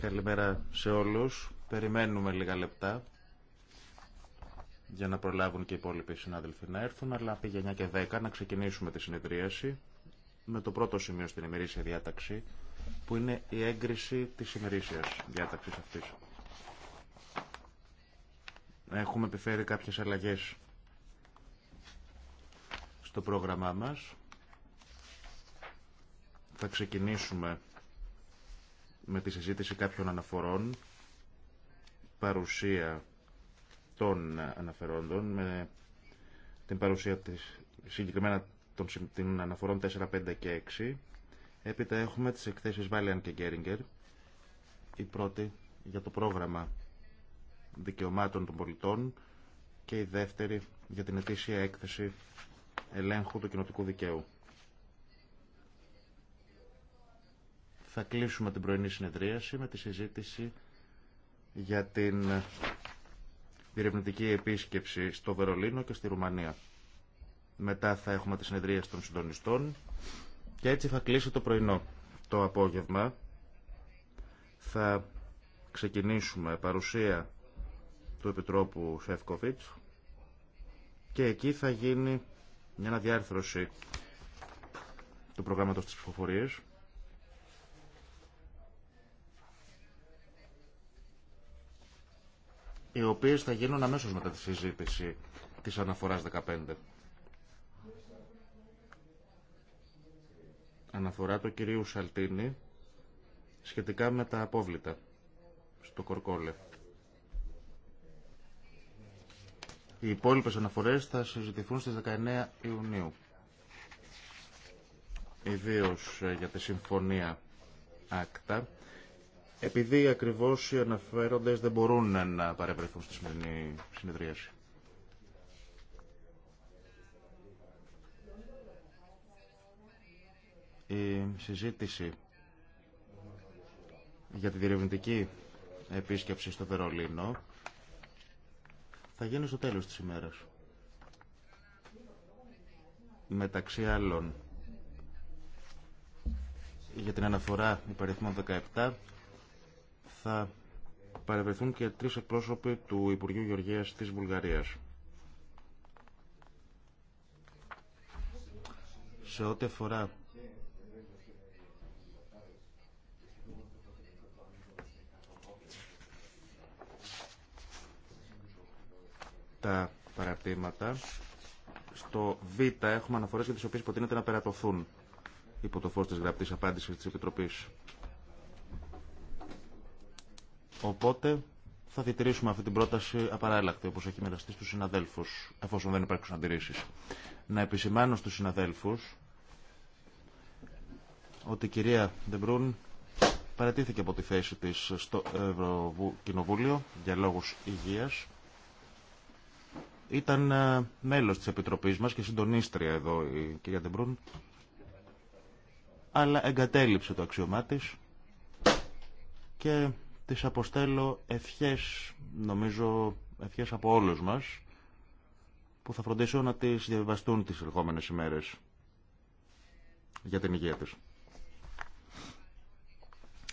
Καλημέρα σε όλους. Περιμένουμε λίγα λεπτά για να προλάβουν και οι υπόλοιποι συνάδελφοι να έρθουν, αλλά πήγε 9 και 10 να ξεκινήσουμε τη συνεδρίαση με το πρώτο σημείο στην ημερήσια διάταξη, που είναι η έγκριση της ημερήσιας διάταξης αυτής. Έχουμε επιφέρει κάποιες αλλαγές στο πρόγραμμά μας θα ξεκινήσουμε με τη συζήτηση κάποιων αναφορών, παρουσία των αναφερόντων, με την παρουσία της, συγκεκριμένα των την αναφορών 4, 5 και 6. Έπειτα έχουμε τις εκθέσεις Βάλιαν και Γκέριγκερ, η πρώτη για το πρόγραμμα δικαιωμάτων των πολιτών και η δεύτερη για την ετήσια έκθεση ελέγχου του κοινοτικού δικαίου. θα κλείσουμε την πρωινή συνεδρίαση με τη συζήτηση για την διερευνητική επίσκεψη στο Βερολίνο και στη Ρουμανία. Μετά θα έχουμε τη συνεδρία των συντονιστών και έτσι θα κλείσει το πρωινό. Το απόγευμα θα ξεκινήσουμε παρουσία του Επιτρόπου Σεφκοβίτς και εκεί θα γίνει μια αναδιάρθρωση του προγράμματος της ψηφοφορίας οι οποίε θα γίνουν αμέσω μετά τη συζήτηση της αναφοράς 15. Αναφορά του κυρίου Σαλτίνη σχετικά με τα απόβλητα στο Κορκόλε. Οι υπόλοιπε αναφορές θα συζητηθούν στις 19 Ιουνίου. Ιδίως ε, για τη συμφωνία άκτα επειδή ακριβώς οι αναφέροντες δεν μπορούν να παρευρεθούν στη σημερινή συνεδρίαση. Η συζήτηση για τη διερευνητική επίσκεψη στο Βερολίνο θα γίνει στο τέλος της ημέρας. Μεταξύ άλλων, για την αναφορά υπαριθμών 17 θα παρευρεθούν και τρεις εκπρόσωποι του Υπουργείου Γεωργίας της Βουλγαρίας. Σε ό,τι αφορά τα παρατήματα, στο Β έχουμε αναφορές για τις οποίες προτείνεται να περατωθούν υπό το φως της γραπτής απάντησης της Επιτροπής Οπότε θα διτηρήσουμε αυτή την πρόταση απαράλλακτη, όπως έχει μοιραστεί στους συναδέλφους, εφόσον δεν υπάρχουν αντιρρήσεις. Να επισημάνω στους συναδέλφους ότι η κυρία Ντεμπρούν παρατήθηκε από τη θέση της στο Ευρωκοινοβούλιο για λόγους υγείας. Ήταν ε, μέλος της Επιτροπής μας και συντονίστρια εδώ η κυρία Ντεμπρούν, αλλά εγκατέλειψε το αξιωμά και της αποστέλω ευχές, νομίζω ευχές από όλους μας, που θα φροντίσω να τις διαβιβαστούν τις ερχόμενες ημέρες για την υγεία της.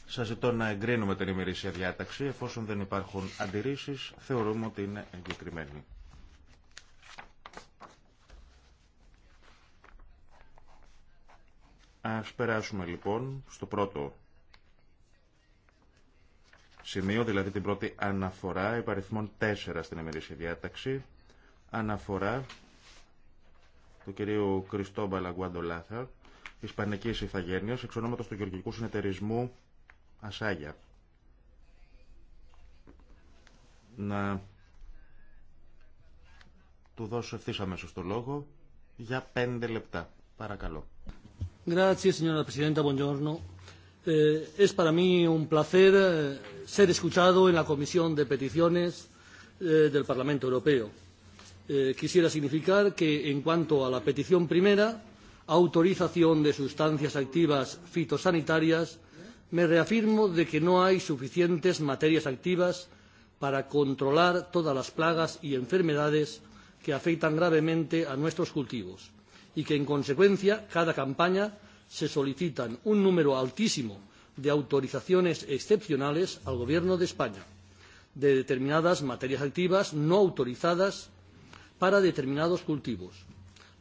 Σας ζητώ να εγκρίνουμε την ημερήσια διάταξη. Εφόσον δεν υπάρχουν αντιρρήσεις, θεωρούμε ότι είναι εγκεκριμένη. Ας περάσουμε λοιπόν στο πρώτο σημείο, δηλαδή την πρώτη αναφορά υπαριθμών 4 στην Εμερήσια διάταξη, αναφορά του κυρίου Κριστόμπαλα Γκουαντολάθα, ισπανική Ιθαγένεια, εξ ονόματο του Γεωργικού Συνεταιρισμού Ασάγια. Να του δώσω ευθύ αμέσω το λόγο για πέντε λεπτά. Παρακαλώ es para mí un placer ser escuchado en la Comisión de Peticiones del Parlamento Europeo. Quisiera significar que, en cuanto a la petición primera, autorización de sustancias activas fitosanitarias, me reafirmo de que no hay suficientes materias activas para controlar todas las plagas y enfermedades que afectan gravemente a nuestros cultivos y que, en consecuencia, cada campaña se solicitan un número altísimo de autorizaciones excepcionales al Gobierno de España de determinadas materias activas no autorizadas para determinados cultivos,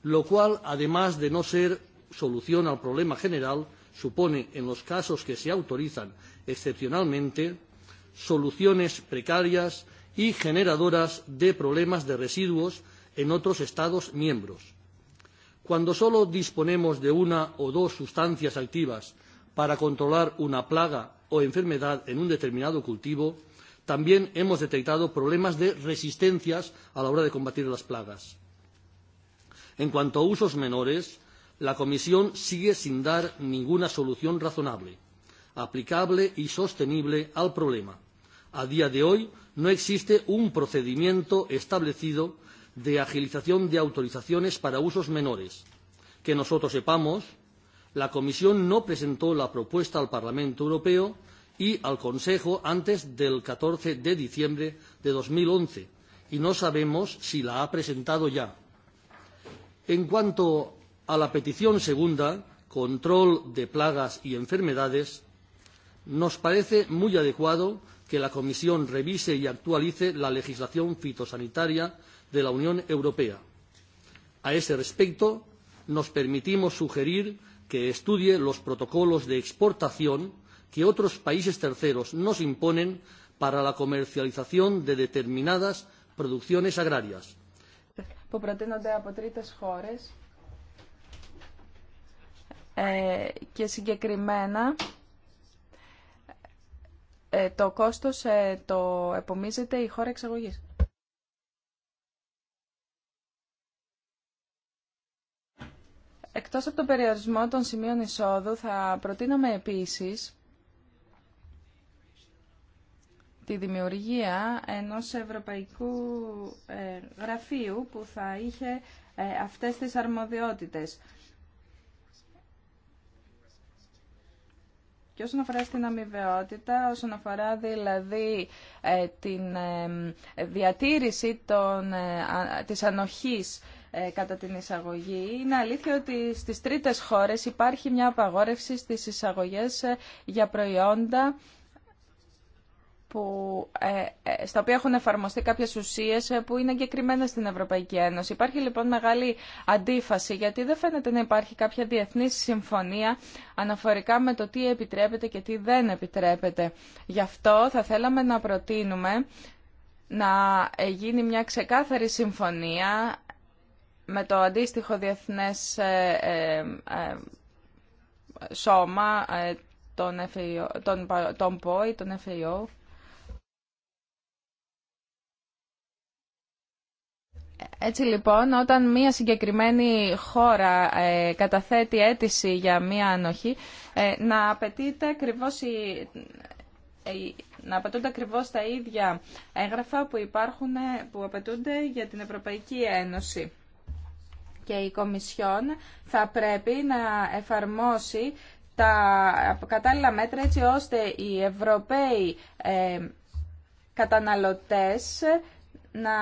lo cual, además de no ser solución al problema general, supone, en los casos que se autorizan excepcionalmente, soluciones precarias y generadoras de problemas de residuos en otros Estados miembros Cuando solo disponemos de una o dos sustancias activas para controlar una plaga o enfermedad en un determinado cultivo, también hemos detectado problemas de resistencias a la hora de combatir las plagas. En cuanto a usos menores, la Comisión sigue sin dar ninguna solución razonable, aplicable y sostenible al problema. A día de hoy no existe un procedimiento establecido de agilización de autorizaciones para usos menores. Que nosotros sepamos, la Comisión no presentó la propuesta al Parlamento Europeo y al Consejo antes del 14 de diciembre de 2011 y no sabemos si la ha presentado ya. En cuanto a la petición segunda, control de plagas y enfermedades, nos parece muy adecuado que la Comisión revise y actualice la legislación fitosanitaria de la Unión Europea. A ese respecto, nos permitimos sugerir que estudie los protocolos de exportación que otros países terceros nos imponen para la comercialización de determinadas producciones agrarias. Εκτός από τον περιορισμό των σημείων εισόδου, θα προτείναμε επίσης τη δημιουργία ενός ευρωπαϊκού ε, γραφείου που θα είχε ε, αυτές τις αρμοδιότητες. Και όσον αφορά στην αμοιβαιότητα, όσον αφορά δηλαδή ε, την διατήρηση των, της ανοχής ε, κατά την εισαγωγή. Είναι αλήθεια ότι στις τρίτες χώρες υπάρχει μια απαγόρευση στις εισαγωγές ε, για προϊόντα που, ε, στα οποία έχουν εφαρμοστεί κάποιες ουσίες που είναι εγκεκριμένα στην Ευρωπαϊκή Ένωση. Υπάρχει λοιπόν μεγάλη αντίφαση γιατί δεν φαίνεται να υπάρχει κάποια διεθνή συμφωνία αναφορικά με το τι επιτρέπεται και τι δεν επιτρέπεται. Γι' αυτό θα θέλαμε να προτείνουμε να γίνει μια ξεκάθαρη συμφωνία με το αντίστοιχο διεθνές ε, ε, ε, σώμα, τον, FAO, τον, τον ΠΟΗ, τον FAO. Έτσι λοιπόν, όταν μία συγκεκριμένη χώρα καταθέτει αίτηση για μία ανοχή, να απαιτείται ακριβώς να απαιτούνται ακριβώ τα ίδια έγγραφα που υπάρχουν, που απαιτούνται για την Ευρωπαϊκή Ένωση και η Κομισιόν θα πρέπει να εφαρμόσει τα κατάλληλα μέτρα έτσι ώστε οι Ευρωπαίοι ε, καταναλωτές να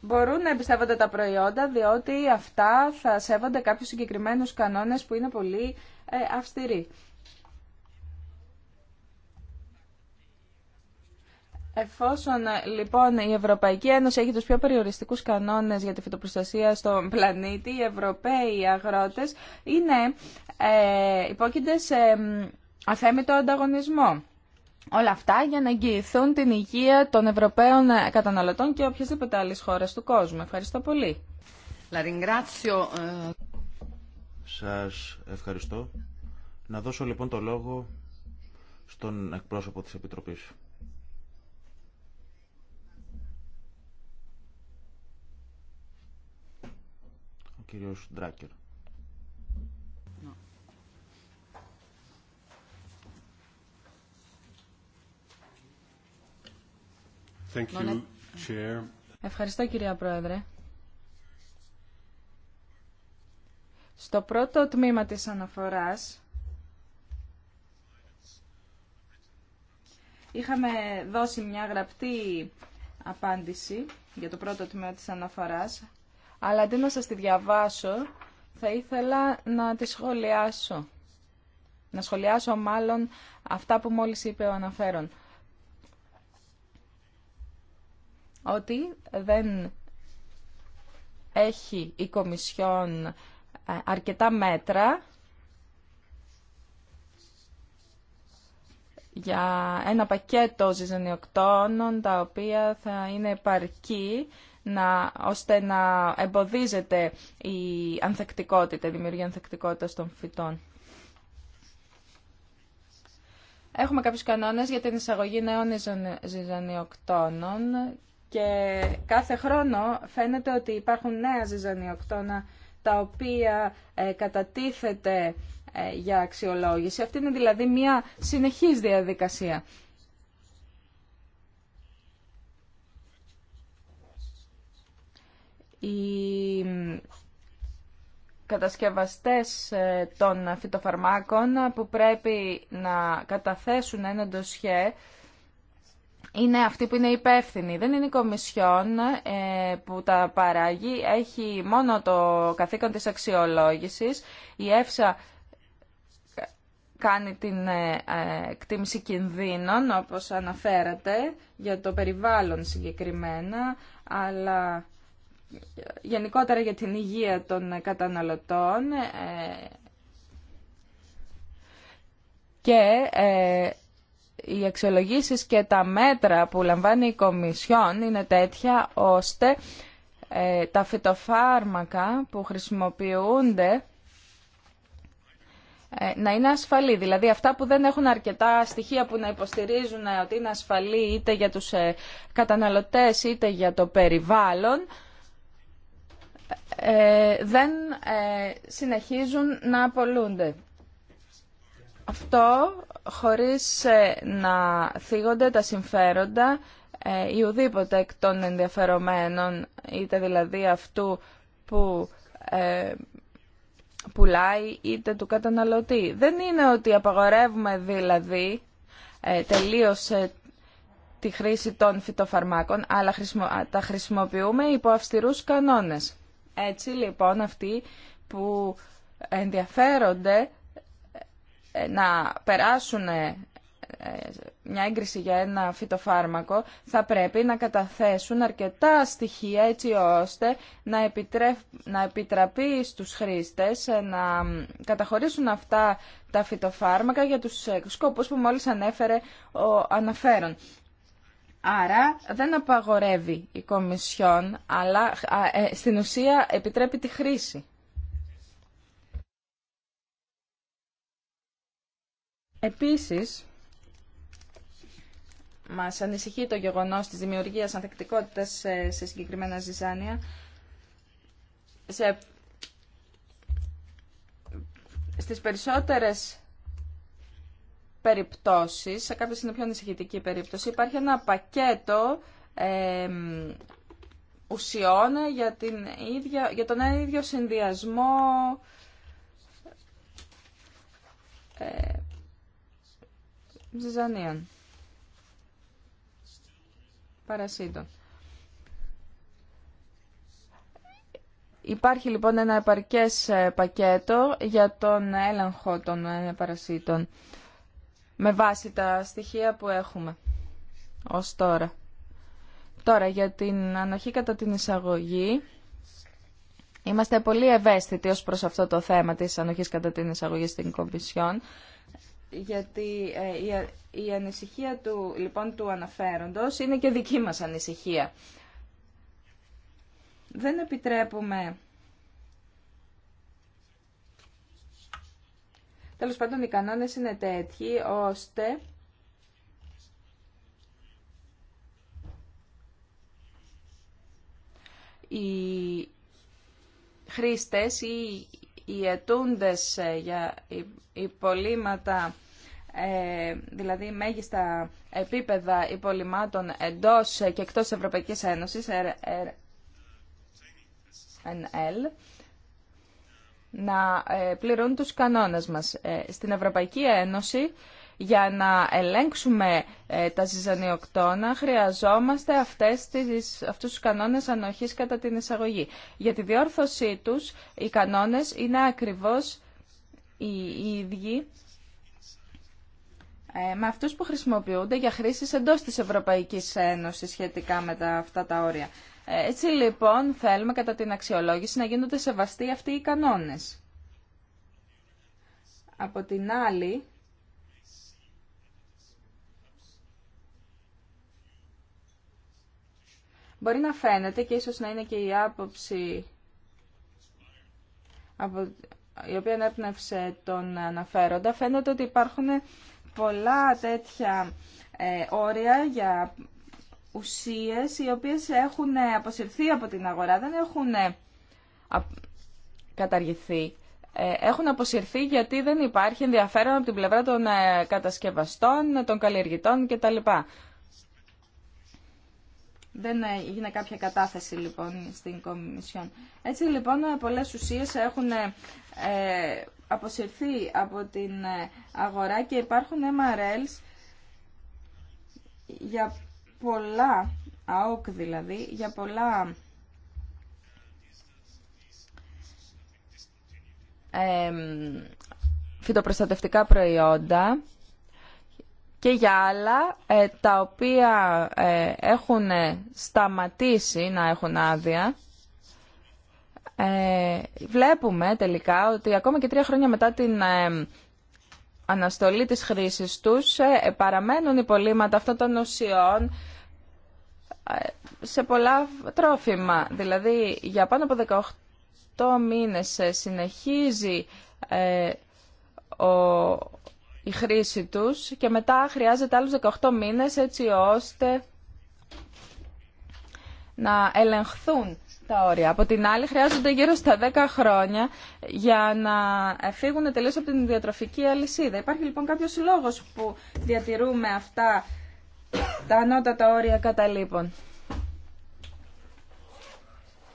μπορούν να εμπιστεύονται τα προϊόντα διότι αυτά θα σέβονται κάποιους συγκεκριμένους κανόνες που είναι πολύ ε, αυστηροί. Εφόσον λοιπόν η Ευρωπαϊκή Ένωση έχει τους πιο περιοριστικούς κανόνες για τη φυτοπροστασία στον πλανήτη, οι Ευρωπαίοι αγρότες είναι ε, υπόκεινται σε αθέμητο ανταγωνισμό. Όλα αυτά για να εγγυηθούν την υγεία των Ευρωπαίων καταναλωτών και οποιασδήποτε άλλη χώρα του κόσμου. Ευχαριστώ πολύ. Ε. Σας ευχαριστώ. Να δώσω λοιπόν το λόγο στον εκπρόσωπο της Επιτροπής. κύριος Ντράκερ. Ευχαριστώ κυρία Πρόεδρε. Στο πρώτο τμήμα της αναφοράς είχαμε δώσει μια γραπτή απάντηση για το πρώτο τμήμα της αναφοράς αλλά αντί να σας τη διαβάσω, θα ήθελα να τη σχολιάσω. Να σχολιάσω μάλλον αυτά που μόλις είπε ο αναφέρον. Ότι δεν έχει η Κομισιόν ε, αρκετά μέτρα για ένα πακέτο ζυζανιοκτώνων τα οποία θα είναι επαρκή να, ώστε να εμποδίζεται η ανθεκτικότητα, η δημιουργία ανθεκτικότητας των φυτών. Έχουμε κάποιους κανόνες για την εισαγωγή νέων ζυζανιοκτώνων και κάθε χρόνο φαίνεται ότι υπάρχουν νέα ζυζανιοκτώνα τα οποία ε, κατατίθεται ε, για αξιολόγηση. Αυτή είναι δηλαδή μια συνεχής διαδικασία. οι κατασκευαστές ε, των φυτοφαρμάκων που πρέπει να καταθέσουν ένα ντοσιέ είναι αυτοί που είναι υπεύθυνοι. Δεν είναι η Κομισιόν ε, που τα παράγει. Έχει μόνο το καθήκον της αξιολόγησης. Η ΕΦΣΑ κάνει την ε, εκτίμηση κινδύνων, όπως αναφέρατε, για το περιβάλλον συγκεκριμένα, αλλά γενικότερα για την υγεία των καταναλωτών ε, και ε, οι αξιολογήσεις και τα μέτρα που λαμβάνει η Κομισιόν είναι τέτοια ώστε ε, τα φυτοφάρμακα που χρησιμοποιούνται να είναι ασφαλή. Δηλαδή αυτά που δεν έχουν αρκετά στοιχεία που να υποστηρίζουν ότι είναι ασφαλή είτε για τους καταναλωτές είτε για το περιβάλλον ε, δεν ε, συνεχίζουν να απολούνται. Αυτό χωρίς ε, να θίγονται τα συμφέροντα ή ουδήποτε εκ των ενδιαφερομένων, είτε δηλαδή αυτού που πουλάει είτε του καταναλωτή. Δεν είναι ότι απαγορεύουμε δηλαδή τελείως τη χρήση των φυτοφαρμάκων, αλλά τα χρησιμοποιούμε υπό αυστηρούς κανόνες. Έτσι λοιπόν αυτοί που ενδιαφέρονται ε, να περάσουν ε, ε, μια έγκριση για ένα φυτοφάρμακο θα πρέπει να καταθέσουν αρκετά στοιχεία έτσι ώστε να, να επιτραπεί στους χρήστες να καταχωρήσουν αυτά τα φυτοφάρμακα για τους σκοπούς που μόλις ανέφερε ο αναφέρον. Άρα δεν απαγορεύει η Κομισιόν, αλλά ε, στην ουσία επιτρέπει τη χρήση. Επίσης, μας ανησυχεί το γεγονός της δημιουργίας ανθεκτικότητας σε, συγκεκριμένα ζυζάνια. Σε, στις περισσότερες περιπτώσεις, σε κάποιες είναι πιο ανησυχητική περίπτωση, υπάρχει ένα πακέτο ε, ουσιών για, την ίδια, για τον ίδιο συνδυασμό ε, ζυζανίων. Παρασύντων. Υπάρχει λοιπόν ένα επαρκές ε, πακέτο για τον έλεγχο των ε, παρασύτων με βάση τα στοιχεία που έχουμε ως τώρα. Τώρα για την ανοχή κατά την εισαγωγή. Είμαστε πολύ ευαίσθητοι ως προς αυτό το θέμα της ανοχής κατά την εισαγωγή στην Κομπισιόν, γιατί ε, η, η ανησυχία του, λοιπόν, του αναφέροντος είναι και δική μας ανησυχία. Δεν επιτρέπουμε Τέλος πάντων, οι κανόνες είναι τέτοιοι ώστε οι χρήστες ή οι ετούντες για υπολείμματα, ε, δηλαδή μέγιστα επίπεδα υπολειμμάτων εντός και εκτός Ευρωπαϊκής Ένωσης, NL, ε, ε, να ε, πληρούν τους κανόνες μας. Ε, στην Ευρωπαϊκή Ένωση για να ελέγξουμε ε, τα ζυζανιοκτώνα χρειαζόμαστε αυτές τις, αυτούς τους κανόνες ανοχής κατά την εισαγωγή. Για τη διόρθωσή τους οι κανόνες είναι ακριβώς οι ίδιοι με αυτούς που χρησιμοποιούνται για χρήσεις εντός της Ευρωπαϊκής Ένωσης σχετικά με αυτά τα όρια. Ε, έτσι λοιπόν θέλουμε κατά την αξιολόγηση να γίνονται σεβαστοί αυτοί οι κανόνες. Από την άλλη, μπορεί να φαίνεται και ίσως να είναι και η άποψη από, η οποία ανέπνευσε τον αναφέροντα, φαίνεται ότι υπάρχουν πολλά τέτοια ε, όρια για ουσίες οι οποίες έχουν αποσυρθεί από την αγορά, δεν έχουν ε, καταργηθεί. Ε, έχουν αποσυρθεί γιατί δεν υπάρχει ενδιαφέρον από την πλευρά των ε, κατασκευαστών, των καλλιεργητών κτλ. Δεν έγινε κάποια κατάθεση λοιπόν στην Κομισιόν. Έτσι λοιπόν πολλές ουσίες έχουν αποσυρθεί από την αγορά και υπάρχουν MRLs για πολλά ΑΟΚ δηλαδή, για πολλά ε, φυτοπροστατευτικά προϊόντα και για άλλα ε, τα οποία ε, έχουν σταματήσει να έχουν άδεια. Ε, βλέπουμε τελικά ότι ακόμα και τρία χρόνια μετά την αναστολή της χρήσης τους ε, παραμένουν υπολείμματα αυτών των ουσιών ε, σε πολλά τρόφιμα. Δηλαδή για πάνω από 18 μήνες ε, συνεχίζει η χρήση τους και μετά χρειάζεται άλλους 18 μήνες έτσι ώστε να ελεγχθούν τα όρια. Από την άλλη, χρειάζονται γύρω στα 10 χρόνια για να φύγουν τελείω από την διατροφική αλυσίδα. Υπάρχει λοιπόν κάποιος λόγος που διατηρούμε αυτά τα ανώτατα όρια καταλήπων.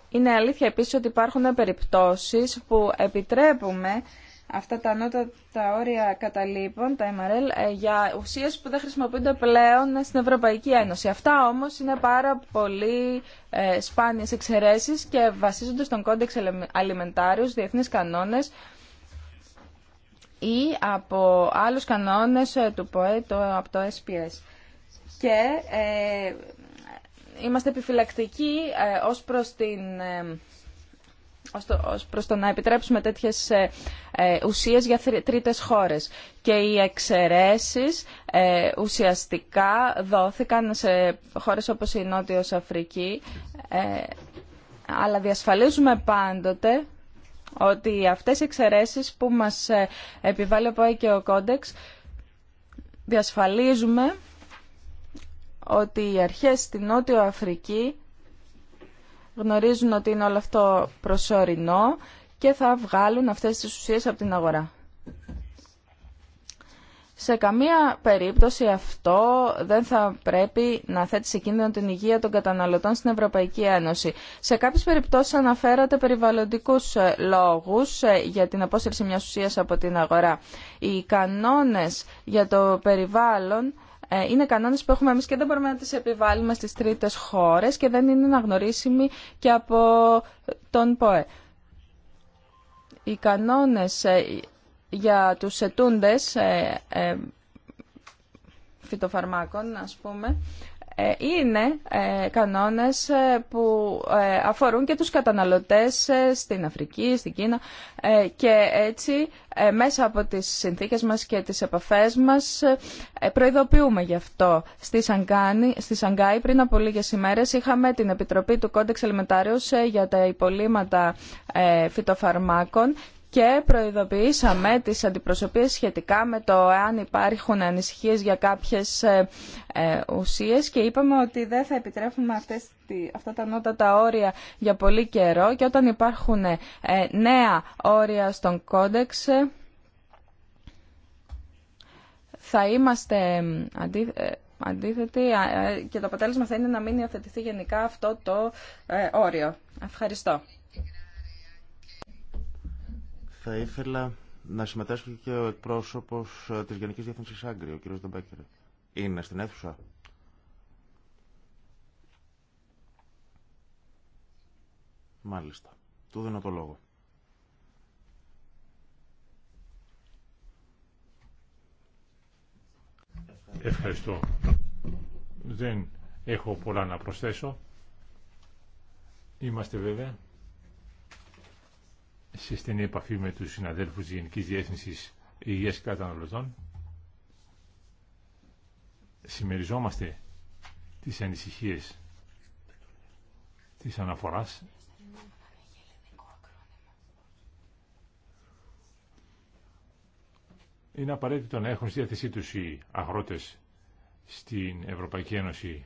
Είναι αλήθεια επίσης ότι υπάρχουν περιπτώσεις που επιτρέπουμε αυτά τα τα όρια καταλήπων, τα MRL, ε, για ουσίες που δεν χρησιμοποιούνται πλέον στην Ευρωπαϊκή Ένωση. Αυτά όμως είναι πάρα πολύ ε, σπάνιες και βασίζονται στον κόντεξ αλιμεντάριους, διεθνεί κανόνες ή από άλλους κανόνες ε, του ΠΟΕ, το, από το SPS. Και είμαστε επιφυλακτικοί ε, ως προς την προς το να επιτρέψουμε τέτοιες ε, ε, ουσίες για τρίτες χώρες. Και οι εξαιρέσει ε, ουσιαστικά δόθηκαν σε χώρες όπως η Νότιο Αφρική, αλλά διασφαλίζουμε πάντοτε ότι αυτές οι εξαιρέσεις που μας επιβάλλει ο και ο Κόντεξ διασφαλίζουμε ότι οι αρχές στη Νότιο Αφρική γνωρίζουν ότι είναι όλο αυτό προσωρινό και θα βγάλουν αυτές τις ουσίες από την αγορά. Σε καμία περίπτωση αυτό δεν θα πρέπει να θέτει σε κίνδυνο την υγεία των καταναλωτών στην Ευρωπαϊκή Ένωση. Σε κάποιες περιπτώσεις αναφέρατε περιβαλλοντικούς ε, λόγους ε, για την απόσυρση μιας ουσίας από την αγορά. Οι κανόνες για το περιβάλλον ε, είναι κανόνες που έχουμε εμείς και δεν μπορούμε να τι επιβάλλουμε στις τρίτε χώρες και δεν είναι αναγνωρίσιμοι και από τον ΠΟΕ. Οι κανόνες ε, για τους ετούντες ε, φυτοφαρμάκων, α πούμε, ε, είναι ε, κανόνες ε, που αφορούν και τους καταναλωτές στην Αφρική, στην Κίνα και έτσι μέσα από τις συνθήκες μας και τις επαφές μας προειδοποιούμε γι' αυτό. Στη, Σαγκάνη, στη Σαγκάη πριν από λίγες ημέρες είχαμε την Επιτροπή του Κόντεξ Ελμετάριους για τα υπολείμματα φυτοφαρμάκων και προειδοποιήσαμε τις αντιπροσωπείες σχετικά με το αν υπάρχουν ανησυχίες για κάποιες ε, ε, ουσίες και είπαμε ότι δεν θα επιτρέφουμε αυτές, αυτά τα νότατα όρια για πολύ καιρό και όταν υπάρχουν ε, νέα όρια στον κόντεξ θα είμαστε αντίθετοι και το αποτέλεσμα θα είναι να μην υιοθετηθεί γενικά αυτό το όριο. Ευχαριστώ. Θα ήθελα να συμμετάσχει και ο εκπρόσωπο ε, τη Γενική Διεθνή Άγκρη, ο κ. Δεμπέκερ. Είναι στην αίθουσα. Μάλιστα. Του δίνω το λόγο. Ευχαριστώ. Δεν έχω πολλά να προσθέσω. Είμαστε βέβαια σε στενή επαφή με τους συναδέλφους της Γενικής Διεύθυνσης Υγείας Καταναλωτών. Συμμεριζόμαστε τις ανησυχίες της αναφοράς είναι απαραίτητο να έχουν στη διάθεσή τους οι αγρότες στην Ευρωπαϊκή Ένωση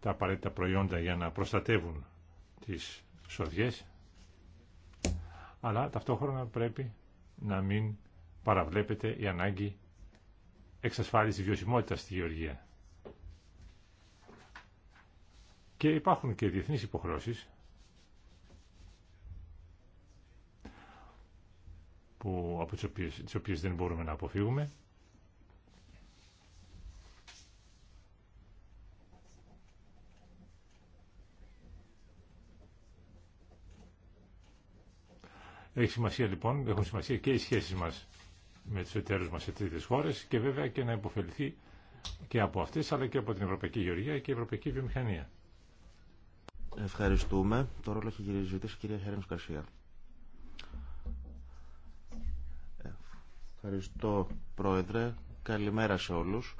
τα απαραίτητα προϊόντα για να προστατεύουν τις σοδιές αλλά ταυτόχρονα πρέπει να μην παραβλέπεται η ανάγκη εξασφάλισης βιωσιμότητα στη γεωργία. Και υπάρχουν και διεθνείς υποχρώσεις, που, από τις οποίες δεν μπορούμε να αποφύγουμε Έχει σημασία λοιπόν, έχουν σημασία και οι σχέσεις μας με τους εταίρους μας σε τρίτες χώρες και βέβαια και να υποφεληθεί και από αυτές αλλά και από την Ευρωπαϊκή Γεωργία και η Ευρωπαϊκή Βιομηχανία. Ευχαριστούμε. Το ρόλο έχει γυρίζει η κυρία Χέρνης Καρσία. Ευχαριστώ Πρόεδρε. Καλημέρα σε όλους.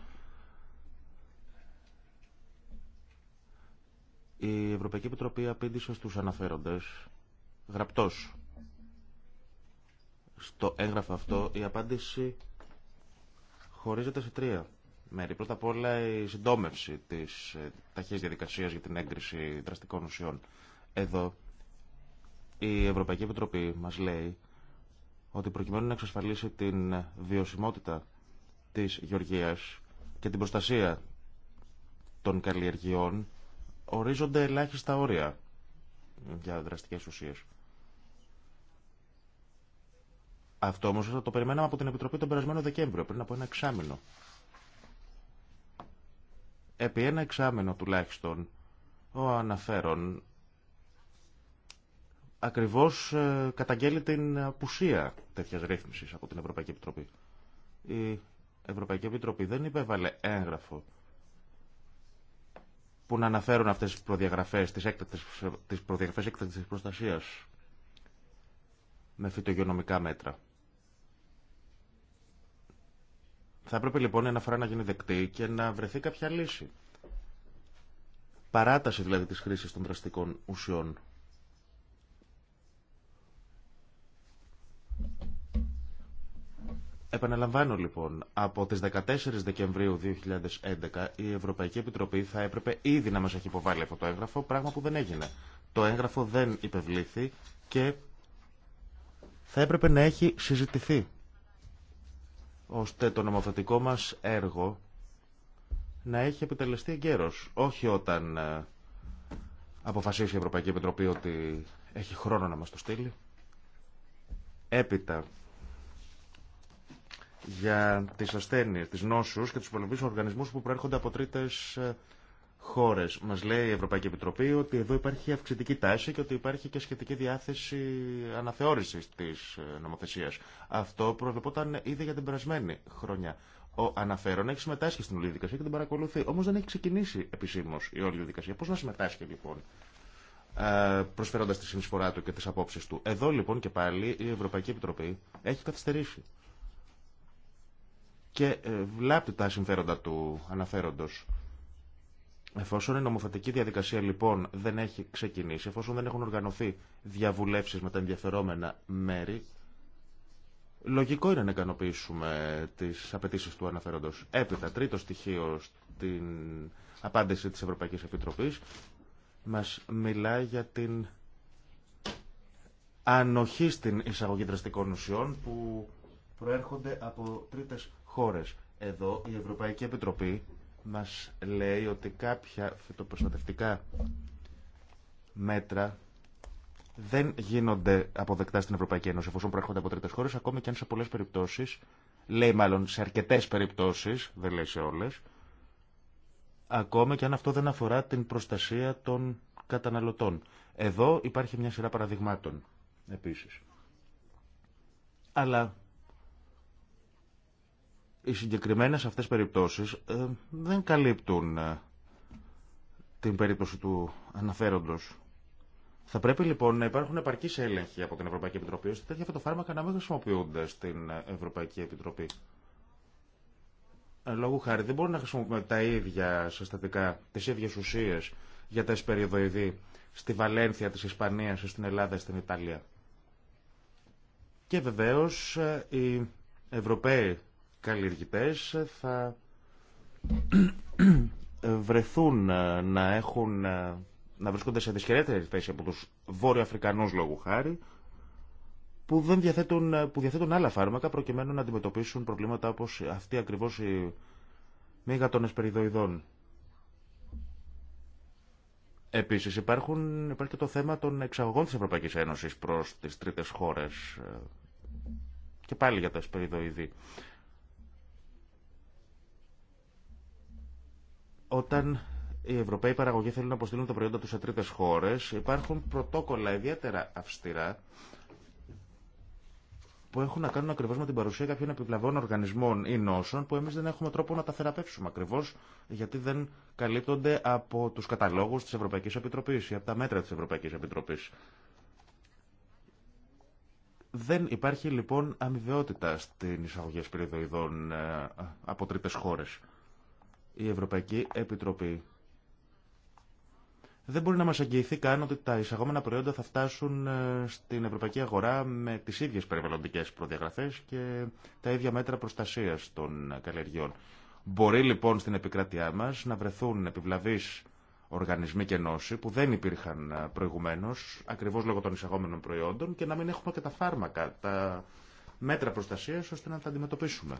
Η Ευρωπαϊκή Επιτροπή απήντησε στους αναφέροντες γραπτός στο έγγραφο αυτό η απάντηση χωρίζεται σε τρία μέρη. Πρώτα απ' όλα η συντόμευση της ε, ταχείας διαδικασίας για την έγκριση δραστικών ουσιών. Εδώ η Ευρωπαϊκή Επιτροπή μας λέει ότι προκειμένου να εξασφαλίσει την βιωσιμότητα της γεωργίας και την προστασία των καλλιεργειών ορίζονται ελάχιστα όρια για δραστικές ουσίες. Αυτό όμω θα το περιμέναμε από την Επιτροπή τον περασμένο Δεκέμβριο, πριν από ένα εξάμεινο. Επί ένα εξάμεινο τουλάχιστον, ο αναφέρον ακριβώς ε, καταγγέλει την απουσία τέτοιας ρύθμισης από την Ευρωπαϊκή Επιτροπή. Η Ευρωπαϊκή Επιτροπή δεν υπέβαλε έγγραφο που να αναφέρουν αυτές τις προδιαγραφές, τις, έκτακτες, τις με φυτογειονομικά μέτρα. Θα έπρεπε λοιπόν ένα φορά να γίνει δεκτή και να βρεθεί κάποια λύση. Παράταση δηλαδή της χρήσης των δραστικών ουσιών. Επαναλαμβάνω λοιπόν, από τις 14 Δεκεμβρίου 2011 η Ευρωπαϊκή Επιτροπή θα έπρεπε ήδη να μας έχει υποβάλει αυτό το έγγραφο, πράγμα που δεν έγινε. Το έγγραφο δεν υπευλήθη και θα έπρεπε να έχει συζητηθεί ώστε το νομοθετικό μας έργο να έχει επιτελεστεί εγκαίρως. Όχι όταν ε, αποφασίσει η Ευρωπαϊκή Επιτροπή ότι έχει χρόνο να μας το στείλει. Έπειτα, για τις ασθένειες, τις νόσους και τους πολεμικούς οργανισμούς που προέρχονται από τρίτες ε, χώρε. Μα λέει η Ευρωπαϊκή Επιτροπή ότι εδώ υπάρχει αυξητική τάση και ότι υπάρχει και σχετική διάθεση αναθεώρηση τη ε, νομοθεσία. Αυτό προβλεπόταν ήδη για την περασμένη χρονιά. Ο αναφέρον έχει συμμετάσχει στην όλη και την παρακολουθεί. Όμω δεν έχει ξεκινήσει επισήμω η όλη διαδικασία. Πώ να συμμετάσχει λοιπόν, ε, προσφέροντα τη συνεισφορά του και τι απόψει του. Εδώ λοιπόν και πάλι η Ευρωπαϊκή Επιτροπή έχει καθυστερήσει. Και ε, βλάπτει τα συμφέροντα του αναφέροντος. Εφόσον η νομοθετική διαδικασία λοιπόν δεν έχει ξεκινήσει, εφόσον δεν έχουν οργανωθεί διαβουλεύσεις με τα ενδιαφερόμενα μέρη, λογικό είναι να ικανοποιήσουμε τις απαιτήσει του αναφέροντος. Έπειτα, τρίτο στοιχείο στην απάντηση της Ευρωπαϊκής Επιτροπής, μας μιλάει για την ανοχή στην εισαγωγή δραστικών ουσιών που προέρχονται από τρίτες χώρες. Εδώ η Ευρωπαϊκή Επιτροπή μας λέει ότι κάποια φυτοπροστατευτικά μέτρα δεν γίνονται αποδεκτά στην Ευρωπαϊκή Ένωση εφόσον προέρχονται από τρίτες χώρες, ακόμη και αν σε πολλές περιπτώσεις, λέει μάλλον σε αρκετές περιπτώσεις, δεν λέει σε όλες, ακόμη και αν αυτό δεν αφορά την προστασία των καταναλωτών. Εδώ υπάρχει μια σειρά παραδειγμάτων επίσης. Αλλά οι συγκεκριμένες αυτές περιπτώσεις ε, δεν καλύπτουν ε, την περίπτωση του αναφέροντος. Θα πρέπει λοιπόν να υπάρχουν επαρκεί έλεγχοι από την Ευρωπαϊκή Επιτροπή ώστε τέτοια φυτοφάρμακα να μην χρησιμοποιούνται στην Ευρωπαϊκή Επιτροπή. Ε, Λόγω χάρη δεν μπορούμε να χρησιμοποιούμε τα ίδια συστατικά, τι ίδιε ουσίε για τα εσπεριδοειδή στη Βαλένθια τη Ισπανία, στην Ελλάδα, στην Ιταλία. Και βεβαίω οι Ευρωπαίοι καλλιεργητές θα βρεθούν να έχουν να βρίσκονται σε δυσκαιρέτερη θέση από τους Βόρειο λόγου χάρη που, δεν διαθέτουν, που διαθέτουν άλλα φάρμακα προκειμένου να αντιμετωπίσουν προβλήματα όπως αυτή ακριβώς η των εσπεριδοειδών. Επίσης υπάρχουν, υπάρχει και το θέμα των εξαγωγών της Ευρωπαϊκής Ένωσης προς τις τρίτες χώρες ε, και πάλι για τα εσπεριδοειδή. Όταν οι Ευρωπαίοι παραγωγοί θέλουν να αποστείλουν τα προϊόντα τους σε τρίτες χώρες, υπάρχουν πρωτόκολλα ιδιαίτερα αυστηρά που έχουν να κάνουν ακριβώ με την παρουσία κάποιων επιβλαβών οργανισμών ή νόσων που εμείς δεν έχουμε τρόπο να τα θεραπεύσουμε ακριβώ γιατί δεν καλύπτονται από τους καταλόγους τη Ευρωπαϊκής Επιτροπής ή από τα μέτρα της Ευρωπαϊκής Επιτροπής. Δεν υπάρχει λοιπόν αμοιβαιότητα στην εισαγωγή σπυριδοειδών ε, από τρίτε χώρε η Ευρωπαϊκή Επιτροπή δεν μπορεί να μας αγγιηθεί καν ότι τα εισαγόμενα προϊόντα θα φτάσουν ε, στην ευρωπαϊκή αγορά με τις ίδιες περιβαλλοντικές προδιαγραφές και τα ίδια μέτρα προστασίας των καλλιεργιών. Μπορεί λοιπόν στην επικράτειά μας να βρεθούν επιβλαβείς οργανισμοί και νόσοι που δεν υπήρχαν ε, προηγουμένως ακριβώς λόγω των εισαγόμενων προϊόντων και να μην έχουμε και τα φάρμακα, τα μέτρα προστασίας ώστε να τα αντιμετωπίσουμε.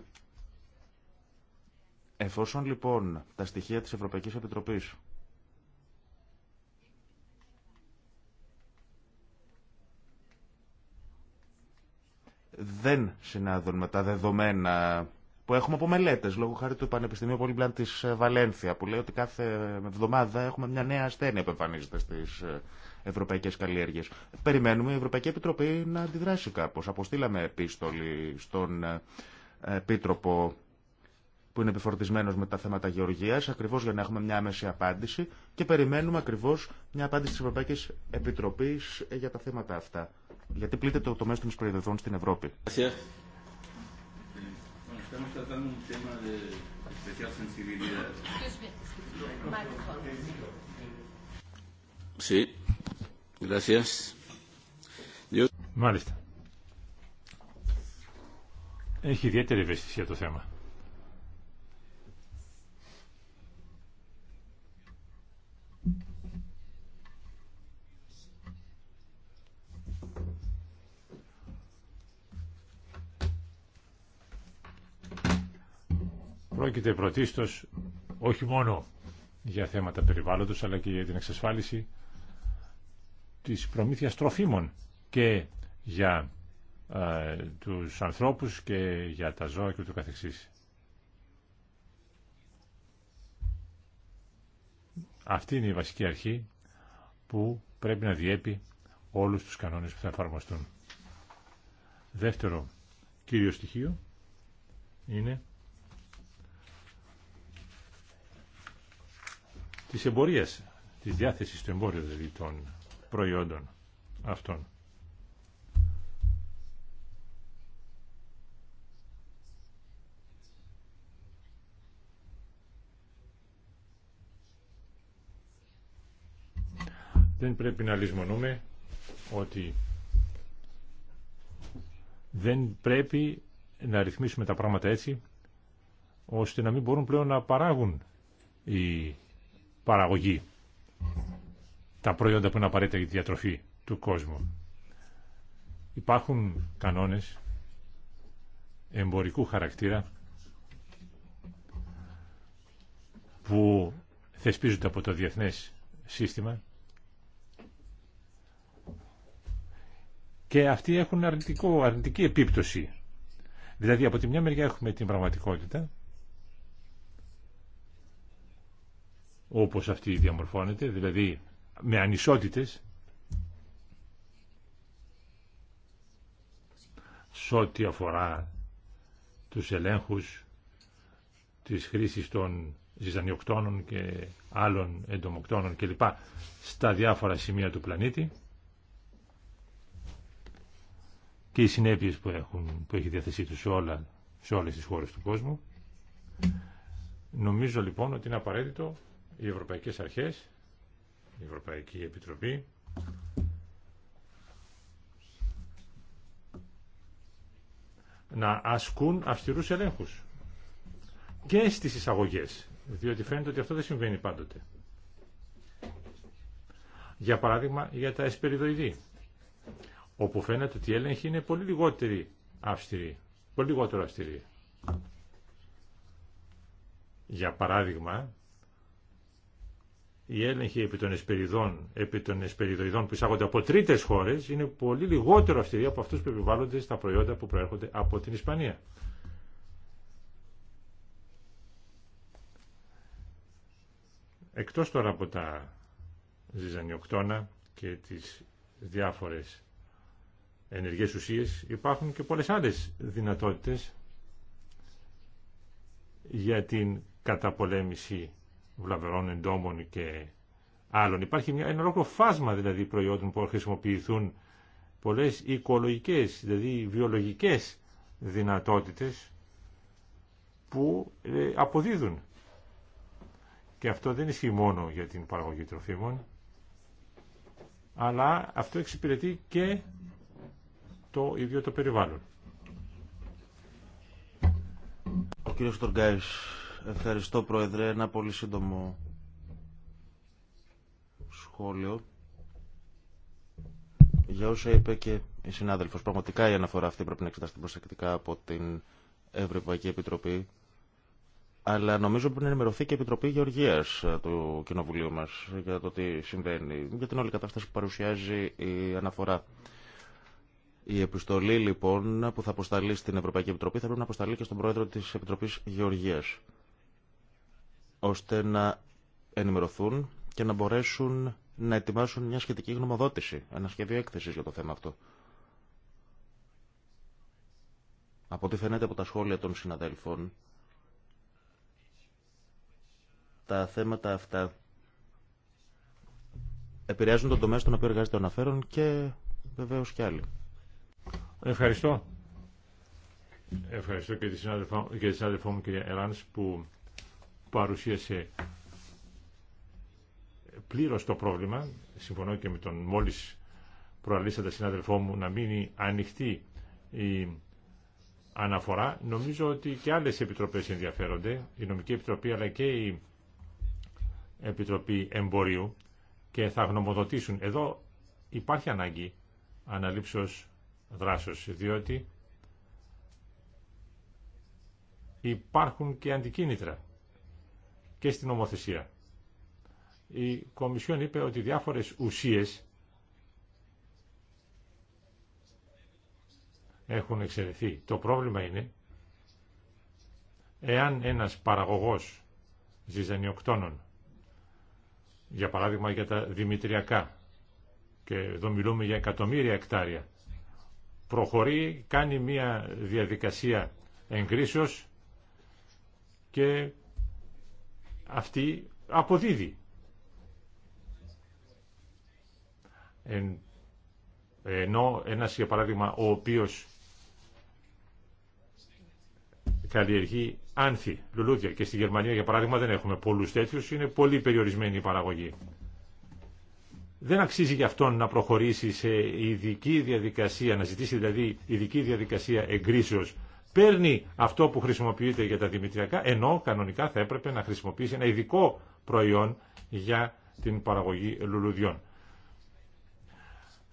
Εφόσον λοιπόν τα στοιχεία της Ευρωπαϊκής Επιτροπής δεν συνάδουν με τα δεδομένα που έχουμε από μελέτε, λόγω χάρη του Πανεπιστημίου Πολυμπλάν τη ε, Βαλένθια, που λέει ότι κάθε εβδομάδα έχουμε μια νέα ασθένεια που εμφανίζεται στι ε, ευρωπαϊκέ καλλιέργειε. Περιμένουμε η Ευρωπαϊκή Επιτροπή να αντιδράσει κάπω. Αποστήλαμε επίστολη στον ε, Επίτροπο που είναι επιφορτισμένος με τα θέματα γεωργία, ακριβώ για να έχουμε μια άμεση απάντηση και περιμένουμε ακριβώ μια απάντηση τη Ευρωπαϊκή Επιτροπή για τα θέματα αυτά. Γιατί πλήττεται το τομέα των εισπροειδευτών στην Ευρώπη. Μάλιστα. Έχει ιδιαίτερη ευαισθησία το θέμα. Πρόκειται πρωτίστως όχι μόνο για θέματα περιβάλλοντος αλλά και για την εξασφάλιση της προμήθειας τροφίμων και για ε, τους ανθρώπους και για τα ζώα και καθεξής. Αυτή είναι η βασική αρχή που πρέπει να διέπει όλους τους κανόνες που θα εφαρμοστούν. Δεύτερο κύριο στοιχείο είναι της εμπορίας, της διάθεσης του εμπόριου δηλαδή των προϊόντων αυτών. Δεν πρέπει να λησμονούμε ότι δεν πρέπει να ρυθμίσουμε τα πράγματα έτσι ώστε να μην μπορούν πλέον να παράγουν οι παραγωγή. Τα προϊόντα που είναι απαραίτητα για τη διατροφή του κόσμου. Υπάρχουν κανόνες εμπορικού χαρακτήρα που θεσπίζονται από το διεθνές σύστημα και αυτοί έχουν αρνητικό, αρνητική επίπτωση. Δηλαδή από τη μια μεριά έχουμε την πραγματικότητα όπως αυτή διαμορφώνεται, δηλαδή με ανισότητες σε ό,τι αφορά τους ελέγχους της χρήσης των ζυζανιοκτώνων και άλλων εντομοκτώνων κλπ. στα διάφορα σημεία του πλανήτη και οι συνέπειες που, έχουν, που έχει διαθεσή του σε, όλα, σε όλες τις χώρες του κόσμου. Νομίζω λοιπόν ότι είναι απαραίτητο οι Ευρωπαϊκές Αρχές, η Ευρωπαϊκή Επιτροπή, να ασκούν αυστηρούς ελέγχους και στις εισαγωγές, διότι φαίνεται ότι αυτό δεν συμβαίνει πάντοτε. Για παράδειγμα, για τα εσπεριδοειδή, όπου φαίνεται ότι η έλεγχη είναι πολύ λιγότερη αυστηρή, πολύ λιγότερο αυστηρή. Για παράδειγμα, η έλεγχη επί των εσπεριδών, επί των εσπεριδοειδών που εισάγονται από τρίτες χώρες είναι πολύ λιγότερο αυστηρή από αυτούς που επιβάλλονται στα προϊόντα που προέρχονται από την Ισπανία. Εκτός τώρα από τα ζυζανιοκτώνα και τις διάφορες ενεργές ουσίες υπάρχουν και πολλές άλλες δυνατότητες για την καταπολέμηση βλαβερών εντόμων και άλλων. Υπάρχει ένα ολόκληρο φάσμα δηλαδή προϊόντων που χρησιμοποιηθούν πολλές οικολογικές, δηλαδή βιολογικές δυνατότητες που ε, αποδίδουν. Και αυτό δεν ισχύει μόνο για την παραγωγή τροφίμων, αλλά αυτό εξυπηρετεί και το ίδιο το περιβάλλον. Ο κύριος Ευχαριστώ Πρόεδρε. Ένα πολύ σύντομο σχόλιο. Για όσα είπε και η συνάδελφος, πραγματικά η αναφορά αυτή πρέπει να εξεταστεί προσεκτικά από την Ευρωπαϊκή Επιτροπή. Αλλά νομίζω πρέπει να ενημερωθεί και η Επιτροπή Γεωργία ε, του Κοινοβουλίου μα για το τι συμβαίνει, για την όλη κατάσταση που παρουσιάζει η αναφορά. Η επιστολή λοιπόν που θα αποσταλεί στην Ευρωπαϊκή Επιτροπή θα πρέπει να αποσταλεί και στον πρόεδρο τη Επιτροπή Γεωργία ώστε να ενημερωθούν και να μπορέσουν να ετοιμάσουν μια σχετική γνωμοδότηση, ένα σχέδιο έκθεση για το θέμα αυτό. Από ό,τι φαίνεται από τα σχόλια των συναδέλφων, τα θέματα αυτά επηρεάζουν τον τομέα στον οποίο εργάζεται ο αναφέρον και βεβαίως και άλλοι. Ευχαριστώ. Ευχαριστώ και τη συνάδελφό μου κυρία Εράνς που παρουσίασε πλήρω το πρόβλημα, συμφωνώ και με τον μόλις προαλήσατε συνάδελφό μου, να μείνει ανοιχτή η αναφορά. Νομίζω ότι και άλλες επιτροπές ενδιαφέρονται, η Νομική Επιτροπή αλλά και η Επιτροπή Εμπορίου και θα γνωμοδοτήσουν. Εδώ υπάρχει ανάγκη αναλήψεως δράσεως, διότι υπάρχουν και αντικίνητρα και στην νομοθεσία. Η Κομισιόν είπε ότι διάφορες ουσίες έχουν εξαιρεθεί. Το πρόβλημα είναι εάν ένας παραγωγός ζυζανιοκτώνων, για παράδειγμα για τα δημητριακά, και εδώ μιλούμε για εκατομμύρια εκτάρια, προχωρεί, κάνει μια διαδικασία εγκρίσεως και αυτή αποδίδει. ενώ ένας για παράδειγμα ο οποίος καλλιεργεί άνθη, λουλούδια και στη Γερμανία για παράδειγμα δεν έχουμε πολλούς τέτοιους, είναι πολύ περιορισμένη η παραγωγή. Δεν αξίζει για αυτόν να προχωρήσει σε ειδική διαδικασία, να ζητήσει δηλαδή ειδική διαδικασία εγκρίσεως παίρνει αυτό που χρησιμοποιείται για τα δημητριακά, ενώ κανονικά θα έπρεπε να χρησιμοποιήσει ένα ειδικό προϊόν για την παραγωγή λουλουδιών.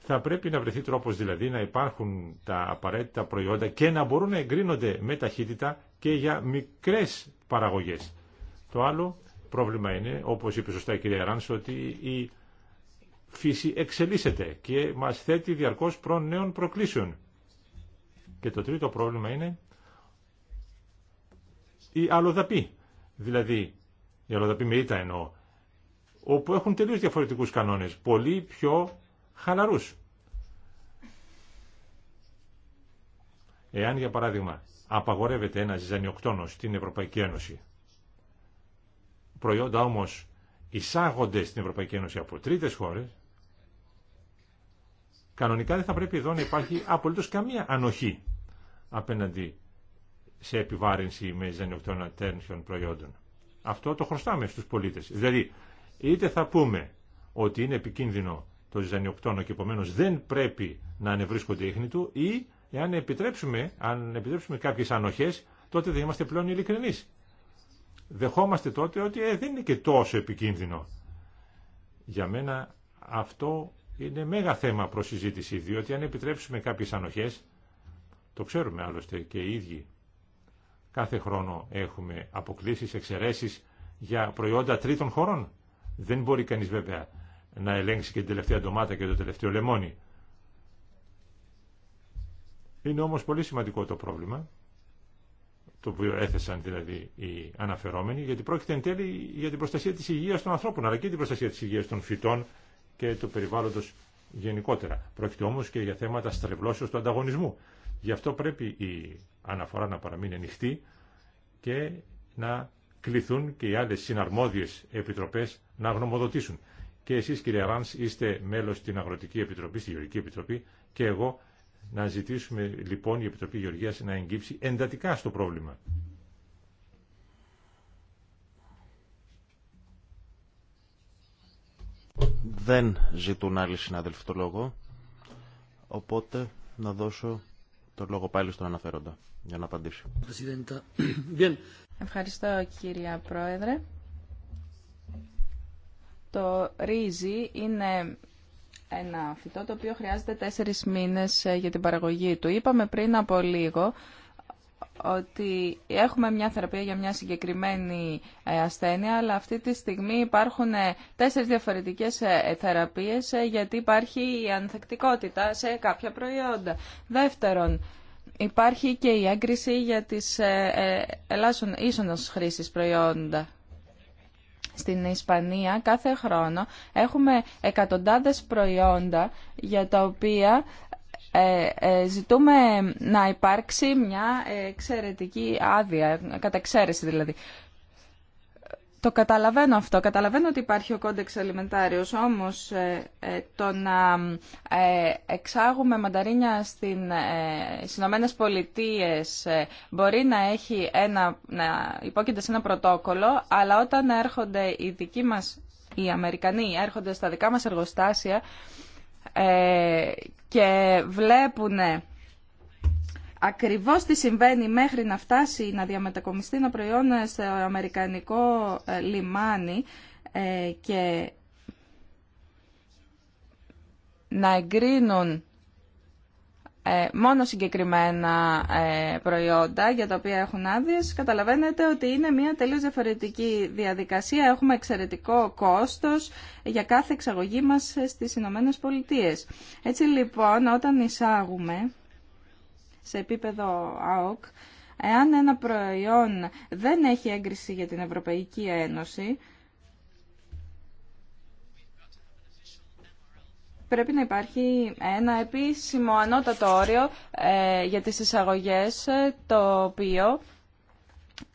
Θα πρέπει να βρεθεί τρόπος δηλαδή να υπάρχουν τα απαραίτητα προϊόντα και να μπορούν να εγκρίνονται με ταχύτητα και για μικρές παραγωγές. Το άλλο πρόβλημα είναι, όπως είπε σωστά η κυρία Ράνς, ότι η φύση εξελίσσεται και μας θέτει διαρκώς προ νέων προκλήσεων. Και το τρίτο πρόβλημα είναι η αλλοδαπή. Δηλαδή, η αλλοδαπή με ήττα εννοώ, όπου έχουν τελείως διαφορετικούς κανόνες, πολύ πιο χαλαρούς. Εάν, για παράδειγμα, απαγορεύεται ένα ζυζανιοκτόνο στην Ευρωπαϊκή Ένωση, προϊόντα όμως εισάγονται στην Ευρωπαϊκή Ένωση από τρίτες χώρες, κανονικά δεν θα πρέπει εδώ να υπάρχει απολύτως καμία ανοχή απέναντι σε επιβάρυνση με ζενιοκτώνα τέτοιων προϊόντων. Αυτό το χρωστάμε στους πολίτες. Δηλαδή, είτε θα πούμε ότι είναι επικίνδυνο το ζανιοκτώνο και επομένω δεν πρέπει να ανεβρίσκονται ίχνη του ή εάν επιτρέψουμε, αν επιτρέψουμε κάποιες ανοχές, τότε δεν είμαστε πλέον ειλικρινεί. Δεχόμαστε τότε ότι ε, δεν είναι και τόσο επικίνδυνο. Για μένα αυτό είναι μέγα θέμα προς συζήτηση, διότι αν επιτρέψουμε κάποιες ανοχές, το ξέρουμε άλλωστε και οι ίδιοι Κάθε χρόνο έχουμε αποκλήσεις, εξαιρέσεις για προϊόντα τρίτων χωρών. Δεν μπορεί κανείς βέβαια να ελέγξει και την τελευταία ντομάτα και το τελευταίο λεμόνι. Είναι όμως πολύ σημαντικό το πρόβλημα, το οποίο έθεσαν δηλαδή οι αναφερόμενοι, γιατί πρόκειται εν τέλει για την προστασία της υγείας των ανθρώπων, αλλά και την προστασία της υγείας των φυτών και του περιβάλλοντος γενικότερα. Πρόκειται όμως και για θέματα στρεβλώσεως του ανταγωνισμού. Γι' αυτό πρέπει οι αναφορά να παραμείνει ανοιχτή και να κληθούν και οι άλλες συναρμόδιες επιτροπές να γνωμοδοτήσουν. Και εσείς κύριε Ράνς είστε μέλος στην Αγροτική Επιτροπή, στη Γεωργική Επιτροπή και εγώ να ζητήσουμε λοιπόν η Επιτροπή Γεωργίας να εγκύψει εντατικά στο πρόβλημα. Δεν ζητούν άλλοι συνάδελφοι το λόγο, οπότε να δώσω το λόγο πάλι στον αναφέροντα για να απαντήσει. Ευχαριστώ κυρία Πρόεδρε. Το ρύζι είναι ένα φυτό το οποίο χρειάζεται τέσσερις μήνες ε, για την παραγωγή του. Είπαμε πριν από λίγο ότι έχουμε μια θεραπεία για μια συγκεκριμένη ε, ασθένεια, αλλά αυτή τη στιγμή υπάρχουν ε, τέσσερις διαφορετικές θεραπείες γιατί υπάρχει η ανθεκτικότητα σε κάποια προϊόντα. Δεύτερον, Υπάρχει και η έγκριση για τις ε, ε, ελάσσον ίσονος χρήσης προϊόντα. Στην Ισπανία κάθε χρόνο έχουμε εκατοντάδες προϊόντα για τα οποία ε, ζητούμε να υπάρξει μια εξαιρετική άδεια, καταξαίρεση δηλαδή. Το καταλαβαίνω αυτό. Καταλαβαίνω ότι υπάρχει ο κόντεξ ε, όμως ε, το να ε, εξάγουμε μανταρίνια στι ε, στις ΗΠΑ μπορεί να, έχει ένα, να υπόκειται σε ένα πρωτόκολλο, αλλά όταν έρχονται οι δικοί μας, οι Αμερικανοί, έρχονται στα δικά μας εργοστάσια και βλέπουν ακριβώς τι συμβαίνει μέχρι να φτάσει να διαμετακομιστεί ένα προϊόν στο αμερικανικό ε, λιμάνι ε, και να εγκρίνουν ε, μόνο συγκεκριμένα προϊόντα για τα οποία έχουν άδειε, καταλαβαίνετε ότι είναι μια τελείως διαφορετική διαδικασία. Έχουμε εξαιρετικό κόστος για κάθε εξαγωγή μας στις Ηνωμένε Πολιτείες. Έτσι λοιπόν όταν εισάγουμε σε επίπεδο ΑΟΚ, εάν ένα προϊόν δεν έχει έγκριση για την Ευρωπαϊκή Ένωση, πρέπει να υπάρχει ένα επίσημο ανώτατο όριο ε, για τις εισαγωγές, ε, το οποίο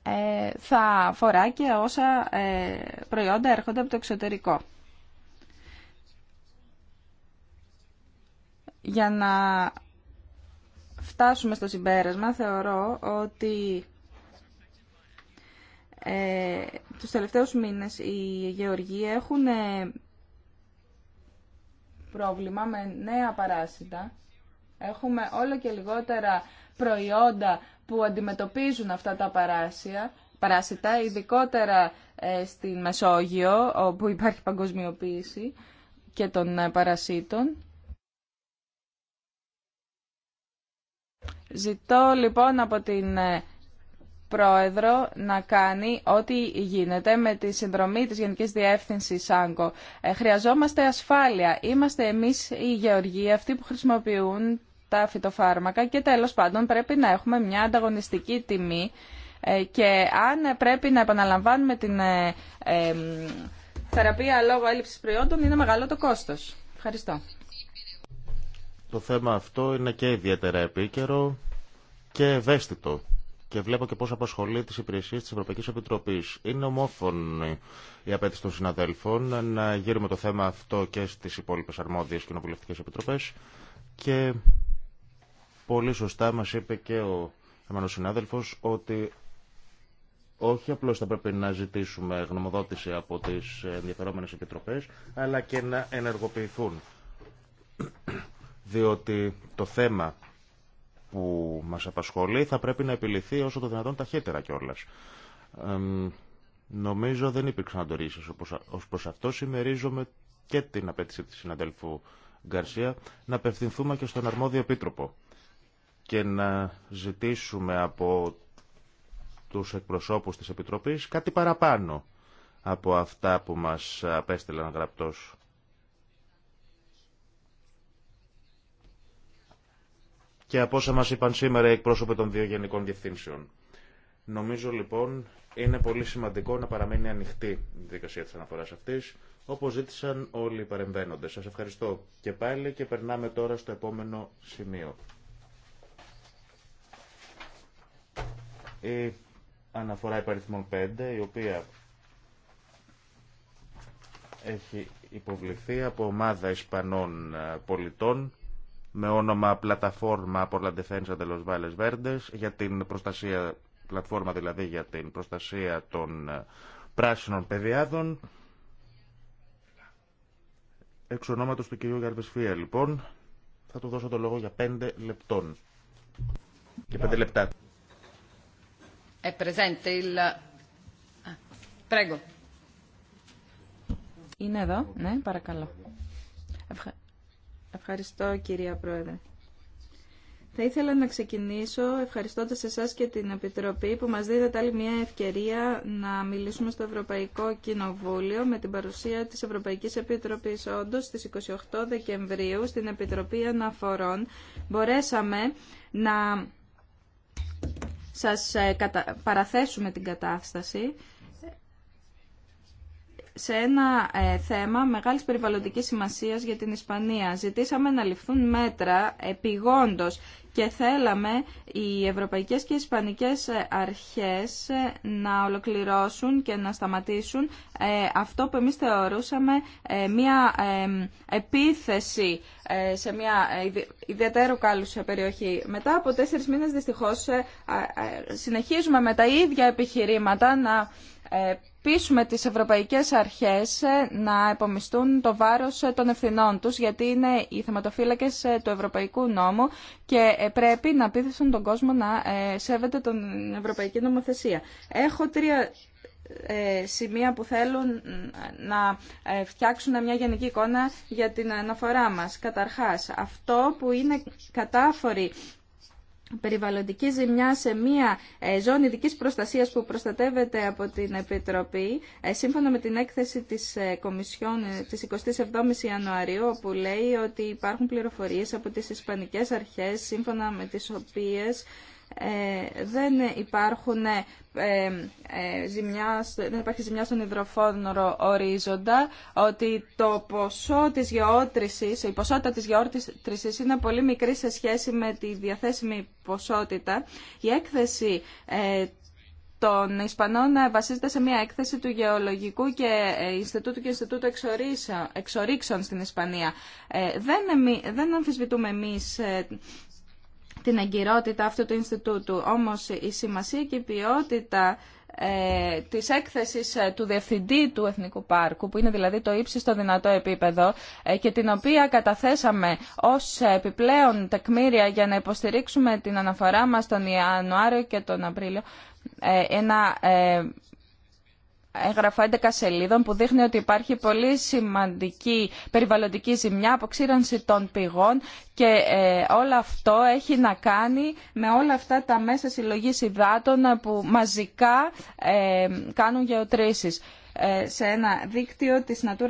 ε, θα αφορά και όσα προϊόντα έρχονται από το εξωτερικό. Για να φτάσουμε στο συμπέρασμα, θεωρώ ότι ε, τους τελευταίους μήνες οι γεωργοί έχουν ε, πρόβλημα με νέα παράσιτα. Έχουμε όλο και λιγότερα προϊόντα που αντιμετωπίζουν αυτά τα παράσια, παράσιτα, ειδικότερα ε, στην Μεσόγειο, όπου υπάρχει παγκοσμιοποίηση και των παρασίτων. Ζητώ λοιπόν από την ε, Πρόεδρο να κάνει ό,τι γίνεται με τη συνδρομή της Γενικής Διεύθυνσης ΣΑΝΚΟ. Ε, χρειαζόμαστε ασφάλεια. Είμαστε εμείς οι γεωργοί αυτοί που χρησιμοποιούν τα φυτοφάρμακα και τέλος πάντων πρέπει να έχουμε μια ανταγωνιστική τιμή ε, και αν πρέπει να επαναλαμβάνουμε την θεραπεία λόγω έλλειψης προϊόντων είναι μεγάλο το κόστος. Ευχαριστώ. Το θέμα αυτό είναι και ιδιαίτερα επίκαιρο και ευαίσθητο. Και βλέπω και πώ απασχολεί τι υπηρεσίε τη Ευρωπαϊκή Επιτροπή. Είναι ομόφωνη η απέτηση των συναδέλφων να γύρουμε το θέμα αυτό και στι υπόλοιπε αρμόδιε κοινοβουλευτικέ επιτροπέ. Και πολύ σωστά μα είπε και ο Εμμανό συνάδελφο ότι όχι απλώς θα πρέπει να ζητήσουμε γνωμοδότηση από τις ενδιαφερόμενες επιτροπές, αλλά και να ενεργοποιηθούν διότι το θέμα που μας απασχολεί θα πρέπει να επιληθεί όσο το δυνατόν ταχύτερα κιόλας. Ε, νομίζω δεν υπήρξαν αντορίσεις ως προς αυτό. Συμμερίζομαι και την απέτηση της συναντέλφου Γκαρσία να απευθυνθούμε και στον αρμόδιο επίτροπο και να ζητήσουμε από τους εκπροσώπους της Επιτροπής κάτι παραπάνω από αυτά που μας απέστειλαν γραπτός. και από όσα μας είπαν σήμερα οι εκπρόσωποι των δύο γενικών διευθύνσεων. Νομίζω λοιπόν είναι πολύ σημαντικό να παραμένει ανοιχτή η δικασία της αναφοράς αυτής, όπως ζήτησαν όλοι οι παρεμβαίνοντες. Σας ευχαριστώ και πάλι και περνάμε τώρα στο επόμενο σημείο. Η αναφορά υπαριθμών 5, η οποία έχει υποβληθεί από ομάδα Ισπανών πολιτών με όνομα Πλαταφόρμα από la Defensa de los Valles Verdes, για την προστασία, πλατφόρμα δηλαδή για την προστασία των ε, πράσινων παιδιάδων. Εξ ονόματος του κυρίου Γαρβεσφία, λοιπόν, θα του δώσω το λόγο για πέντε λεπτών. και πέντε λεπτά. Είναι εδώ, ναι, παρακαλώ. Ευχαριστώ Ευχαριστώ κυρία Πρόεδρε. Θα ήθελα να ξεκινήσω ευχαριστώντας εσάς και την Επιτροπή που μας δίδεται άλλη μια ευκαιρία να μιλήσουμε στο Ευρωπαϊκό Κοινοβούλιο με την παρουσία της Ευρωπαϊκής Επιτροπής. Όντως, στις 28 Δεκεμβρίου στην Επιτροπή Αναφορών μπορέσαμε να σας ε, παραθέσουμε την κατάσταση σε ένα ε, θέμα μεγάλης περιβαλλοντικής σημασίας για την Ισπανία. Ζητήσαμε να ληφθούν μέτρα επιγόντως και θέλαμε οι ευρωπαϊκές και οι ισπανικές ε, αρχές ε, να ολοκληρώσουν και να σταματήσουν αυτό που εμείς θεωρούσαμε μια επίθεση σε μια ιδιαίτερου κάλουσα περιοχή. Μετά από τέσσερις μήνες δυστυχώς συνεχίζουμε με τα ίδια επιχειρήματα να ε, πείσουμε τις ευρωπαϊκές αρχές ε, να επομιστούν το βάρος ε, των ευθυνών τους, γιατί είναι οι θεματοφύλακες του ευρωπαϊκού νόμου και πρέπει να πείθουν τον κόσμο να σέβεται την ευρωπαϊκή νομοθεσία. Έχω τρία σημεία που θέλουν να φτιάξουν μια γενική εικόνα για την αναφορά μας. Καταρχάς, αυτό που είναι κατάφορη περιβαλλοντική ζημιά σε μία ε, ζώνη ειδική προστασίας που προστατεύεται από την Επιτροπή, ε, σύμφωνα με την έκθεση της ε, Κομισιόν της 27ης Ιανουαρίου, που λέει ότι υπάρχουν πληροφορίες από τις Ισπανικές Αρχές, σύμφωνα με τις οποίες ε, δεν υπάρχουν ε, ε, ζημιά, δεν υπάρχει ζημιά στον υδροφόνορο ορίζοντα, ότι το ποσό της γεώτρησης, η ποσότητα της γεώτρησης είναι πολύ μικρή σε σχέση με τη διαθέσιμη ποσότητα. Η έκθεση των Ισπανών βασίζεται σε μια έκθεση του Γεωλογικού και Ινστιτούτου και Ινστιτούτου Εξορίξεων στην Ισπανία. δεν, δεν αμφισβητούμε εμείς την εγκυρότητα αυτού του Ινστιτούτου. Όμως η σημασία και η ποιότητα ε, της έκθεσης ε, του Διευθυντή του Εθνικού Πάρκου, που είναι δηλαδή το ύψιστο δυνατό επίπεδο ε, και την οποία καταθέσαμε ως επιπλέον τεκμήρια για να υποστηρίξουμε την αναφορά μας τον Ιανουάριο και τον Απρίλιο, ε, ένα Εγγραφά 11 σελίδων που δείχνει ότι υπάρχει πολύ σημαντική περιβαλλοντική ζημιά, ξύρανση των πηγών και ε, όλο αυτό έχει να κάνει με όλα αυτά τα μέσα συλλογής υδάτων που μαζικά ε, κάνουν γεωτρήσεις ε, σε ένα δίκτυο της Natura 2000.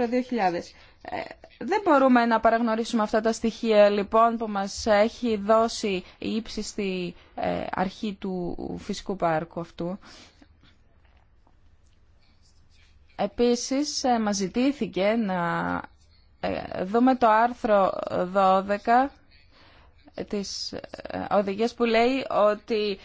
Δεν μπορούμε να παραγνωρίσουμε αυτά τα στοιχεία λοιπόν που μας έχει δώσει η ύψιστη αρχή του φυσικού πάρκου αυτού. Επίσης, ε, μας ζητήθηκε να ε, δούμε το άρθρο 12 της ε, οδηγίας που λέει ότι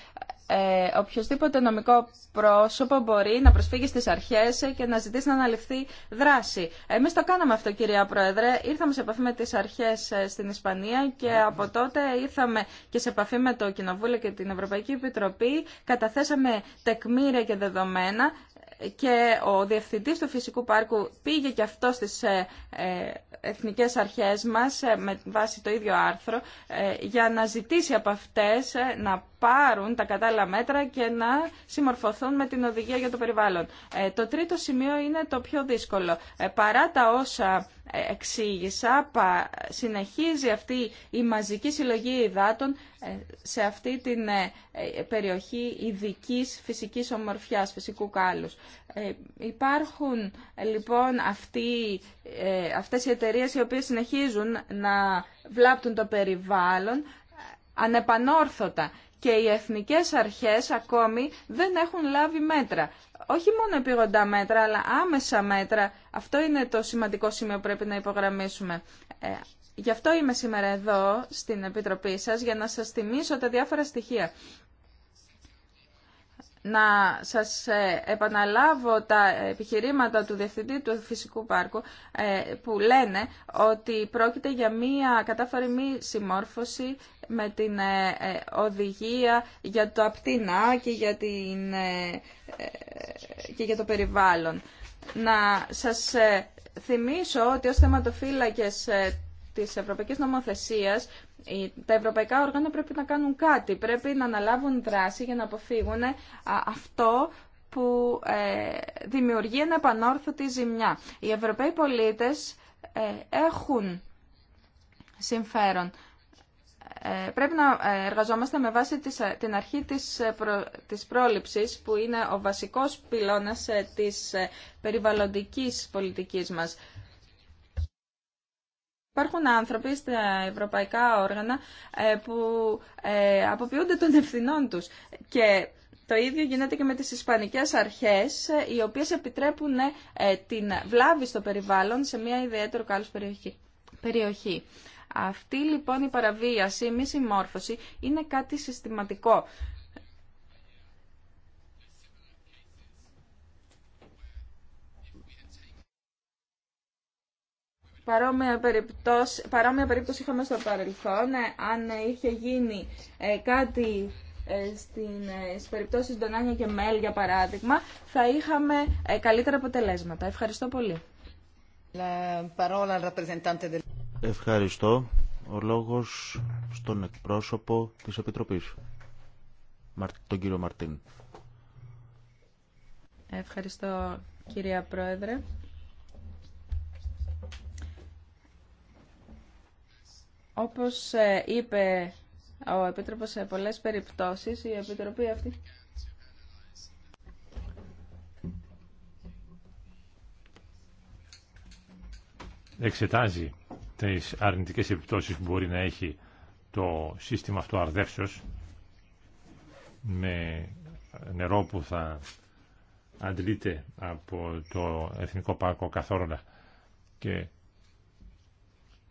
ε, οποιοδήποτε νομικό πρόσωπο μπορεί να προσφύγει στις αρχές και να ζητήσει να αναλυφθεί δράση. Εμείς το κάναμε αυτό κυρία Πρόεδρε, ήρθαμε σε επαφή με τις αρχές στην Ισπανία και από τότε ήρθαμε και σε επαφή με το Κοινοβούλιο και την Ευρωπαϊκή Επιτροπή, καταθέσαμε τεκμήρια και δεδομένα και ο διευθυντής του Φυσικού Πάρκου πήγε και αυτό στις ε, ε, εθνικές αρχές μας ε, με βάση το ίδιο άρθρο για να ζητήσει από αυτές να πάρουν τα κατάλληλα μέτρα και να συμμορφωθούν με την οδηγία για το περιβάλλον. Το τρίτο σημείο είναι το πιο δύσκολο. Παρά τα όσα εξήγησα, συνεχίζει αυτή η μαζική συλλογή υδάτων ε, σε αυτή την ε, ε, περιοχή ειδική φυσικής ομορφιάς, φυσικού κάλους. Υπάρχουν λοιπόν αυτοί, αυτές οι εταιρείες οι οποίες συνεχίζουν να βλάπτουν το περιβάλλον ανεπανόρθωτα και οι εθνικές αρχές ακόμη δεν έχουν λάβει μέτρα όχι μόνο επίγοντα μέτρα, αλλά άμεσα μέτρα. Αυτό είναι το σημαντικό σημείο που πρέπει να υπογραμμίσουμε. Ε, γι' αυτό είμαι σήμερα εδώ στην Επιτροπή σας, για να σας θυμίσω τα διάφορα στοιχεία να σας ε, επαναλάβω τα επιχειρήματα του Διευθυντή του Φυσικού Πάρκου ε, που λένε ότι πρόκειται για μία κατάφορη μη συμμόρφωση με την ε, οδηγία για το απτινά και για, την, και για το περιβάλλον. Να σας θυμίσω ότι ως θεματοφύλακες της Ευρωπαϊκής Νομοθεσίας τα ευρωπαϊκά όργανα πρέπει να κάνουν κάτι, πρέπει να αναλάβουν δράση για να αποφύγουν ε, αυτό που ε, δημιουργεί ένα επανόρθωτη ζημιά. Οι ευρωπαίοι πολίτες ε, έχουν συμφέρον. Πρέπει να εργαζόμαστε με βάση την αρχή της, πρόληψης που είναι ο βασικός πυλώνας της περιβαλλοντικής πολιτικής μας. Υπάρχουν άνθρωποι στα ευρωπαϊκά όργανα ε, που ε, αποποιούνται των ευθυνών τους. Και το ίδιο γίνεται και με τις ισπανικές αρχές, ε, οι οποίες επιτρέπουν την βλάβη στο περιβάλλον σε μια ιδιαίτερο κάλους περιοχή. Αυτή λοιπόν η παραβίαση, η μη συμμόρφωση είναι κάτι συστηματικό Παρόμοια, περιπτώση, παρόμοια περίπτωση είχαμε στο παρελθόν. Ε, αν είχε γίνει ε, κάτι ε, στην, στις περιπτώσεις Ντονάνια και Μέλ, για παράδειγμα, θα είχαμε καλύτερα αποτελέσματα. Ευχαριστώ πολύ. Ευχαριστώ. Ο λόγος στον εκπρόσωπο της Επιτροπής, τον κύριο Μαρτίν. Ευχαριστώ, κυρία Πρόεδρε. Όπως ε, είπε ο Επίτροπος σε πολλές περιπτώσεις, η Επιτροπή αυτή... εξετάζει τις αρνητικές επιπτώσεις που μπορεί να έχει το σύστημα αυτό αρδεύσεως με νερό που θα αντλείται από το Εθνικό Πάρκο Καθόρονα και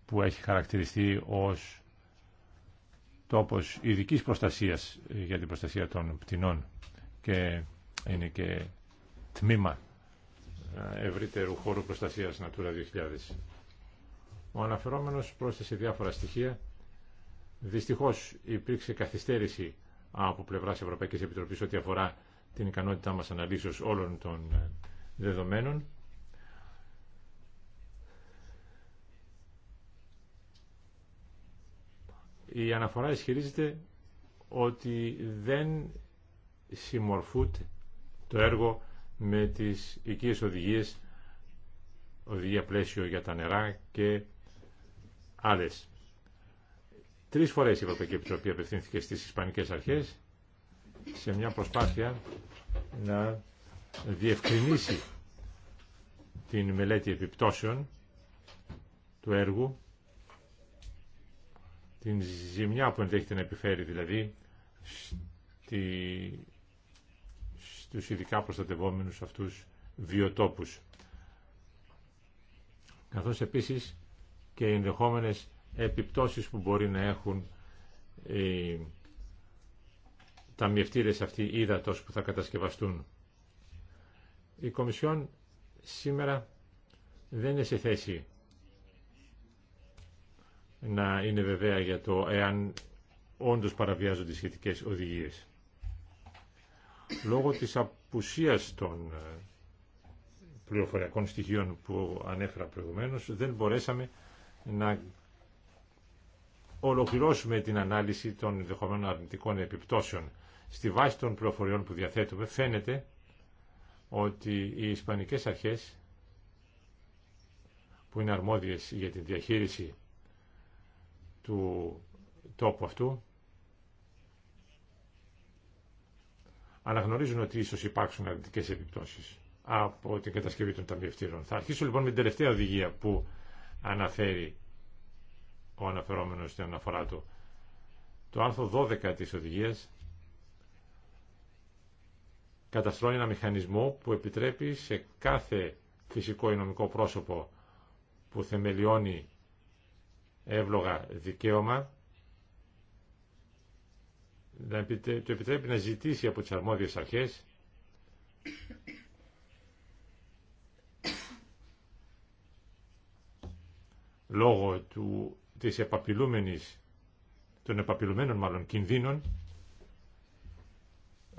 που έχει χαρακτηριστεί ως τόπος ειδικής προστασίας για την προστασία των πτηνών και είναι και τμήμα ε, ευρύτερου χώρου προστασίας Natura 2000. Ο αναφερόμενος πρόσθεσε διάφορα στοιχεία. Δυστυχώς υπήρξε καθυστέρηση από πλευράς Ευρωπαϊκής Επιτροπής ό,τι αφορά την ικανότητά μας αναλύσεως όλων των ε, δεδομένων. η αναφορά ισχυρίζεται ότι δεν συμμορφούνται το έργο με τις οικίες οδηγίες, οδηγία πλαίσιο για τα νερά και άλλες. Τρεις φορές η Ευρωπαϊκή Επιτροπή απευθύνθηκε στις Ισπανικές Αρχές σε μια προσπάθεια να διευκρινίσει την μελέτη επιπτώσεων του έργου την ζημιά που ενδέχεται να επιφέρει δηλαδή στη, στους ειδικά προστατευόμενους αυτούς βιοτόπους. Καθώς επίσης και οι ενδεχόμενες επιπτώσεις που μπορεί να έχουν τα αυτή αυτή ύδατος που θα κατασκευαστούν. Η Κομισιόν σήμερα δεν είναι σε θέση να είναι βεβαία για το εάν όντως παραβιάζονται οι σχετικές οδηγίες. Λόγω της απουσίας των ε, πληροφοριακών στοιχείων που ανέφερα προηγουμένως, δεν μπορέσαμε να ολοκληρώσουμε την ανάλυση των δεχομένων αρνητικών επιπτώσεων. Στη βάση των πληροφοριών που διαθέτουμε φαίνεται ότι οι Ισπανικές αρχές που είναι αρμόδιες για την διαχείριση του τόπου αυτού αναγνωρίζουν ότι ίσως υπάρξουν αρνητικέ επιπτώσεις από την κατασκευή των ταμιευτήρων. Θα αρχίσω λοιπόν με την τελευταία οδηγία που αναφέρει ο αναφερόμενος στην αναφορά του. Το άρθρο 12 της οδηγίας καταστρώνει ένα μηχανισμό που επιτρέπει σε κάθε φυσικό ή νομικό πρόσωπο που θεμελιώνει εύλογα δικαίωμα να του επιτρέπει να ζητήσει από τις αρμόδιες αρχές λόγω του, της επαπειλούμενης, των επαπειλουμένων μάλλον κινδύνων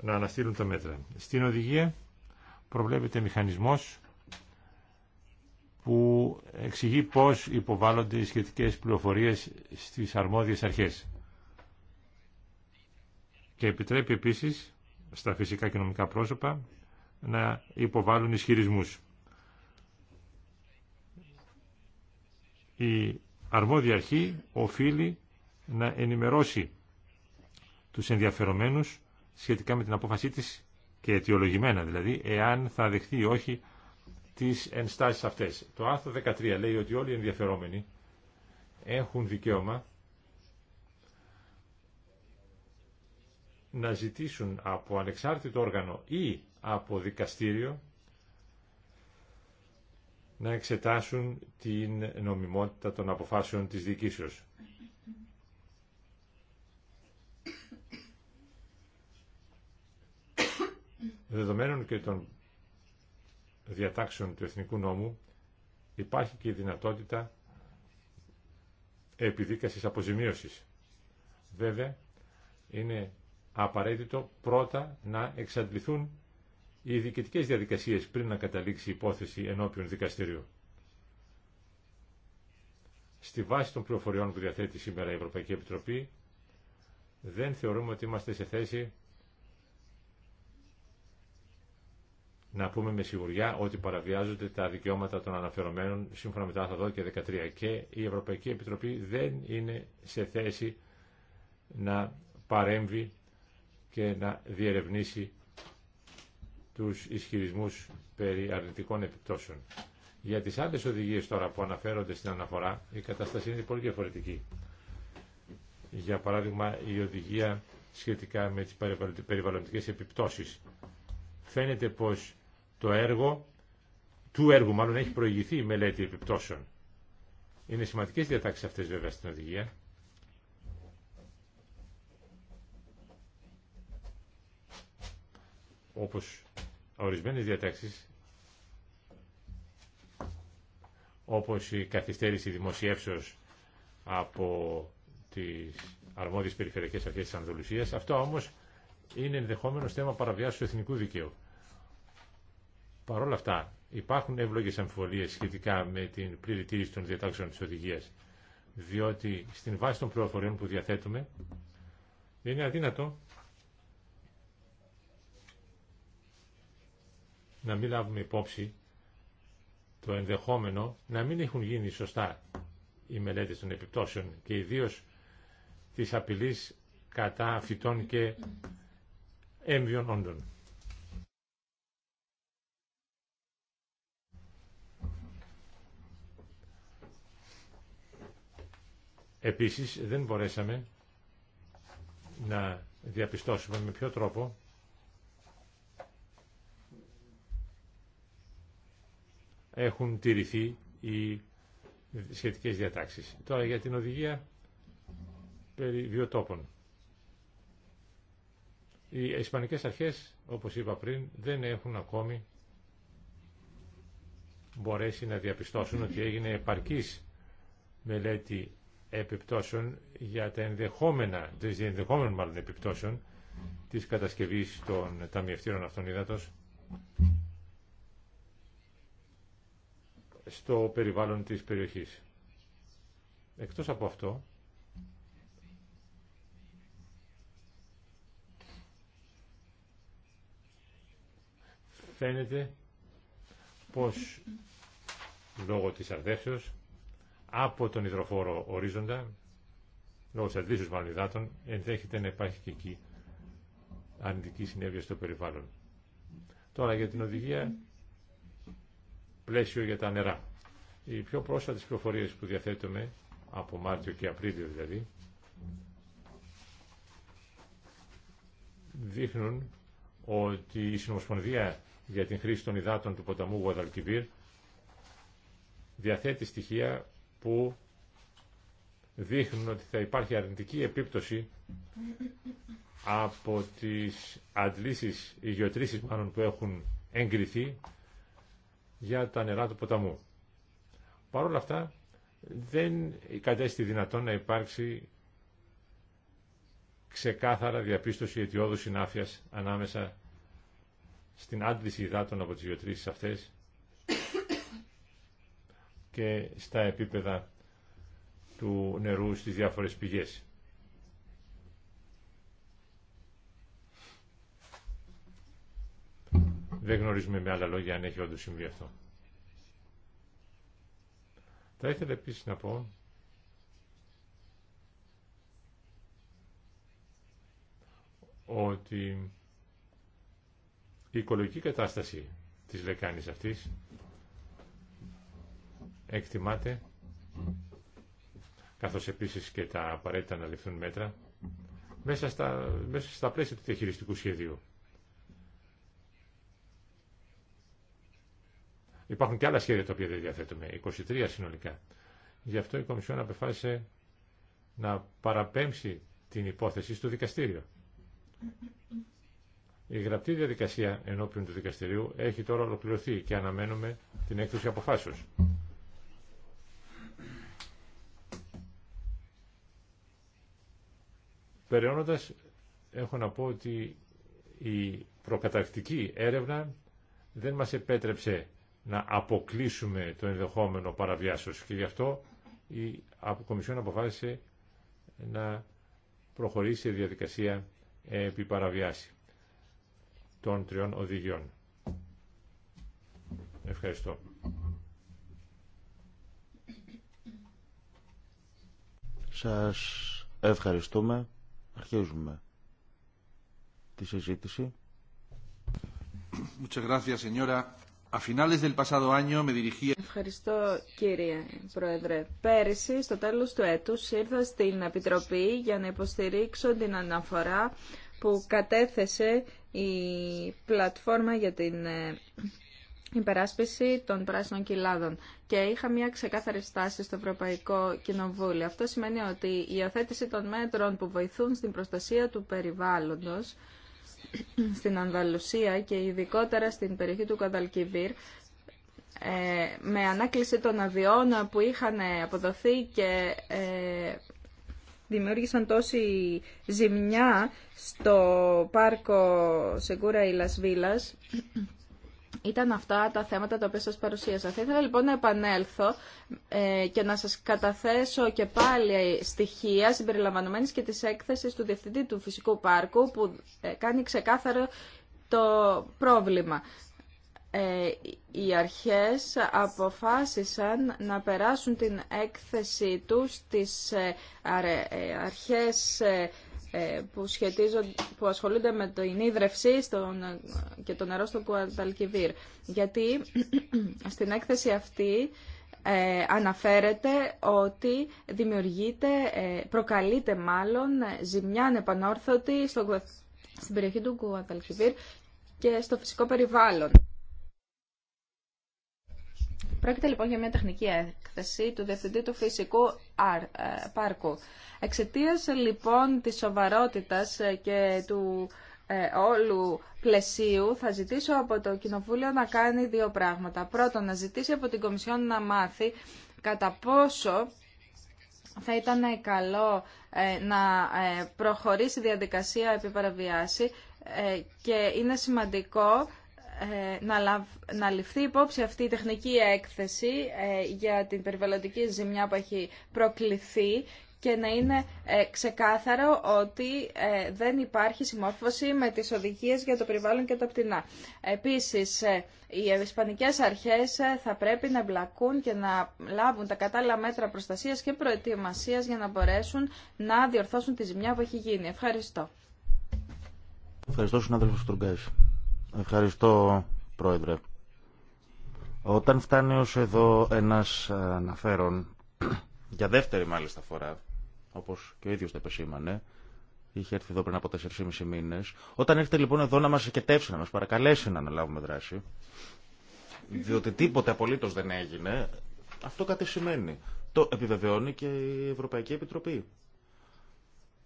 να αναστείλουν τα μέτρα. Στην οδηγία προβλέπεται μηχανισμός που εξηγεί πώς υποβάλλονται οι σχετικές πληροφορίες στις αρμόδιες αρχές. Και επιτρέπει επίσης στα φυσικά και νομικά πρόσωπα να υποβάλλουν ισχυρισμούς. Η αρμόδια αρχή οφείλει να ενημερώσει τους ενδιαφερομένους σχετικά με την απόφασή της και αιτιολογημένα δηλαδή, εάν θα δεχθεί ή όχι τις ενστάσεις αυτές. Το άρθρο 13 λέει ότι όλοι οι ενδιαφερόμενοι έχουν δικαίωμα να ζητήσουν από ανεξάρτητο όργανο ή από δικαστήριο να εξετάσουν την νομιμότητα των αποφάσεων της διοικήσεως. Δεδομένων και των διατάξεων του Εθνικού Νόμου υπάρχει και η δυνατότητα επιδίκασης αποζημίωσης. Βέβαια, είναι απαραίτητο πρώτα να εξαντληθούν οι διοικητικές διαδικασίες πριν να καταλήξει η υπόθεση ενώπιον δικαστηρίου. Στη βάση των πληροφοριών που διαθέτει σήμερα η Ευρωπαϊκή Επιτροπή, δεν θεωρούμε ότι είμαστε σε θέση να πούμε με σιγουριά ότι παραβιάζονται τα δικαιώματα των αναφερομένων σύμφωνα με τα άρθρα 12 και 13 και η Ευρωπαϊκή Επιτροπή δεν είναι σε θέση να παρέμβει και να διερευνήσει τους ισχυρισμούς περί αρνητικών επιπτώσεων. Για τις άλλες οδηγίες τώρα που αναφέρονται στην αναφορά, η κατάσταση είναι πολύ διαφορετική. Για παράδειγμα, η οδηγία σχετικά με τις περιβαλλοντικές επιπτώσεις. Φαίνεται πως το έργο, του έργου μάλλον έχει προηγηθεί η μελέτη επιπτώσεων. Είναι σημαντικές διατάξεις αυτές βέβαια στην οδηγία. Όπως ορισμένες διατάξεις, όπως η καθυστέρηση δημοσιεύσεως από τις αρμόδιες περιφερειακές αρχές της Ανδολουσίας, αυτό όμως είναι ενδεχόμενο θέμα παραβιάσεως του εθνικού δικαίου. Παρ' όλα αυτά, υπάρχουν εύλογε αμφιβολίες σχετικά με την πλήρη τήρηση των διατάξεων τη οδηγία, διότι στην βάση των πληροφοριών που διαθέτουμε είναι αδύνατο να μην λάβουμε υπόψη το ενδεχόμενο να μην έχουν γίνει σωστά οι μελέτε των επιπτώσεων και ιδίως της απειλή κατά φυτών και έμβιων όντων. Επίσης δεν μπορέσαμε να διαπιστώσουμε με ποιο τρόπο έχουν τηρηθεί οι σχετικές διατάξεις. Τώρα για την οδηγία περί βιοτόπων. Οι ισπανικές αρχές, όπως είπα πριν, δεν έχουν ακόμη μπορέσει να διαπιστώσουν ότι έγινε επαρκής μελέτη επιπτώσεων για τα ενδεχόμενα, τις ενδεχόμενων μάλλον επιπτώσεων της κατασκευής των ταμιευτήρων αυτών υδάτος στο περιβάλλον της περιοχής. Εκτός από αυτό, φαίνεται πως λόγω της αρδεύσεως από τον υδροφόρο ορίζοντα, λόγω τη αντλήσεω μάλλον υδάτων, ενδέχεται να υπάρχει και εκεί αρνητική συνέβεια στο περιβάλλον. Τώρα για την οδηγία πλαίσιο για τα νερά. Οι πιο πρόσφατε πληροφορίε που διαθέτουμε, από Μάρτιο και Απρίλιο δηλαδή, δείχνουν ότι η Συνομοσπονδία για την χρήση των υδάτων του ποταμού Γουαδαλκιβίρ διαθέτει στοιχεία που δείχνουν ότι θα υπάρχει αρνητική επίπτωση από τις αντλήσεις, υγειοτρήσεις μάλλον που έχουν εγκριθεί για τα νερά του ποταμού. Παρ' όλα αυτά δεν κατέστη δυνατόν να υπάρξει ξεκάθαρα διαπίστωση αιτιόδου συνάφειας ανάμεσα στην άντληση υδάτων από τις γεωτρήσεις αυτές και στα επίπεδα του νερού στις διάφορες πηγές. Δεν γνωρίζουμε με άλλα λόγια αν έχει όντως συμβεί αυτό. Θα ήθελα επίσης να πω ότι η οικολογική κατάσταση της λεκάνης αυτής εκτιμάται, καθώς επίσης και τα απαραίτητα να ληφθούν μέτρα, μέσα στα, μέσα στα πλαίσια του διαχειριστικού σχεδίου. Υπάρχουν και άλλα σχέδια τα οποία δεν διαθέτουμε, 23 συνολικά. Γι' αυτό η Κομισιόν απεφάσισε να παραπέμψει την υπόθεση στο δικαστήριο. Η γραπτή διαδικασία ενώπιον του δικαστηρίου έχει τώρα ολοκληρωθεί και αναμένουμε την έκδοση αποφάσεως. Περαιώνοντας, έχω να πω ότι η προκαταρκτική έρευνα δεν μας επέτρεψε να αποκλείσουμε το ενδεχόμενο παραβιάσεως και γι' αυτό η Κομισιόν αποφάσισε να προχωρήσει σε διαδικασία επί παραβιάση των τριών οδηγιών. Ευχαριστώ. Σας ευχαριστούμε. Αρχίζουμε τη συζήτηση. Ευχαριστώ κύριε Πρόεδρε. Πέρυσι, στο τέλος του έτους, ήρθα στην Επιτροπή για να υποστηρίξω την αναφορά που κατέθεσε η πλατφόρμα για την ε, υπεράσπιση των πράσινων κοιλάδων και είχα μια ξεκάθαρη στάση στο Ευρωπαϊκό Κοινοβούλιο. Αυτό σημαίνει ότι η υιοθέτηση των μέτρων που βοηθούν στην προστασία του περιβάλλοντος στην Ανδαλουσία και ειδικότερα στην περιοχή του Καδαλκιβίρ ε, με ανάκληση των αδειών που είχαν αποδοθεί και ε, δημιούργησαν τόση ζημιά στο πάρκο Σεγκούρα Ιλας ήταν αυτά τα θέματα τα οποία σας παρουσίασα. Θα ήθελα λοιπόν να επανέλθω ε, και να σας καταθέσω και πάλι στοιχεία συμπεριλαμβανομένης και της έκθεσης του Διευθυντή του Φυσικού Πάρκου που ε, κάνει ξεκάθαρο το πρόβλημα. Ε, οι αρχές αποφάσισαν να περάσουν την έκθεση τους στις αρχές ε, που, που ασχολούνται με την ίδρυυση και το νερό στο Κουαταλκιβίρ. Γιατί στην έκθεση αυτή ε, αναφέρεται ότι δημιουργείται, ε, προκαλείται μάλλον ζημιά ανεπανόρθωτη στο, στην περιοχή του Κουαταλκιβίρ και στο φυσικό περιβάλλον. Πρόκειται λοιπόν για μια τεχνική έκθεση του Διευθυντή του Φυσικού ε, Πάρκου. Εξαιτία λοιπόν της σοβαρότητας ε, και του ε, όλου πλαισίου θα ζητήσω από το Κοινοβούλιο να κάνει δύο πράγματα. Πρώτον, να ζητήσει από την Κομισιόν να μάθει κατά πόσο θα ήταν καλό να προχωρήσει η διαδικασία επί και είναι σημαντικό ε, να ληφθεί υπόψη αυτή η τεχνική έκθεση ε, για την περιβαλλοντική ζημιά που έχει προκληθεί και να είναι ε, ξεκάθαρο ότι δεν υπάρχει συμμόρφωση με τις οδηγίες για το περιβάλλον και τα πτηνά. Επίσης, οι ισπανικές αρχές θα πρέπει να εμπλακούν και να λάβουν τα κατάλληλα μέτρα προστασίας και προετοιμασίας για να μπορέσουν να διορθώσουν τη ζημιά που έχει γίνει. Ευχαριστώ. Ευχαριστώ, συνάδελφος Ευχαριστώ, Πρόεδρε. Όταν φτάνει ως εδώ ένας αναφέρον, για δεύτερη μάλιστα φορά, όπως και ο ίδιος το επεσήμανε, είχε έρθει εδώ πριν από 4,5 μήνες, όταν έρχεται λοιπόν εδώ να μας εκετεύσει, να μας παρακαλέσει να αναλάβουμε δράση, διότι τίποτε απολύτως δεν έγινε, αυτό κάτι σημαίνει. Το επιβεβαιώνει και η Ευρωπαϊκή Επιτροπή.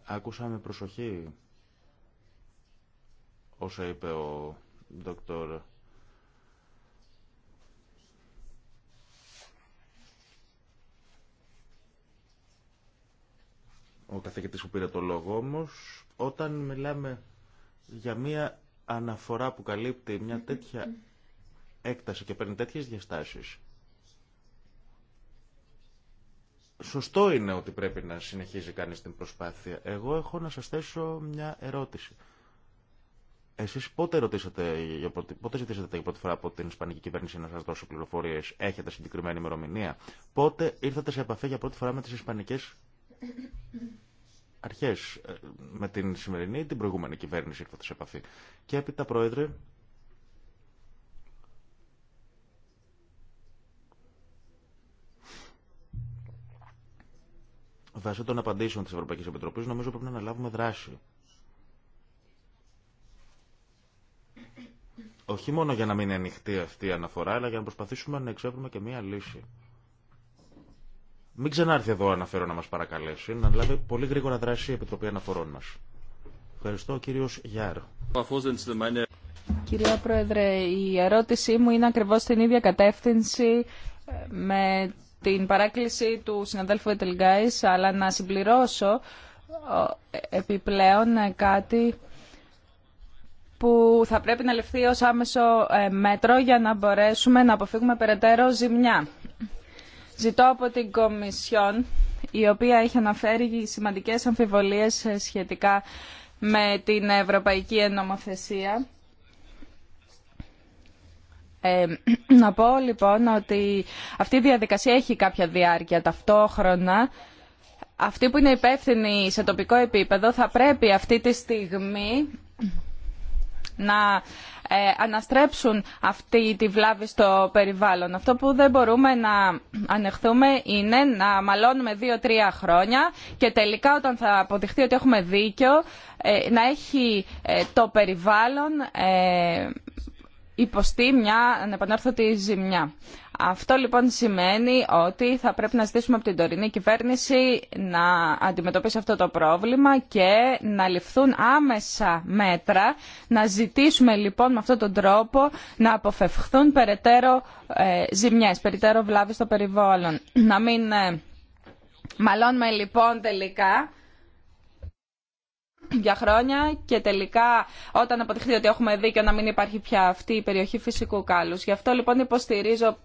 Άκουσα με προσοχή όσα είπε ο ο καθηγητής που πήρε το λόγο όμως, όταν μιλάμε για μια αναφορά που καλύπτει μια τέτοια έκταση και παίρνει τέτοιες διαστάσεις, σωστό είναι ότι πρέπει να συνεχίζει κανείς την προσπάθεια. Εγώ έχω να σας θέσω μια ερώτηση. Εσείς πότε, ρωτήσατε, πότε ζητήσατε για πρώτη φορά από την Ισπανική κυβέρνηση να σας δώσει πληροφορίες, έχετε συγκεκριμένη ημερομηνία, πότε ήρθατε σε επαφή για πρώτη φορά με τις Ισπανικές αρχές, ε, με την σημερινή ή την προηγούμενη κυβέρνηση ήρθατε σε επαφή. Και έπειτα, Πρόεδρε, βάσει των απαντήσεων της Ευρωπαϊκής Επιτροπής, νομίζω πρέπει να αναλάβουμε δράση. Όχι μόνο για να μην είναι ανοιχτή αυτή η αναφορά, αλλά για να προσπαθήσουμε να εξεύρουμε και μία λύση. Μην ξανάρθει εδώ αναφέρω να μας παρακαλέσει, να λάβει πολύ γρήγορα δράση η Επιτροπή Αναφορών μας. Ευχαριστώ, κύριος Γιάρ. Κυρία Πρόεδρε, η ερώτησή μου είναι ακριβώς στην ίδια κατεύθυνση ε, με την παράκληση του συναδέλφου Ετελγκάης, αλλά να συμπληρώσω ε, επιπλέον ε, κάτι που θα πρέπει να ληφθεί ως άμεσο ε, μέτρο για να μπορέσουμε να αποφύγουμε περαιτέρω ζημιά. Ζητώ από την Κομισιόν, η οποία έχει αναφέρει σημαντικές αμφιβολίες ε, σχετικά με την Ευρωπαϊκή ενομοθεσία ε, να πω λοιπόν ότι αυτή η διαδικασία έχει κάποια διάρκεια ταυτόχρονα. Αυτοί που είναι υπεύθυνοι σε τοπικό επίπεδο θα πρέπει αυτή τη στιγμή να ε, αναστρέψουν αυτή τη βλάβη στο περιβάλλον. Αυτό που δεν μπορούμε να ανεχθούμε είναι να μαλώνουμε δύο-τρία χρόνια και τελικά όταν θα αποδειχθεί ότι έχουμε δίκιο ε, να έχει ε, το περιβάλλον υποστεί μια ανεπανόρθωτη ζημιά. Αυτό λοιπόν σημαίνει ότι θα πρέπει να ζητήσουμε από την τωρινή κυβέρνηση να αντιμετωπίσει αυτό το πρόβλημα και να ληφθούν άμεσα μέτρα. Να ζητήσουμε λοιπόν με αυτόν τον τρόπο να αποφευχθούν περαιτέρω ε, ζημιές, περαιτέρω βλάβες στο περιβάλλον. Να μην ε, μαλώνουμε λοιπόν τελικά για χρόνια και τελικά όταν αποδειχθεί ότι έχουμε δίκιο να μην υπάρχει πια αυτή η περιοχή φυσικού κάλους. Γι' αυτό λοιπόν υποστηρίζω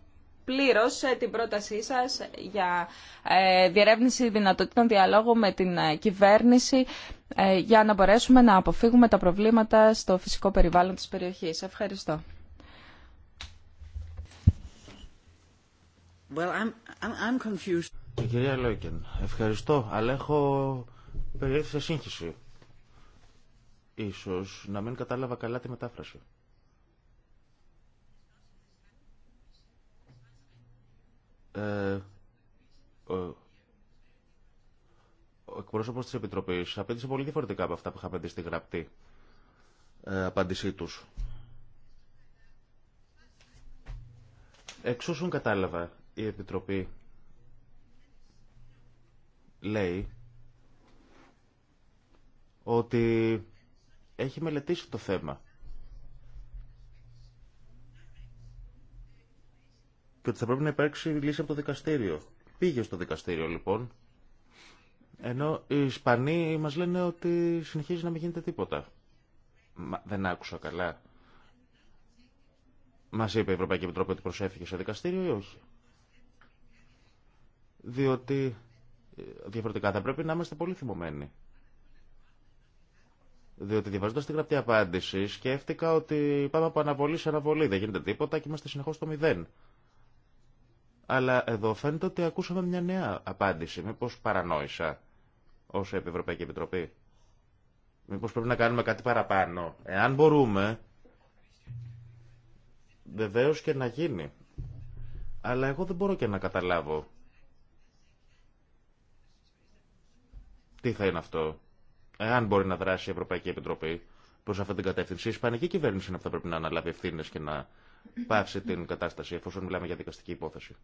πλήρωσε την πρότασή σας για ε, διερεύνηση δυνατοτήτων διαλόγου με την ε, κυβέρνηση ε, για να μπορέσουμε να αποφύγουμε τα προβλήματα στο φυσικό περιβάλλον της περιοχής. Ευχαριστώ. Well, I'm, I'm confused. κυρία Λόικεν, ευχαριστώ, αλλά έχω περιέλθει σε σύγχυση. Ίσως να μην κατάλαβα καλά τη μετάφραση. Ε, ο εκπρόσωπος της Επιτροπής απέντησε πολύ διαφορετικά από αυτά που είχα απέντησει στη γραπτή ε, απάντησή τους. Εξ όσων κατάλαβα, η Επιτροπή λέει ότι έχει μελετήσει το θέμα και ότι θα πρέπει να υπάρξει λύση από το δικαστήριο. Πήγε στο δικαστήριο λοιπόν, ενώ οι Ισπανοί μας λένε ότι συνεχίζει να μην γίνεται τίποτα. Μα, δεν άκουσα καλά. Μα είπε η Ευρωπαϊκή Επιτροπή ότι προσέφηκε σε δικαστήριο ή όχι. Διότι ε, διαφορετικά θα πρέπει να είμαστε πολύ θυμωμένοι. Διότι διαβάζοντα τη γραπτή απάντηση, σκέφτηκα ότι πάμε από αναβολή σε αναβολή. Δεν γίνεται τίποτα και είμαστε συνεχώ στο μηδέν. Αλλά εδώ φαίνεται ότι ακούσαμε μια νέα απάντηση. Μήπως παρανόησα ως Ευρωπαϊκή Επιτροπή. Μήπως πρέπει να κάνουμε κάτι παραπάνω. Εάν μπορούμε, βεβαίω και να γίνει. Αλλά εγώ δεν μπορώ και να καταλάβω τι θα είναι αυτό. Εάν μπορεί να δράσει η Ευρωπαϊκή Επιτροπή προς αυτή την κατεύθυνση, η Ισπανική κυβέρνηση είναι που θα πρέπει να αναλάβει ευθύνε και να πάυσε την κατάσταση, εφόσον μιλάμε για δικαστική υπόθεση.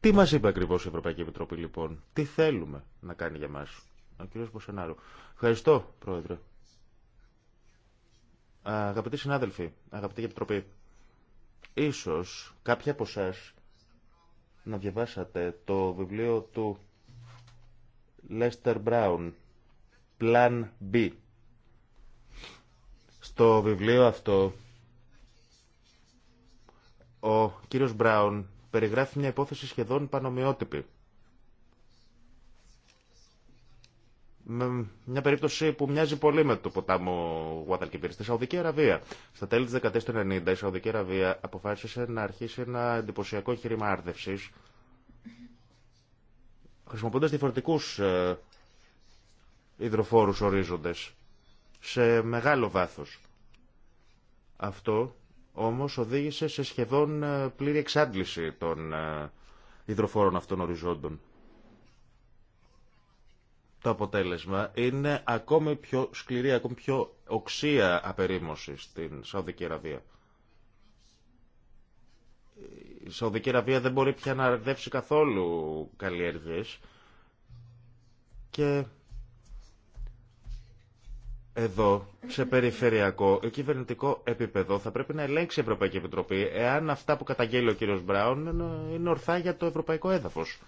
Τι μας είπε ακριβώς η Ευρωπαϊκή Επιτροπή λοιπόν, τι θέλουμε να κάνει για μας. Ο κύριος Μποσενάρου. Ευχαριστώ, Πρόεδρε. Αγαπητοί συνάδελφοι, αγαπητή Επιτροπή, ίσως κάποια από εσάς να διαβάσατε το βιβλίο του Λέστερ Μπράουν, Plan B. Στο βιβλίο αυτό, ο κύριος Μπράουν περιγράφει μια υπόθεση σχεδόν πανομοιότυπη. μια περίπτωση που μοιάζει πολύ με το ποτάμο Γουαδαλκιβίρ στη Σαουδική Αραβία. Στα τέλη της δεκαετία του 1990 η Σαουδική Αραβία αποφάσισε να αρχίσει ένα εντυπωσιακό εγχείρημα άρδευση χρησιμοποιώντας διαφορετικούς ε, υδροφόρους ορίζοντες σε μεγάλο βάθος. Αυτό όμως οδήγησε σε σχεδόν ε, πλήρη εξάντληση των ε, υδροφόρων αυτών οριζόντων. Το αποτέλεσμα είναι ακόμη πιο σκληρή, ακόμη πιο οξία απερίμωση στην Σαουδική Αραβία η Σαουδική Αραβία δεν μπορεί πια να αρδεύσει καθόλου καλλιέργειε. και εδώ, σε περιφερειακό ή κυβερνητικό επίπεδο, θα πρέπει να ελέγξει η Ευρωπαϊκή Επιτροπή εάν αυτά που καταγγέλει ο κύριος Μπράουν είναι ορθά για το ευρωπαϊκό έδαφος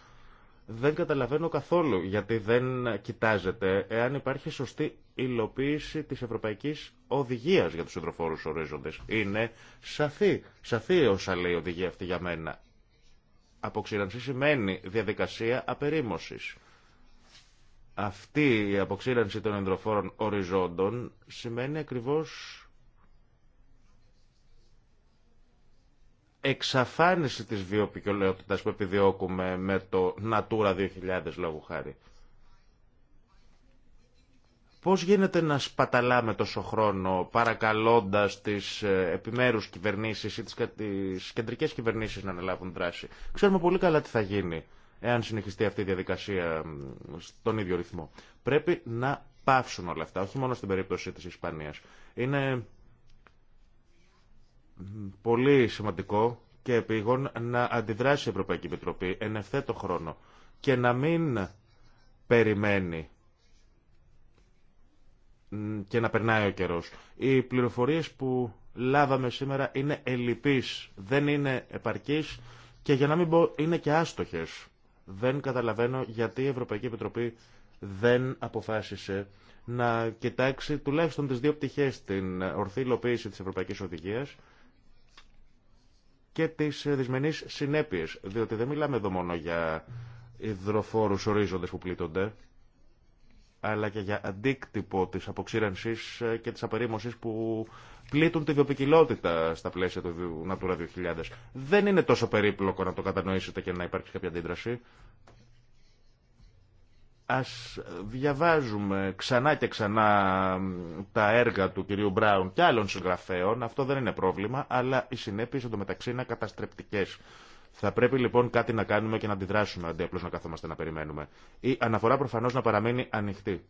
δεν καταλαβαίνω καθόλου γιατί δεν κοιτάζεται εάν υπάρχει σωστή υλοποίηση της ευρωπαϊκής οδηγίας για τους υδροφόρους ορίζοντες. Είναι σαφή, σαφή όσα λέει η οδηγία αυτή για μένα. Αποξήρανση σημαίνει διαδικασία απερίμωσης. Αυτή η αποξήρανση των υδροφόρων οριζόντων σημαίνει ακριβώς εξαφάνιση της βιοποικιλότητας που επιδιώκουμε με το Natura 2000 λόγου χάρη. Πώς γίνεται να σπαταλάμε τόσο χρόνο παρακαλώντας τις ε, επιμέρους κυβερνήσεις ή τις κεντρικές κυβερνήσεις να αναλάβουν δράση. Ξέρουμε πολύ καλά τι θα γίνει εάν συνεχιστεί αυτή η διαδικασία στον ίδιο ρυθμό. Πρέπει να πάυσουν όλα αυτά, όχι μόνο στην περίπτωση της Ισπανίας. Είναι πολύ σημαντικό και επίγον να αντιδράσει η Ευρωπαϊκή Επιτροπή εν ευθέτω χρόνο και να μην περιμένει και να περνάει ο καιρός. Οι πληροφορίες που λάβαμε σήμερα είναι ελλειπείς, δεν είναι επαρκείς και για να μην πω είναι και άστοχες. Δεν καταλαβαίνω γιατί η Ευρωπαϊκή Επιτροπή δεν αποφάσισε να κοιτάξει τουλάχιστον τις δύο πτυχές την ορθή υλοποίηση της Ευρωπαϊκής Οδηγίας και τι ε, δυσμενείς συνέπειε, διότι δεν μιλάμε εδώ μόνο για υδροφόρου ορίζοντες που πλήττονται, αλλά και για αντίκτυπο τη αποξήρανση ε, και τη απερίμωση που πλήττουν τη βιοπικιλότητα στα πλαίσια του Natura 2000. Δεν είναι τόσο περίπλοκο να το κατανοήσετε και να υπάρξει κάποια αντίδραση. Ας διαβάζουμε ξανά και ξανά τα έργα του κυρίου Μπράουν και άλλων συγγραφέων. Αυτό δεν είναι πρόβλημα, αλλά οι συνέπειες εντωμεταξύ είναι καταστρεπτικές. Θα πρέπει λοιπόν κάτι να κάνουμε και να αντιδράσουμε, αντί απλώς να καθόμαστε να περιμένουμε. Η αναφορά προφανώς να παραμένει ανοιχτή.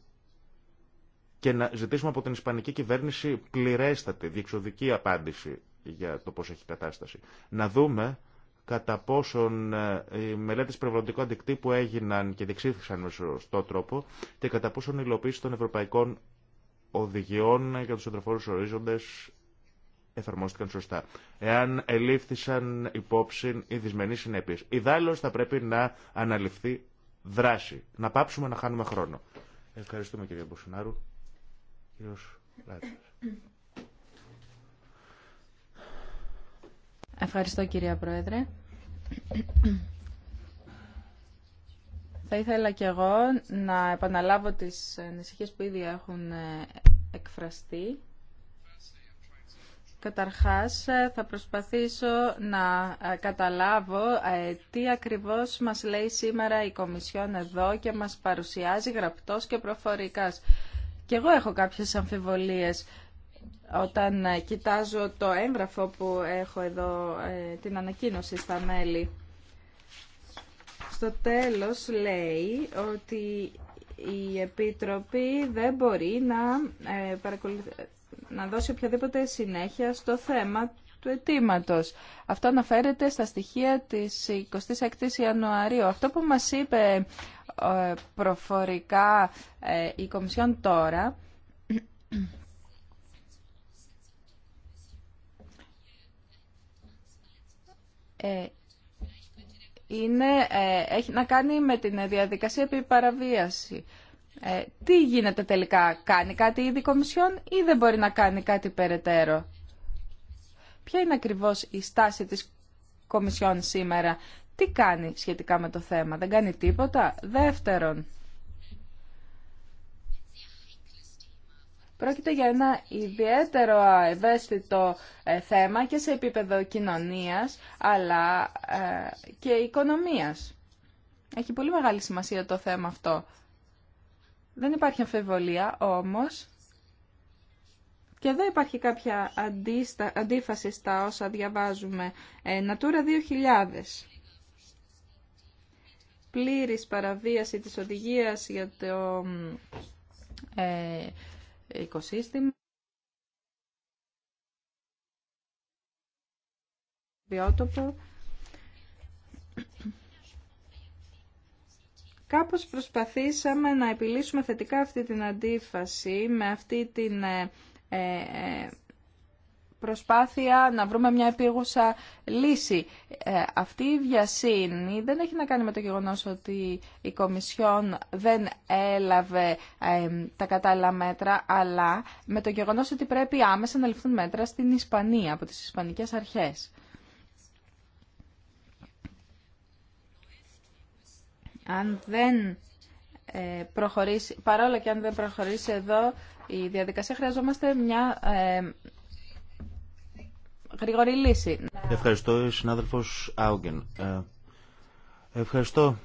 Και να ζητήσουμε από την Ισπανική κυβέρνηση πληρέστατη, διεξοδική απάντηση για το πώς έχει κατάσταση. Να δούμε κατά πόσον ε, οι μελέτες περιβαλλοντικού αντικτύπου έγιναν και διεξήθησαν με σωστό τρόπο και κατά πόσον η υλοποίηση των ευρωπαϊκών οδηγιών για τους εντροφόρους ορίζοντες εφαρμόστηκαν σωστά. Εάν ελήφθησαν υπόψη οι δυσμενείς συνέπειες. Ιδάλλως θα πρέπει να αναλυφθεί δράση. Να πάψουμε να χάνουμε χρόνο. Ευχαριστούμε κύριε Μποσουνάρου. Κύριος Ευχαριστώ κυρία Πρόεδρε. Θα ήθελα κι εγώ να επαναλάβω τις ανησυχίες που ήδη έχουν ε, εκφραστεί. Καταρχάς, ε, θα προσπαθήσω να ε, καταλάβω τι ακριβώς μας λέει σήμερα η Κομισιόν εδώ και μας παρουσιάζει γραπτός και προφορικάς. και εγώ έχω κάποιες αμφιβολίες όταν ε, κοιτάζω το έγγραφο που έχω εδώ, ε, την ανακοίνωση στα μέλη. Στο τέλος λέει ότι η Επίτροπη δεν μπορεί να, ε, να δώσει οποιαδήποτε συνέχεια στο θέμα του αιτήματο. Αυτό αναφέρεται στα στοιχεία της 26ης Ιανουαρίου. Αυτό που μας είπε προφορικά η Κομισιόν τώρα Ε, είναι, ε, έχει να κάνει με την διαδικασία επί παραβίαση. Ε, τι γίνεται τελικά, κάνει κάτι ήδη η Κομισιόν ή δεν μπορεί να κάνει κάτι περαιτέρω. Ποια είναι ακριβώς η στάση της Κομισιόν σήμερα, τι κάνει σχετικά με το θέμα, δεν κάνει τίποτα. Δεύτερον, Πρόκειται για ένα ιδιαίτερο ευαίσθητο ε, θέμα και σε επίπεδο κοινωνίας, αλλά ε, και οικονομίας. Έχει πολύ μεγάλη σημασία το θέμα αυτό. Δεν υπάρχει αμφιβολία όμως και εδώ υπάρχει κάποια αντίστα, αντίφαση στα όσα διαβάζουμε. Ε, Natura 2000. Πλήρης παραβίαση της οδηγίας για το ε, οικοσύστημα. Βιότοπο. Κάπως προσπαθήσαμε να επιλύσουμε θετικά αυτή την αντίφαση με αυτή την ε, ε, ε, προσπάθεια να βρούμε μια επίγουσα λύση. Ε, αυτή η βιασύνη δεν έχει να κάνει με το γεγονός ότι η Κομισιόν δεν έλαβε ε, τα κατάλληλα μέτρα, αλλά με το γεγονός ότι πρέπει άμεσα να ληφθούν μέτρα στην Ισπανία, από τις Ισπανικές αρχές. Αν δεν ε, προχωρήσει, παρόλο και αν δεν προχωρήσει εδώ η διαδικασία, χρειαζόμαστε μια γρήγορη λύση. Ευχαριστώ, συνάδελφος Άουγκεν. Ε, ευχαριστώ.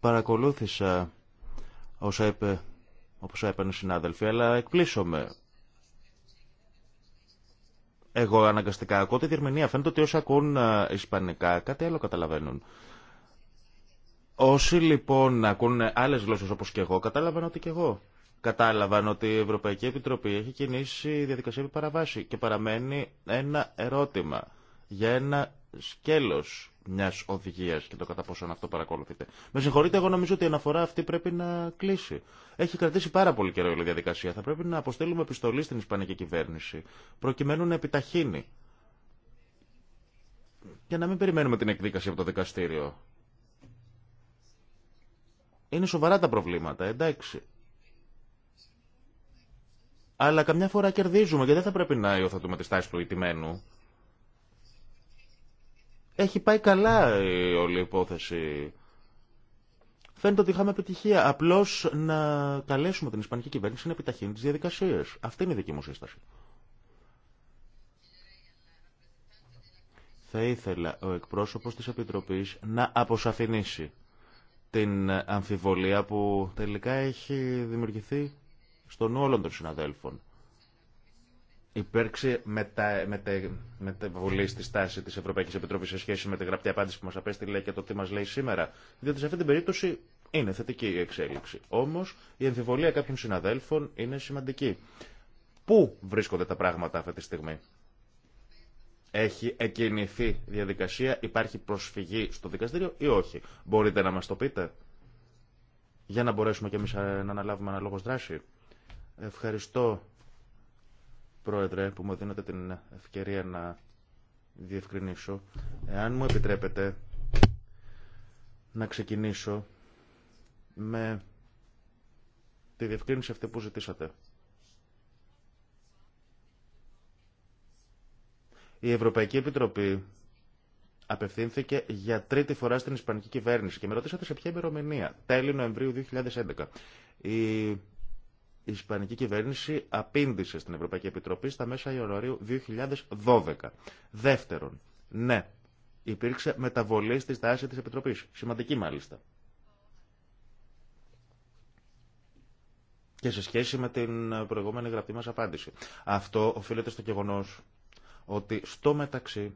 Παρακολούθησα όσα είπε, όπως είπαν οι συνάδελφοι, αλλά εκπλήσωμαι. Εγώ αναγκαστικά ακούω τη διερμηνία. Φαίνεται ότι όσοι ακούν ε, ισπανικά κάτι άλλο καταλαβαίνουν. Όσοι λοιπόν ακούν άλλες γλώσσες όπως και εγώ, κατάλαβαν ότι και εγώ κατάλαβαν ότι η Ευρωπαϊκή Επιτροπή έχει κινήσει διαδικασία επί παραβάση και παραμένει ένα ερώτημα για ένα σκέλος μιας οδηγίας και το κατά πόσο αυτό παρακολουθείτε. Με συγχωρείτε, εγώ νομίζω ότι η αναφορά αυτή πρέπει να κλείσει. Έχει κρατήσει πάρα πολύ καιρό η διαδικασία. Θα πρέπει να αποστείλουμε επιστολή στην Ισπανική κυβέρνηση προκειμένου να επιταχύνει και να μην περιμένουμε την εκδίκαση από το δικαστήριο. Είναι σοβαρά τα προβλήματα, εντάξει αλλά καμιά φορά κερδίζουμε και δεν θα πρέπει να υιοθετούμε τη στάση του ηττημένου. Έχει πάει καλά η όλη υπόθεση. Φαίνεται ότι είχαμε επιτυχία. Απλώ να καλέσουμε την Ισπανική κυβέρνηση να επιταχύνει τι διαδικασίε. Αυτή είναι η δική μου σύσταση. Θα ήθελα ο εκπρόσωπος της Επιτροπή να αποσαφηνίσει την αμφιβολία που τελικά έχει δημιουργηθεί στον όλων των συναδέλφων. Υπέρξε μετεβολή στη στάση τη Ευρωπαϊκή Επιτροπή σε σχέση με τη γραπτή απάντηση που μα απέστειλε και το τι μα λέει σήμερα. Διότι σε αυτή την περίπτωση είναι θετική η εξέλιξη. Όμω η εμφιβολία κάποιων συναδέλφων είναι σημαντική. Πού βρίσκονται τα πράγματα αυτή τη στιγμή. Έχει εκκινηθεί διαδικασία, υπάρχει προσφυγή στο δικαστήριο ή όχι. Μπορείτε να μας το πείτε για να μπορέσουμε κι εμείς να αναλάβουμε λόγος δράση. Ευχαριστώ, Πρόεδρε, που μου δίνετε την ευκαιρία να διευκρινίσω. Εάν μου επιτρέπετε να ξεκινήσω με τη διευκρίνηση αυτή που ζητήσατε. Η Ευρωπαϊκή Επιτροπή απευθύνθηκε για τρίτη φορά στην Ισπανική κυβέρνηση και με ρωτήσατε σε ποια ημερομηνία. Τέλη Νοεμβρίου 2011. Η η Ισπανική κυβέρνηση απήντησε στην Ευρωπαϊκή Επιτροπή στα μέσα Ιανουαρίου 2012. Δεύτερον, ναι, υπήρξε μεταβολή στη στάση της Επιτροπής, σημαντική μάλιστα. Και σε σχέση με την προηγούμενη γραπτή μας απάντηση. Αυτό οφείλεται στο γεγονό ότι στο μεταξύ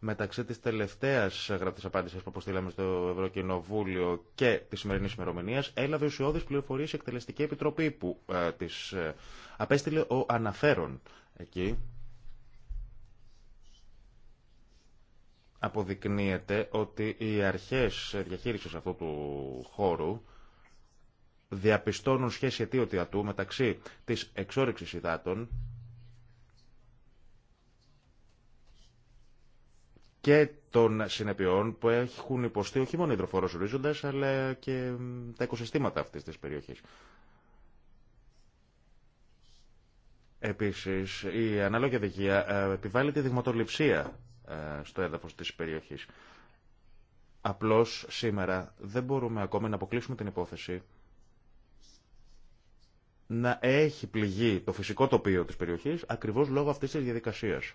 μεταξύ της τελευταίας γραπτής απάντησης που αποστήλαμε στο Ευρωκοινοβούλιο και της σημερινής ημερομηνία έλαβε ουσιώδης πληροφορίες η Εκτελεστική Επιτροπή που ε, της ε, απέστειλε ο αναφέρον εκεί. Αποδεικνύεται ότι οι αρχές διαχείρισης αυτού του χώρου διαπιστώνουν σχέση αιτίωτη ατού μεταξύ της εξόρυξης υδάτων και των συνεπειών που έχουν υποστεί όχι μόνο υδροφόρος ορίζοντας, αλλά και τα οικοσυστήματα αυτής της περιοχής. Επίσης, η ανάλογη οδηγία ε, επιβάλλει τη δειγματοληψία ε, στο έδαφος της περιοχής. Απλώς σήμερα δεν μπορούμε ακόμη να αποκλείσουμε την υπόθεση να έχει πληγεί το φυσικό τοπίο της περιοχής ακριβώς λόγω αυτής της διαδικασίας.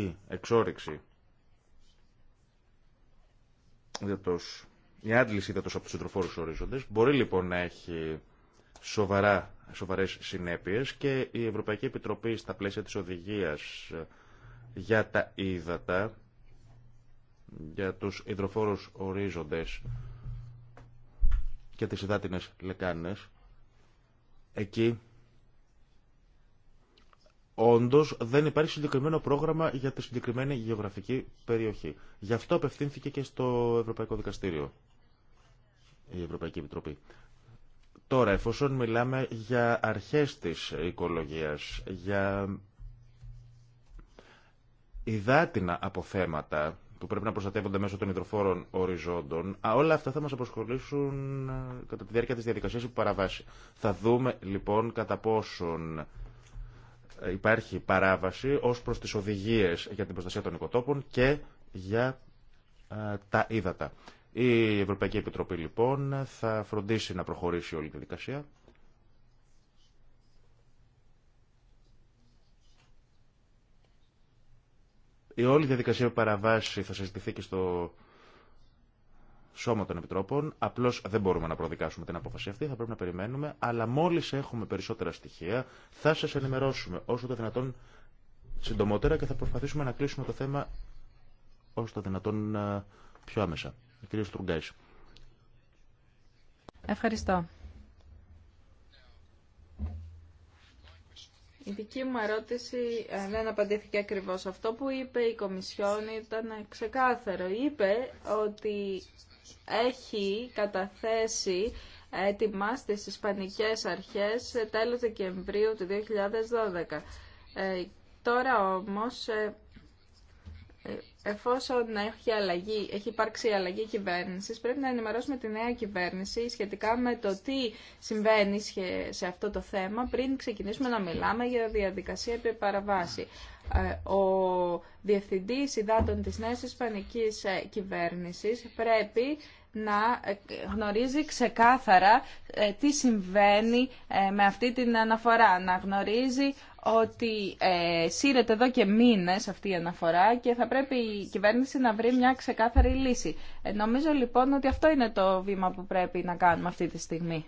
η εξόριξη τος η άντληση υδατός από τους υδροφόρους ορίζοντες μπορεί λοιπόν να έχει σοβαρά, σοβαρές συνέπειες και η Ευρωπαϊκή Επιτροπή στα πλαίσια της οδηγίας ε, για τα ύδατα, για τους υδροφόρους ορίζοντες και τις υδάτινες λεκάνες, εκεί Όντω δεν υπάρχει συγκεκριμένο πρόγραμμα για τη συγκεκριμένη γεωγραφική περιοχή. Γι' αυτό απευθύνθηκε και στο Ευρωπαϊκό Δικαστήριο η Ευρωπαϊκή Επιτροπή. Τώρα, εφόσον μιλάμε για αρχές της οικολογίας, για υδάτινα αποθέματα που πρέπει να προστατεύονται μέσω των υδροφόρων οριζόντων, όλα αυτά θα μας αποσχολήσουν ε, κατά τη διάρκεια της διαδικασίας που παραβάσει. Θα δούμε λοιπόν κατά πόσον υπάρχει παράβαση ως προς τις οδηγίες για την προστασία των οικοτόπων και για τα ύδατα. Η Ευρωπαϊκή Επιτροπή λοιπόν θα φροντίσει να προχωρήσει όλη τη δικασία. Η όλη διαδικασία παραβάση θα συζητηθεί και στο σώμα των επιτρόπων. Απλώ δεν μπορούμε να προδικάσουμε την απόφαση αυτή, θα πρέπει να περιμένουμε. Αλλά μόλι έχουμε περισσότερα στοιχεία, θα σα ενημερώσουμε όσο το δυνατόν συντομότερα και θα προσπαθήσουμε να κλείσουμε το θέμα όσο το δυνατόν ε, πιο άμεσα. Κυρίω Στρουγκάη. Ευχαριστώ. Η δική μου ερώτηση ε, δεν απαντήθηκε ακριβώς. Αυτό που είπε η Κομισιόν ήταν ξεκάθαρο. Είπε ότι έχει καταθέσει έτοιμα στις Ισπανικές Αρχές τέλος Δεκεμβρίου του 2012. Ε, τώρα όμως, ε, ε, εφόσον έχει, αλλαγή, έχει υπάρξει αλλαγή κυβέρνησης, πρέπει να ενημερώσουμε τη νέα κυβέρνηση σχετικά με το τι συμβαίνει σε αυτό το θέμα πριν ξεκινήσουμε να μιλάμε για διαδικασία επί παραβάση. Ε, ο Διευθυντής Ιδάτων της Νέας Ισπανικής ε, Κυβέρνησης πρέπει να ε, γνωρίζει ξεκάθαρα τι συμβαίνει με αυτή την αναφορά. Να γνωρίζει ότι σύρεται εδώ και μήνες αυτή η αναφορά και θα πρέπει η κυβέρνηση να βρει μια ξεκάθαρη λύση. Νομίζω λοιπόν ότι αυτό είναι το βήμα που πρέπει να κάνουμε αυτή τη στιγμή.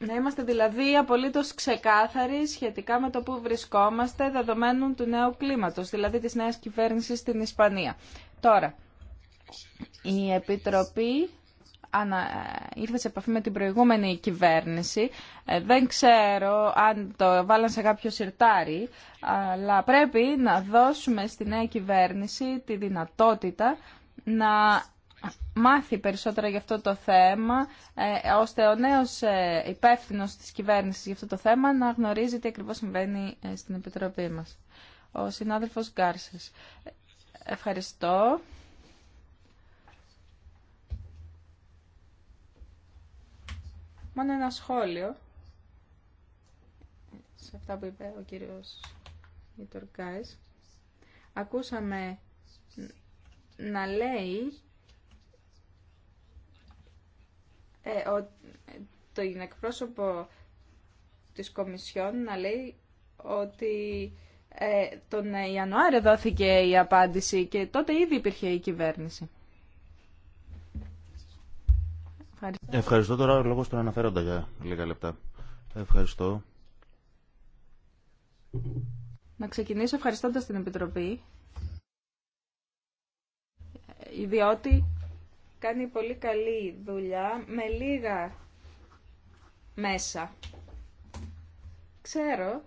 Να είμαστε δηλαδή απολύτω ξεκάθαροι σχετικά με το που βρισκόμαστε δεδομένου του νέου κλίματος, δηλαδή της νέας κυβέρνησης στην Ισπανία. Τώρα, η Επιτροπή ήρθε σε επαφή με την προηγούμενη κυβέρνηση. Ε, δεν ξέρω αν το βάλαν σε κάποιο σιρτάρι, αλλά πρέπει να δώσουμε στη νέα κυβέρνηση τη δυνατότητα να μάθει περισσότερα για αυτό το θέμα, ε, ώστε ο νέος ε, υπεύθυνο της κυβέρνησης για αυτό το θέμα να γνωρίζει τι ακριβώς συμβαίνει ε, στην Επιτροπή μας. Ο συνάδελφος Γκάρσης. Ευχαριστώ. Μόνο ένα σχόλιο σε αυτά που είπε ο κύριος Ιτορκάης. Ακούσαμε να λέει ε, ο, το εκπρόσωπο της Κομισιόν να λέει ότι ε, τον Ιανουάριο δόθηκε η απάντηση και τότε ήδη υπήρχε η κυβέρνηση. Ευχαριστώ. Ευχαριστώ τώρα λόγω στον αναφέροντα για λίγα λεπτά. Ευχαριστώ. Να ξεκινήσω ευχαριστώντας την Επιτροπή ε, ιδιότι κάνει πολύ καλή δουλειά με λίγα μέσα. Ξέρω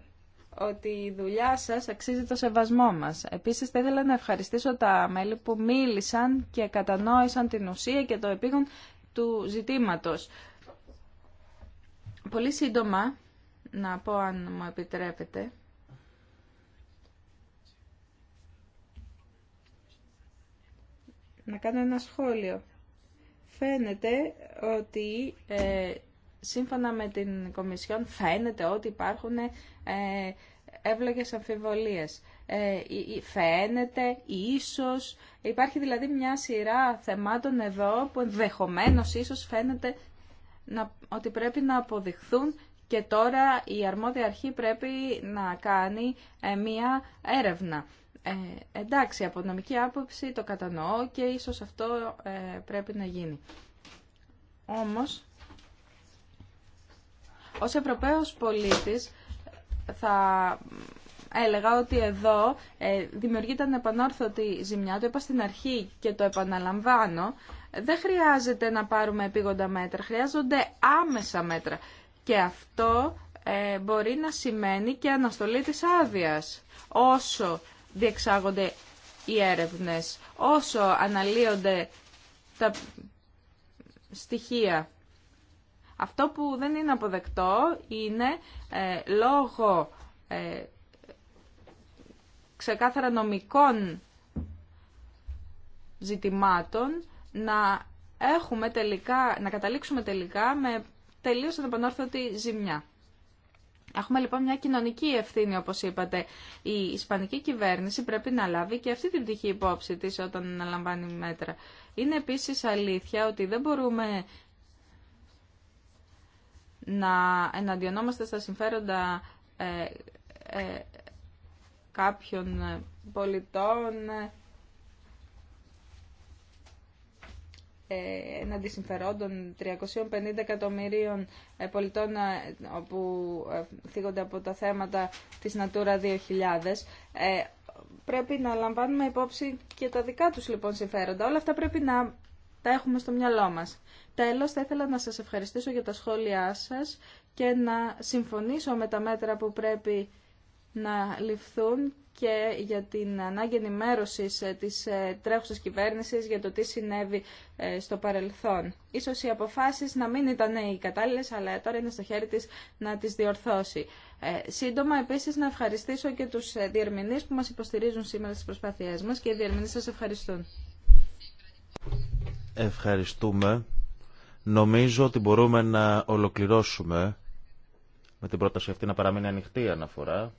ότι η δουλειά σας αξίζει το σεβασμό μας. Επίσης θα ήθελα να ευχαριστήσω τα μέλη που μίλησαν και κατανόησαν την ουσία και το επίγον του ζητήματος. Πολύ σύντομα, να πω αν μου επιτρέπετε, να κάνω ένα σχόλιο φαίνεται ότι ε, σύμφωνα με την Κομισιόν φαίνεται ότι υπάρχουν ε, εύλογες αμφιβολίες. Ε, φαίνεται, ίσως, υπάρχει δηλαδή μια σειρά θεμάτων εδώ που ενδεχομένω ίσως φαίνεται να, ότι πρέπει να αποδειχθούν και τώρα η αρμόδια αρχή πρέπει να κάνει ε, μια έρευνα. Ε, εντάξει, από νομική άποψη το κατανοώ και ίσως αυτό ε, πρέπει να γίνει. Όμως, ως Ευρωπαίος πολίτης θα έλεγα ότι εδώ ε, δημιουργείται ανεπανόρθωτη ζημιά, το είπα στην αρχή και το επαναλαμβάνω, δεν χρειάζεται να πάρουμε επίγοντα μέτρα, χρειάζονται άμεσα μέτρα. Και αυτό ε, μπορεί να σημαίνει και αναστολή της άδειας. Όσο διεξάγονται οι έρευνες, όσο αναλύονται τα στοιχεία. Αυτό που δεν είναι αποδεκτό είναι ε, λόγω ε, ξεκάθαρα νομικών ζητημάτων να έχουμε τελικά, να καταλήξουμε τελικά με τελείως ανεπανόρθωτη ζημιά. Έχουμε λοιπόν μια κοινωνική ευθύνη, όπως είπατε. Η Ισπανική κυβέρνηση πρέπει να λάβει και αυτή την πτυχή υπόψη της όταν αναλαμβάνει μέτρα. Είναι επίσης αλήθεια ότι δεν μπορούμε να εναντιονόμαστε στα συμφέροντα ε, ε, κάποιων πολιτών έναντι ε, συμφερόντων 350 εκατομμυρίων ε, πολιτών ε, που θίγονται από τα θέματα της Natura 2000 πρέπει να λαμβάνουμε υπόψη και τα δικά τους λοιπόν συμφέροντα. Όλα αυτά πρέπει να τα έχουμε στο μυαλό μας. Τέλος, θα ήθελα να σας ευχαριστήσω για τα σχόλιά σας και να συμφωνήσω με τα μέτρα που πρέπει να ληφθούν και για την ανάγκη ενημέρωση ε, της ε, τρέχουσας κυβέρνησης για το τι συνέβη ε, στο παρελθόν. Ίσως οι αποφάσει να μην ήταν οι κατάλληλε, αλλά τώρα είναι στο χέρι της να τι διορθώσει. Σύντομα, επίσης, να ευχαριστήσω και τους διερμηνείς που μας υποστηρίζουν σήμερα στις προσπάθειές μας και οι διερμηνείς σα ευχαριστούν. Ευχαριστούμε. Νομίζω ότι μπορούμε να ολοκληρώσουμε με την πρόταση αυτή να παραμείνει ανοιχτή η αναφορά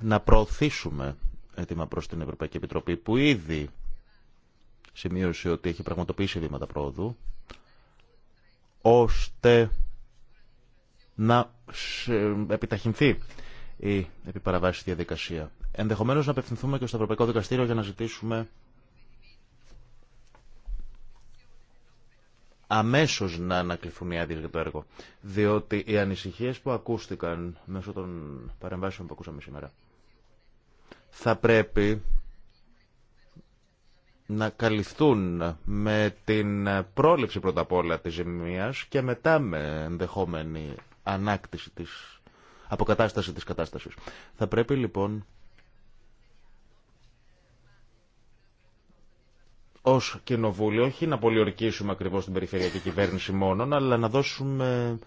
να προωθήσουμε έτοιμα προς την Ευρωπαϊκή Επιτροπή που ήδη σημείωσε ότι έχει πραγματοποιήσει βήματα πρόοδου ώστε να επιταχυνθεί η επιπαραβάση διαδικασία. Ενδεχομένως να απευθυνθούμε και στο Ευρωπαϊκό Δικαστήριο για να ζητήσουμε αμέσως να ανακληθούν οι άδειες για το έργο. Διότι οι ανησυχίες που ακούστηκαν μέσω των παρεμβάσεων που ακούσαμε σήμερα θα πρέπει να καλυφθούν με την πρόληψη πρώτα απ' όλα της ζημίας και μετά με ενδεχόμενη ανάκτηση της αποκατάσταση της κατάστασης. Θα πρέπει λοιπόν ως κοινοβούλιο όχι να πολιορκήσουμε ακριβώς την περιφερειακή κυβέρνηση μόνον, αλλά να δώσουμε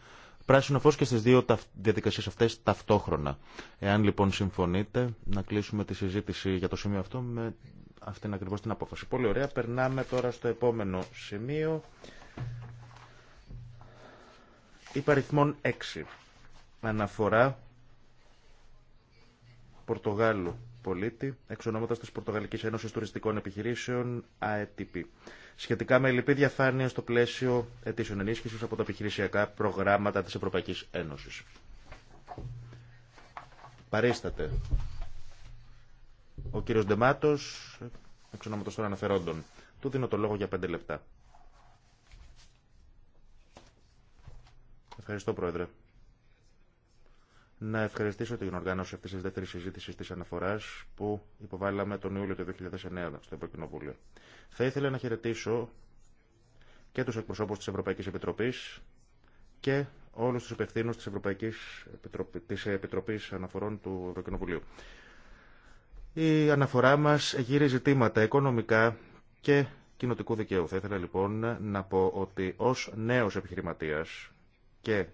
πράσινο φως και στις δύο διαδικασίες αυτές ταυτόχρονα. Εάν λοιπόν συμφωνείτε, να κλείσουμε τη συζήτηση για το σημείο αυτό με αυτήν ακριβώς την απόφαση. Πολύ ωραία. Περνάμε τώρα στο επόμενο σημείο. Υπαριθμών 6. Αναφορά Πορτογάλου πολίτη, εξ ονόματος της Πορτογαλικής Ένωσης Τουριστικών Επιχειρήσεων, ΑΕΤΠ σχετικά με λυπή διαφάνεια στο πλαίσιο αιτήσεων ενίσχυσης από τα επιχειρησιακά προγράμματα της Ευρωπαϊκής Ένωσης. Παρίσταται ο κύριος Ντεμάτος, εξ ονόματος των αναφερόντων. Του δίνω το λόγο για πέντε λεπτά. Ευχαριστώ, Πρόεδρε να ευχαριστήσω την οργάνωση αυτή τη δεύτερη συζήτηση τη αναφορά που υποβάλαμε τον Ιούλιο του 2009 στο Ευρωκοινοβούλιο. Θα ήθελα να χαιρετήσω και του εκπροσώπου τη Ευρωπαϊκή Επιτροπή και όλου του υπευθύνου τη Ευρωπαϊκή Επιτροπή της Επιτροπής Αναφορών του Ευρωκοινοβουλίου. Η αναφορά μα γύρει ζητήματα οικονομικά και κοινοτικού δικαίου. Θα ήθελα λοιπόν να πω ότι ω νέο επιχειρηματία και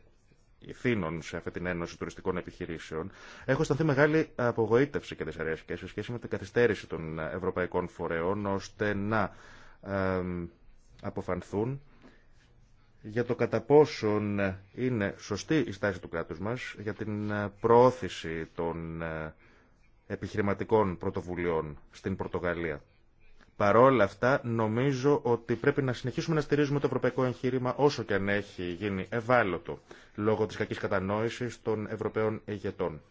σε αυτή την Ένωση Τουριστικών Επιχειρήσεων, έχω αισθανθεί μεγάλη απογοήτευση και δυσαρέσκεια σε σχέση με την καθυστέρηση των ευρωπαϊκών φορέων ώστε να αποφανθούν για το κατά πόσον είναι σωστή η στάση του κράτους μας για την προώθηση των ε, επιχειρηματικών πρωτοβουλειών στην Πορτογαλία. Παρόλα αυτά, νομίζω ότι πρέπει να συνεχίσουμε να στηρίζουμε το ευρωπαϊκό εγχείρημα όσο και αν έχει γίνει ευάλωτο λόγω της κακής κατανόησης των Ευρωπαίων ηγετών.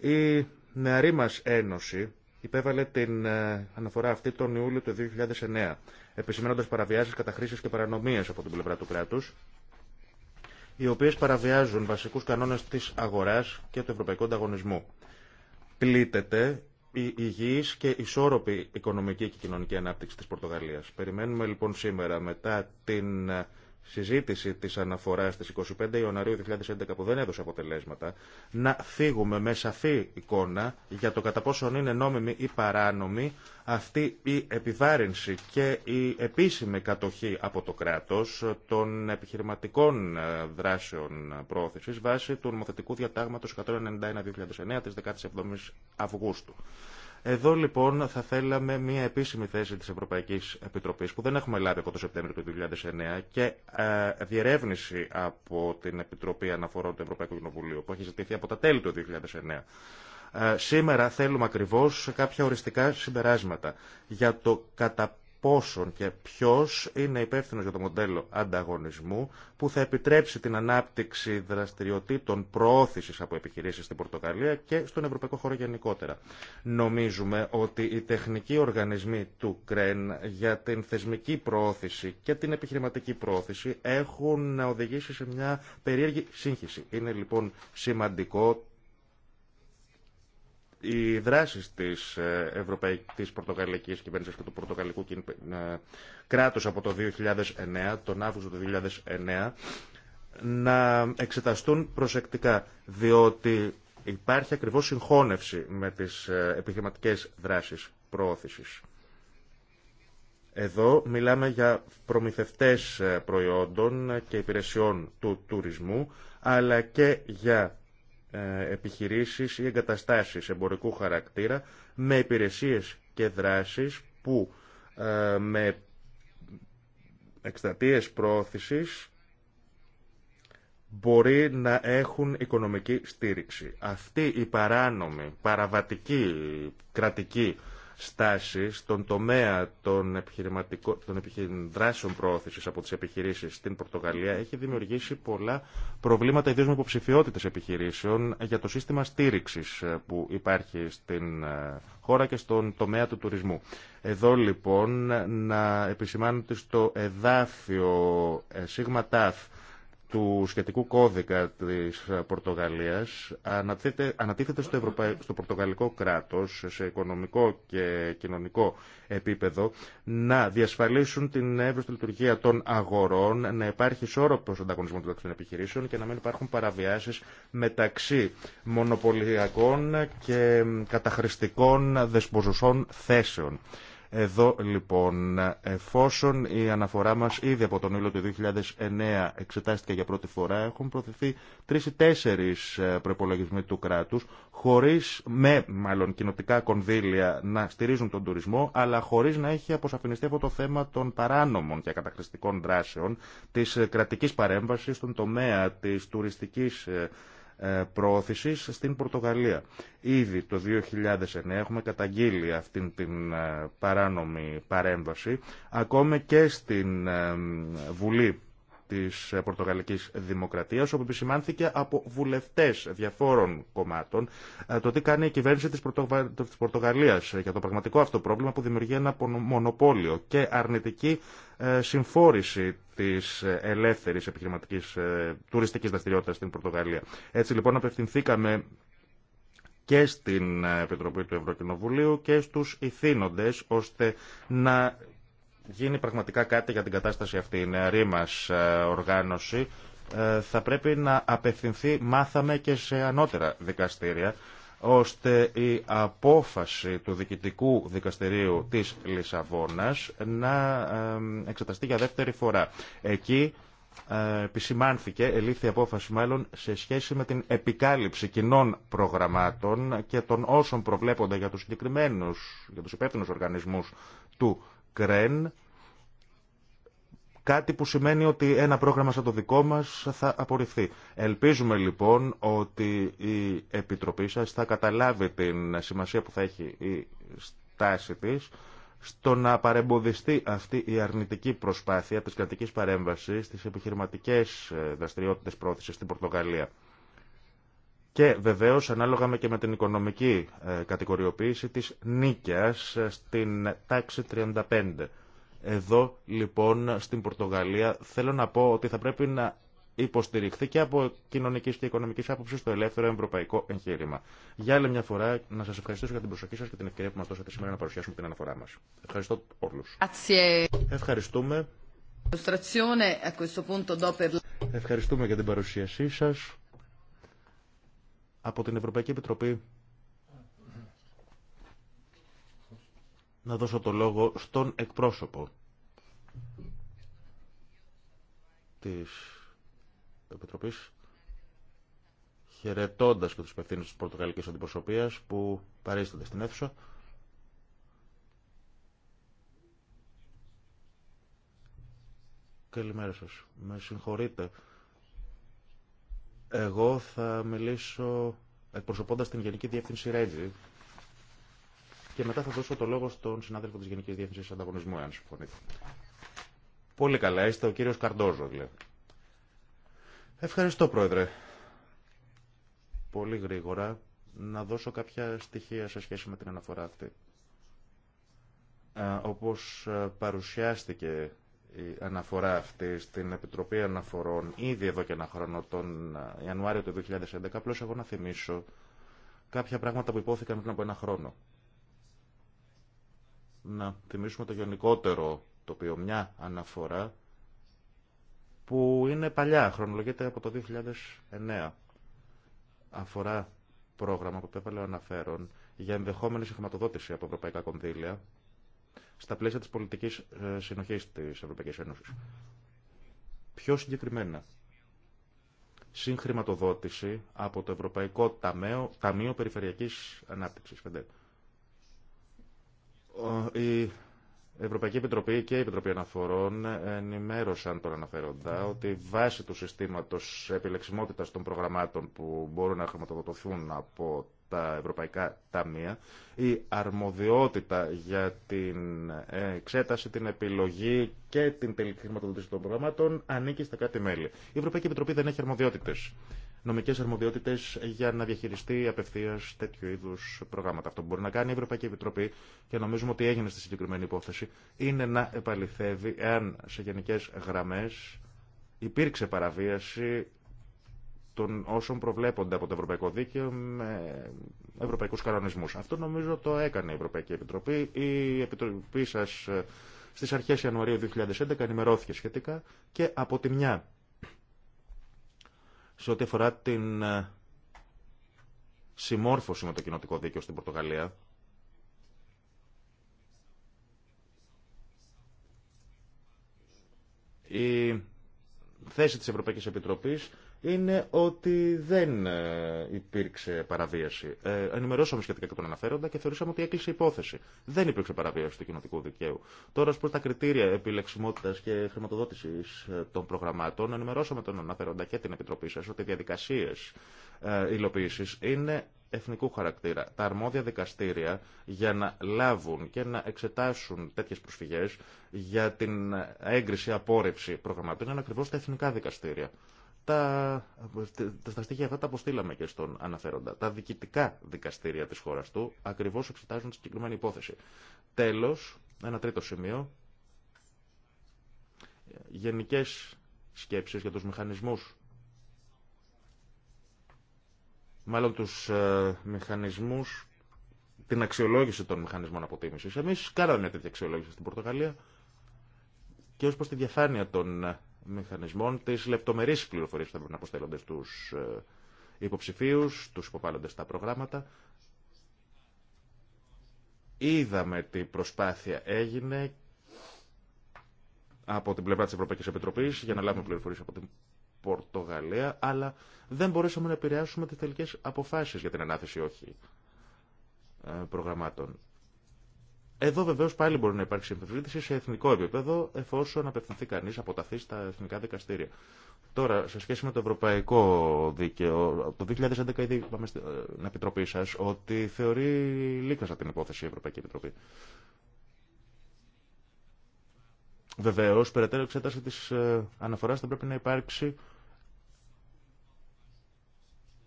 Η νεαρή μας ένωση υπέβαλε την ε, αναφορά αυτή τον Ιούλιο του 2009, επισημένοντας παραβιάσεις, καταχρήσεις και παρανομίες από την πλευρά του κράτους, οι οποίες παραβιάζουν βασικούς κανόνες της αγοράς και του ευρωπαϊκού ανταγωνισμού. Πλήτεται η υγιής και ισόρροπη οικονομική και κοινωνική ανάπτυξη της Πορτογαλίας. Περιμένουμε λοιπόν σήμερα μετά την ε, συζήτηση τη αναφορά της 25 Ιανουαρίου 2011 που δεν έδωσε αποτελέσματα, να φύγουμε με σαφή εικόνα για το κατά πόσον είναι νόμιμη ή παράνομη αυτή η επιβάρυνση και η επίσημη κατοχή από το κράτος των επιχειρηματικών ε, δράσεων πρόθεση βάσει του νομοθετικού διατάγματος 191-2009 τη 17 Αυγούστου. Εδώ λοιπόν θα θέλαμε μια επίσημη θέση της Ευρωπαϊκής Επιτροπής που δεν έχουμε λάβει από το Σεπτέμβριο του 2009 και ε, διερεύνηση από την Επιτροπή Αναφορών του Ευρωπαϊκού Κοινοβουλίου που έχει ζητηθεί από τα τέλη του 2009. Ε, σήμερα θέλουμε ακριβώς κάποια οριστικά συμπεράσματα για το κατά πόσον και ποιο είναι υπεύθυνο για το μοντέλο ανταγωνισμού που θα επιτρέψει την ανάπτυξη δραστηριοτήτων προώθηση από επιχειρήσεις στην Πορτοκαλία και στον Ευρωπαϊκό χώρο γενικότερα. Νομίζουμε ότι οι τεχνικοί οργανισμοί του ΚΡΕΝ για την θεσμική προώθηση και την επιχειρηματική προώθηση έχουν οδηγήσει σε μια περίεργη σύγχυση. Είναι λοιπόν σημαντικό οι δράσεις της, ε, Ευρωπαϊκής, της κυβέρνηση και του Πορτογαλικού ε, κράτου από το 2009, τον Αύγουστο του 2009, να εξεταστούν προσεκτικά, διότι υπάρχει ακριβώ συγχώνευση με τις ε, επιχειρηματικέ δράσεις προώθησης. Εδώ μιλάμε για προμηθευτές προϊόντων και υπηρεσιών του τουρισμού, αλλά και για ε, επιχειρήσεις ή εγκαταστάσεις εμπορικού χαρακτήρα με υπηρεσίες και δράσεις που ε, με εκστατείες προώθησης μπορεί να έχουν οικονομική στήριξη. Αυτή η παράνομη, παραβατική, κρατική στάσεις στον τομέα των, επιχειρηματικών, των δράσεων προώθησης από τις επιχειρήσεις στην Πορτογαλία έχει δημιουργήσει πολλά προβλήματα, ιδίως με υποψηφιότητες επιχειρήσεων για το σύστημα στήριξης ε, που υπάρχει στην ε, χώρα και στον τομέα του τουρισμού. Εδώ λοιπόν να ότι στο εδάφιο ε, σίγμα του σχετικού κώδικα της Πορτογαλίας ανατίθεται στο, πορτογαλικό κράτος σε οικονομικό και κοινωνικό επίπεδο να διασφαλίσουν την εύρωστη λειτουργία των αγορών, να υπάρχει ισόρροπος ανταγωνισμό μεταξύ των επιχειρήσεων και να μην υπάρχουν παραβιάσεις μεταξύ μονοπωλιακών και καταχρηστικών δεσποζουσών θέσεων. Εδώ λοιπόν, εφόσον η αναφορά μας ήδη από τον Ήλιο του 2009 εξετάστηκε για πρώτη φορά, έχουν προθεθεί τρει ή τέσσερι ε, προπολογισμοί του κράτους, χωρίς, με μάλλον κοινοτικά κονδύλια να στηρίζουν τον τουρισμό, αλλά χωρίς να έχει αποσαφινιστεί αυτό το θέμα των παράνομων και κατακριστικών δράσεων, της ε, κρατικής παρέμβασης στον τομέα της τουριστικής ε, ε, προώθησης στην Πορτογαλία. Ήδη το 2009 έχουμε καταγγείλει αυτήν την ε, παράνομη παρέμβαση, ακόμα και στην ε, Βουλή Τη Πορτογαλική Δημοκρατία, όπου επισημάνθηκε από βουλευτέ διαφόρων κομμάτων ε, το τι κάνει η κυβέρνηση τη Πορτο... της για το πραγματικό αυτό πρόβλημα που δημιουργεί ένα μονοπόλιο και αρνητική ε, συμφόρηση τη ελεύθερη επιχειρηματική ε, τουριστική δραστηριότητα στην Πορτογαλία. Έτσι λοιπόν απευθυνθήκαμε και στην Επιτροπή του Ευρωκοινοβουλίου και στους ηθήνοντες ώστε να γίνει πραγματικά κάτι για την κατάσταση αυτή. Η νεαρή μας ε, οργάνωση ε, θα πρέπει να απευθυνθεί, μάθαμε και σε ανώτερα δικαστήρια, ώστε η απόφαση του Διοικητικού Δικαστηρίου της Λισαβόνας να ε, εξεταστεί για δεύτερη φορά. Εκεί επισημάνθηκε, ελήφθη απόφαση μάλλον, σε σχέση με την επικάλυψη κοινών προγραμμάτων και των όσων προβλέπονται για τους συγκεκριμένους, για τους υπεύθυνους οργανισμούς του Κρέν, κάτι που σημαίνει ότι ένα πρόγραμμα σαν το δικό μας θα απορριφθεί. Ελπίζουμε λοιπόν ότι η Επιτροπή σας θα καταλάβει την σημασία που θα έχει η στάση της στο να παρεμποδιστεί αυτή η αρνητική προσπάθεια της κρατικής παρέμβασης στις επιχειρηματικές δραστηριότητες πρόθεσης στην Πορτογαλία. Και βεβαίως ανάλογα με και με την οικονομική ε, κατηγοριοποίηση της νίκαιας ε, στην τάξη 35. Εδώ λοιπόν στην Πορτογαλία θέλω να πω ότι θα πρέπει να υποστηριχθεί και από κοινωνική και οικονομική άποψη το ελεύθερο ευρωπαϊκό εγχείρημα. Για άλλη μια φορά, να σα ευχαριστήσω για την προσοχή σα και την ευκαιρία που μα δώσατε σήμερα να παρουσιάσουμε την αναφορά μα. Ευχαριστώ όλου. Ευχαριστούμε. Ευχαριστούμε για την παρουσίασή σας από την Ευρωπαϊκή Επιτροπή να δώσω το λόγο στον εκπρόσωπο της Επιτροπής χαιρετώντας και τους υπευθύνους της Πορτογαλικής Αντιπροσωπείας που παρέστονται στην αίθουσα Καλημέρα σας. Με συγχωρείτε εγώ θα μιλήσω εκπροσωπώντας την Γενική Διεύθυνση Ρέτζη και μετά θα δώσω το λόγο στον συνάδελφο της Γενικής Διεύθυνσης Ανταγωνισμού, αν συμφωνείτε. Πολύ καλά, είστε ο κύριος Καρντόζο, λέει. Δηλαδή. Ευχαριστώ, Πρόεδρε. Πολύ γρήγορα να δώσω κάποια στοιχεία σε σχέση με την αναφορά αυτή. Όπως παρουσιάστηκε η αναφορά αυτή στην Επιτροπή Αναφορών ήδη εδώ και ένα χρόνο, τον Ιανουάριο του 2011. απλώς εγώ να θυμίσω κάποια πράγματα που υπόθηκαν πριν από ένα χρόνο. Να θυμίσουμε το γενικότερο οποίο μια αναφορά που είναι παλιά, χρονολογείται από το 2009. Αφορά πρόγραμμα που έβαλε ο αναφέρον για ενδεχόμενη συγχρηματοδότηση από ευρωπαϊκά κονδύλια στα πλαίσια της πολιτικής ε, συνοχής της Ευρωπαϊκής Ένωσης. Πιο συγκεκριμένα, συγχρηματοδότηση από το Ευρωπαϊκό Ταμείο, Ταμείο Περιφερειακής Ανάπτυξης. Η Ευρωπαϊκή Επιτροπή και η Επιτροπή Αναφορών ενημέρωσαν τον αναφέροντα ότι βάσει του συστήματος επιλεξιμότητας των προγραμμάτων που μπορούν να χρηματοδοτηθούν από τα ευρωπαϊκά ταμεία, η αρμοδιότητα για την εξέταση, την επιλογή και την τελική χρηματοδότηση των προγραμμάτων ανήκει στα κάτι μέλη. Η Ευρωπαϊκή Επιτροπή δεν έχει αρμοδιότητες νομικέ αρμοδιότητε για να διαχειριστεί απευθεία τέτοιου είδου προγράμματα. Αυτό που μπορεί να κάνει η Ευρωπαϊκή Επιτροπή και νομίζουμε ότι έγινε στη συγκεκριμένη υπόθεση είναι να επαληθεύει εάν σε γενικέ γραμμέ υπήρξε παραβίαση των όσων προβλέπονται από το Ευρωπαϊκό Δίκαιο με ευρωπαϊκούς κανονισμούς. Αυτό νομίζω το έκανε η Ευρωπαϊκή Επιτροπή. Η Επιτροπή σας ε, στις αρχές Ιανουαρίου 2011 ενημερώθηκε σχετικά και από τη μια σε ό,τι αφορά την ε, συμμόρφωση με το κοινοτικό δίκαιο στην Πορτογαλία η θέση της Ευρωπαϊκής Επιτροπής είναι ότι δεν ε, υπήρξε παραβίαση. Ε, ενημερώσαμε σχετικά και τον αναφέροντα και θεωρήσαμε ότι έκλεισε υπόθεση. Δεν υπήρξε παραβίαση του κοινοτικού δικαίου. Τώρα, προ τα κριτήρια επιλεξιμότητα και χρηματοδότηση ε, των προγραμμάτων, ενημερώσαμε τον αναφέροντα και την Επιτροπή σα ότι οι διαδικασίε ε, υλοποίηση είναι εθνικού χαρακτήρα. Τα αρμόδια δικαστήρια για να λάβουν και να εξετάσουν τέτοιες προσφυγές για την ε, έγκριση απόρριψη προγραμμάτων είναι ακριβώ τα εθνικά δικαστήρια τα, τα στοιχεία αυτά τα αποστήλαμε και στον αναφέροντα. Τα διοικητικά δικαστήρια της χώρας του ακριβώς εξετάζουν τη συγκεκριμένη υπόθεση. Τέλος, ένα τρίτο σημείο, γενικές σκέψεις για τους μηχανισμούς μάλλον τους ε, μηχανισμούς, την αξιολόγηση των μηχανισμών αποτίμησης. Εμείς κάναμε μια τέτοια αξιολόγηση στην Πορτογαλία και ω προς τη διαφάνεια των μηχανισμών τις λεπτομερείς που θα πρέπει να αποστέλλονται στου ε, υποψηφίους, τους υποβάλλονται στα προγράμματα. Είδαμε τι προσπάθεια έγινε από την πλευρά της Ευρωπαϊκής Επιτροπής για να λάβουμε πληροφορίες από την Πορτογαλία, αλλά δεν μπορέσαμε να επηρεάσουμε τις τελικές αποφάσεις για την ανάθεση όχι ε, προγραμμάτων. Εδώ βεβαίω πάλι μπορεί να υπάρξει αμφισβήτηση σε εθνικό επίπεδο, εφόσον απευθυνθεί κανεί, αποταθεί στα εθνικά δικαστήρια. Τώρα, σε σχέση με το ευρωπαϊκό δίκαιο, το 2011 ήδη είπαμε στην ε, Επιτροπή σα ότι θεωρεί λίκασα την υπόθεση η Ευρωπαϊκή Επιτροπή. Βεβαίω, περαιτέρω εξέταση τη ε, αναφορά θα πρέπει να υπάρξει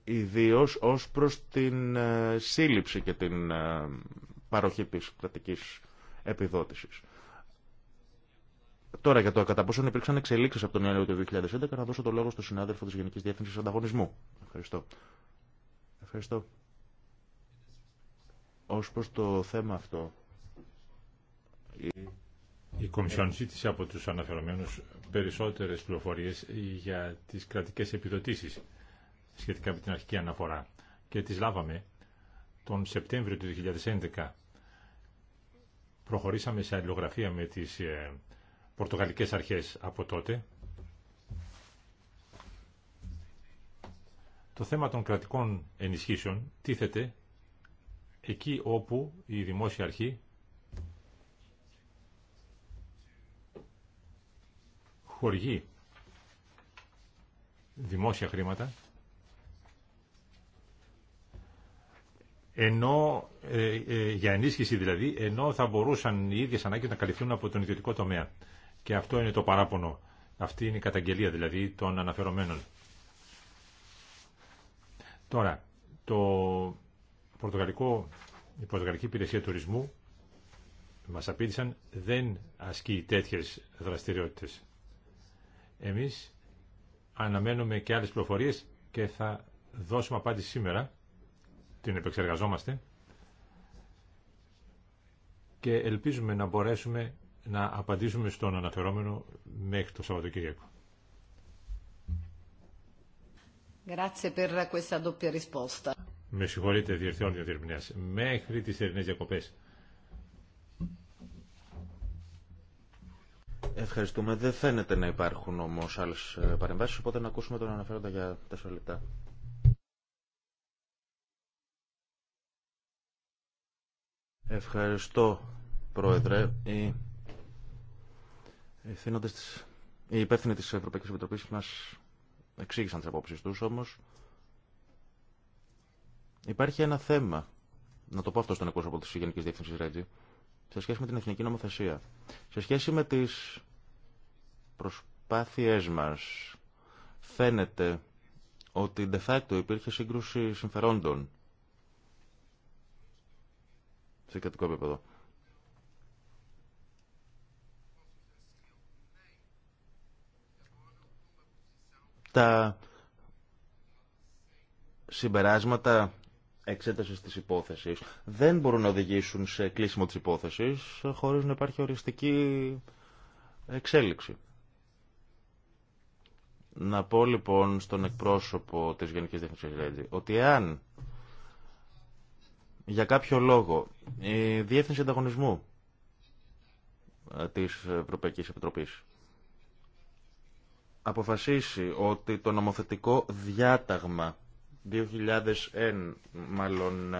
ιδίω ω προ την ε, σύλληψη και την παροχή τη κρατική επιδότηση. Τώρα για το κατά πόσο υπήρξαν εξελίξει από τον Ιανουάριο του 2011 να δώσω το λόγο στον συνάδελφο τη Γενική Διεύθυνσης Ανταγωνισμού. Ευχαριστώ. Ευχαριστώ. Ω προ το θέμα αυτό... Η, η Κομισιόν ζήτησε από του αναφερομένους περισσότερε πληροφορίε για τι κρατικέ επιδοτήσει σχετικά με την αρχική αναφορά και τι λάβαμε τον Σεπτέμβριο του 2011 προχωρήσαμε σε αλληλογραφία με τις ε, πορτογαλικές αρχές από τότε. Το θέμα των κρατικών ενισχύσεων τίθεται εκεί όπου η δημόσια αρχή χορηγεί δημόσια χρήματα ενώ, ε, ε, για ενίσχυση δηλαδή, ενώ θα μπορούσαν οι ίδιες ανάγκες να καλυφθούν από τον ιδιωτικό τομέα. Και αυτό είναι το παράπονο. Αυτή είναι η καταγγελία δηλαδή των αναφερομένων. Τώρα, το πορτογαλικό, η πορτογαλική υπηρεσία τουρισμού μας απήντησαν δεν ασκεί τέτοιες δραστηριότητες. Εμείς αναμένουμε και άλλες πληροφορίες και θα δώσουμε απάντηση σήμερα την επεξεργαζόμαστε και ελπίζουμε να μπορέσουμε να απαντήσουμε στον αναφερόμενο μέχρι το Σαββατοκύριακο. Με συγχωρείτε, Μέχρι τι διακοπέ. Ευχαριστούμε. Δεν φαίνεται να υπάρχουν όμω άλλε παρεμβάσει, οπότε να ακούσουμε τον αναφέροντα για τέσσερα λεπτά. Ευχαριστώ, Πρόεδρε. Οι, της... υπεύθυνοι της Ευρωπαϊκής Επιτροπής μας εξήγησαν τις απόψεις τους, όμως υπάρχει ένα θέμα, να το πω αυτό στον εκπρόσωπο της Γενικής Διεύθυνσης Ρέτζη, σε σχέση με την εθνική νομοθεσία, σε σχέση με τις προσπάθειές μας, φαίνεται ότι de facto υπήρχε σύγκρουση συμφερόντων σε κρατικό επίπεδο. Τα συμπεράσματα εξέταση της υπόθεσης δεν μπορούν να οδηγήσουν σε κλείσιμο της υπόθεσης χωρίς να υπάρχει οριστική εξέλιξη. Να πω λοιπόν στον εκπρόσωπο της Γενικής Διεθνής ότι αν για κάποιο λόγο, η Διεύθυνση Ανταγωνισμού ε, της Ευρωπαϊκής Επιτροπής αποφασίσει ότι το νομοθετικό διάταγμα 2001, μάλλον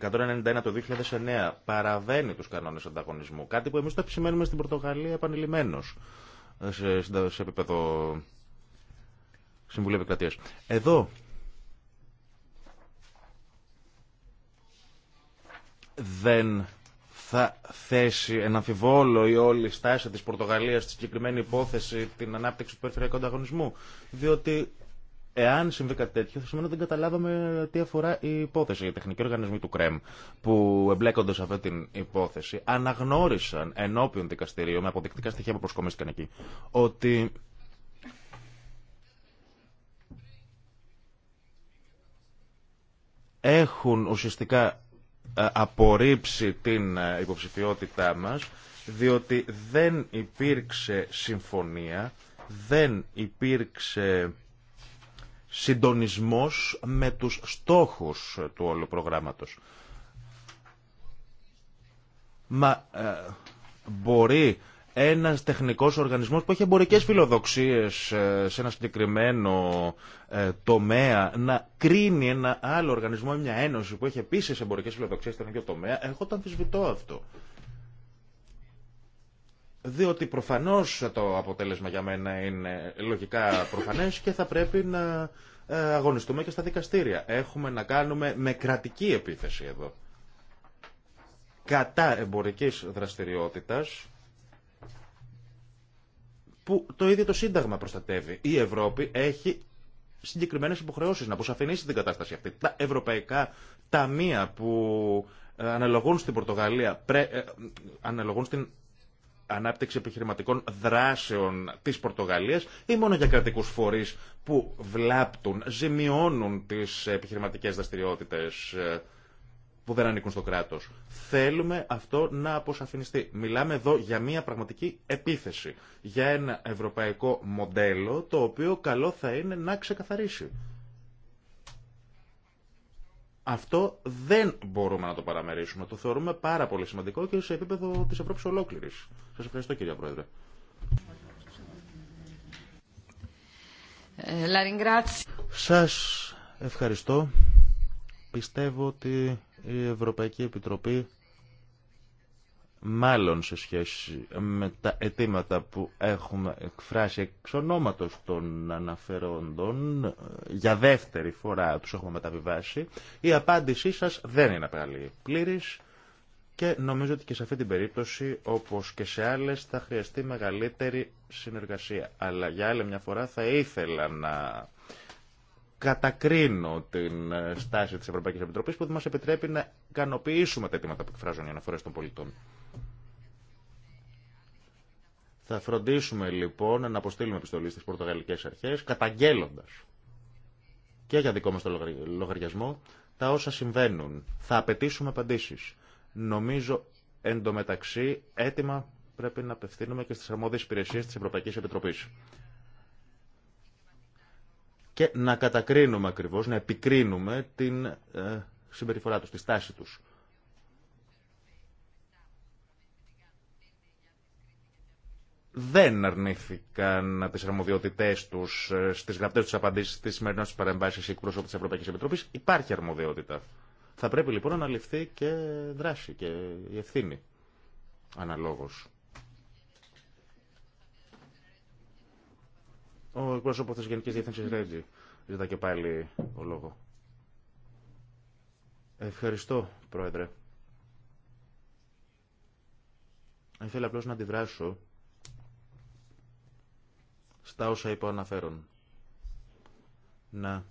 191 το 2009, παραβαίνει τους κανόνες ανταγωνισμού. Κάτι που εμείς το επισημαίνουμε στην Πορτογαλία επανειλημμένος σε, σε, σε επίπεδο Συμβουλή Επικρατείας. Εδώ δεν θα θέσει ένα αμφιβόλο η όλη στάση της Πορτογαλίας στη συγκεκριμένη υπόθεση την ανάπτυξη του περιφερειακού ανταγωνισμού. Διότι εάν συμβεί κάτι τέτοιο θα σημαίνει ότι δεν καταλάβαμε τι αφορά η υπόθεση. Οι τεχνικοί οργανισμοί του ΚΡΕΜ που εμπλέκονται σε αυτή την υπόθεση αναγνώρισαν ενώπιον δικαστηρίου με αποδεικτικά στοιχεία που προσκομίστηκαν εκεί ότι έχουν ουσιαστικά ε, απορρίψει την ε, υποψηφιότητά μας διότι δεν υπήρξε συμφωνία, δεν υπήρξε συντονισμός με τους στόχους του όλου προγράμματος. Μα ε, μπορεί ένα τεχνικό οργανισμό που έχει εμπορικέ φιλοδοξίε ε, σε ένα συγκεκριμένο ε, τομέα να κρίνει ένα άλλο οργανισμό ή μια ένωση που έχει επίση εμπορικέ φιλοδοξίε στον ίδιο τομέα, εγώ το αμφισβητώ αυτό. Διότι προφανώ το αποτέλεσμα για μένα είναι λογικά προφανέ και θα πρέπει να ε, αγωνιστούμε και στα δικαστήρια. Έχουμε να κάνουμε με κρατική επίθεση εδώ. Κατά εμπορικής δραστηριότητας που το ίδιο το Σύνταγμα προστατεύει. Η Ευρώπη έχει συγκεκριμένε υποχρεώσει να αποσαφηνίσει την κατάσταση αυτή. Τα ευρωπαϊκά ταμεία που ε, αναλογούν στην Πορτογαλία, πρέ, ε, αναλογούν στην ανάπτυξη επιχειρηματικών δράσεων της Πορτογαλίας ή μόνο για κρατικούς φορείς που βλάπτουν, ζημιώνουν τις επιχειρηματικές δραστηριότητες ε, που δεν ανήκουν στο κράτο. Θέλουμε αυτό να αποσαφινιστεί. Μιλάμε εδώ για μια πραγματική επίθεση. Για ένα ευρωπαϊκό μοντέλο το οποίο καλό θα είναι να ξεκαθαρίσει. Αυτό δεν μπορούμε να το παραμερίσουμε. Το θεωρούμε πάρα πολύ σημαντικό και σε επίπεδο τη Ευρώπη ολόκληρη. Σα ευχαριστώ κύριε Πρόεδρε. Ε, Σα ευχαριστώ. Πιστεύω ότι η Ευρωπαϊκή Επιτροπή μάλλον σε σχέση με τα αιτήματα που έχουμε εκφράσει εξ ονόματος των αναφερόντων για δεύτερη φορά τους έχουμε μεταβιβάσει η απάντησή σας δεν είναι καλή πλήρης και νομίζω ότι και σε αυτή την περίπτωση όπως και σε άλλες θα χρειαστεί μεγαλύτερη συνεργασία αλλά για άλλη μια φορά θα ήθελα να κατακρίνω την ε, στάση της Ευρωπαϊκής Επιτροπής που δεν μας επιτρέπει να ικανοποιήσουμε τα αιτήματα που εκφράζουν οι αναφορές των πολιτών. Θα φροντίσουμε λοιπόν να αποστείλουμε επιστολή στις πορτογαλικές αρχές καταγγέλλοντας και για δικό μας το λογαριασμό τα όσα συμβαίνουν. Θα απαιτήσουμε απαντήσεις. Νομίζω εντωμεταξύ έτοιμα πρέπει να απευθύνουμε και στις αρμόδιες υπηρεσίες της Ευρωπαϊκής Επιτροπής και να κατακρίνουμε ακριβώς, να επικρίνουμε την ε, συμπεριφορά τους, τη στάση τους. δεν αρνήθηκαν τι αρμοδιότητέ του ε, στι γραπτέ του απαντήσει τη σημερινέ του παρεμβάσει οι εκπρόσωποι τη Ευρωπαϊκή Επιτροπή. Υπάρχει αρμοδιότητα. Θα πρέπει λοιπόν να ληφθεί και δράση και η ευθύνη αναλόγω. Ο εκπρόσωπο τη Γενική Διεύθυνση Ρέτζη ζητά και πάλι ο λόγο. Ευχαριστώ, Πρόεδρε. Ήθελα απλώ να αντιδράσω στα όσα είπα αναφέρον. Να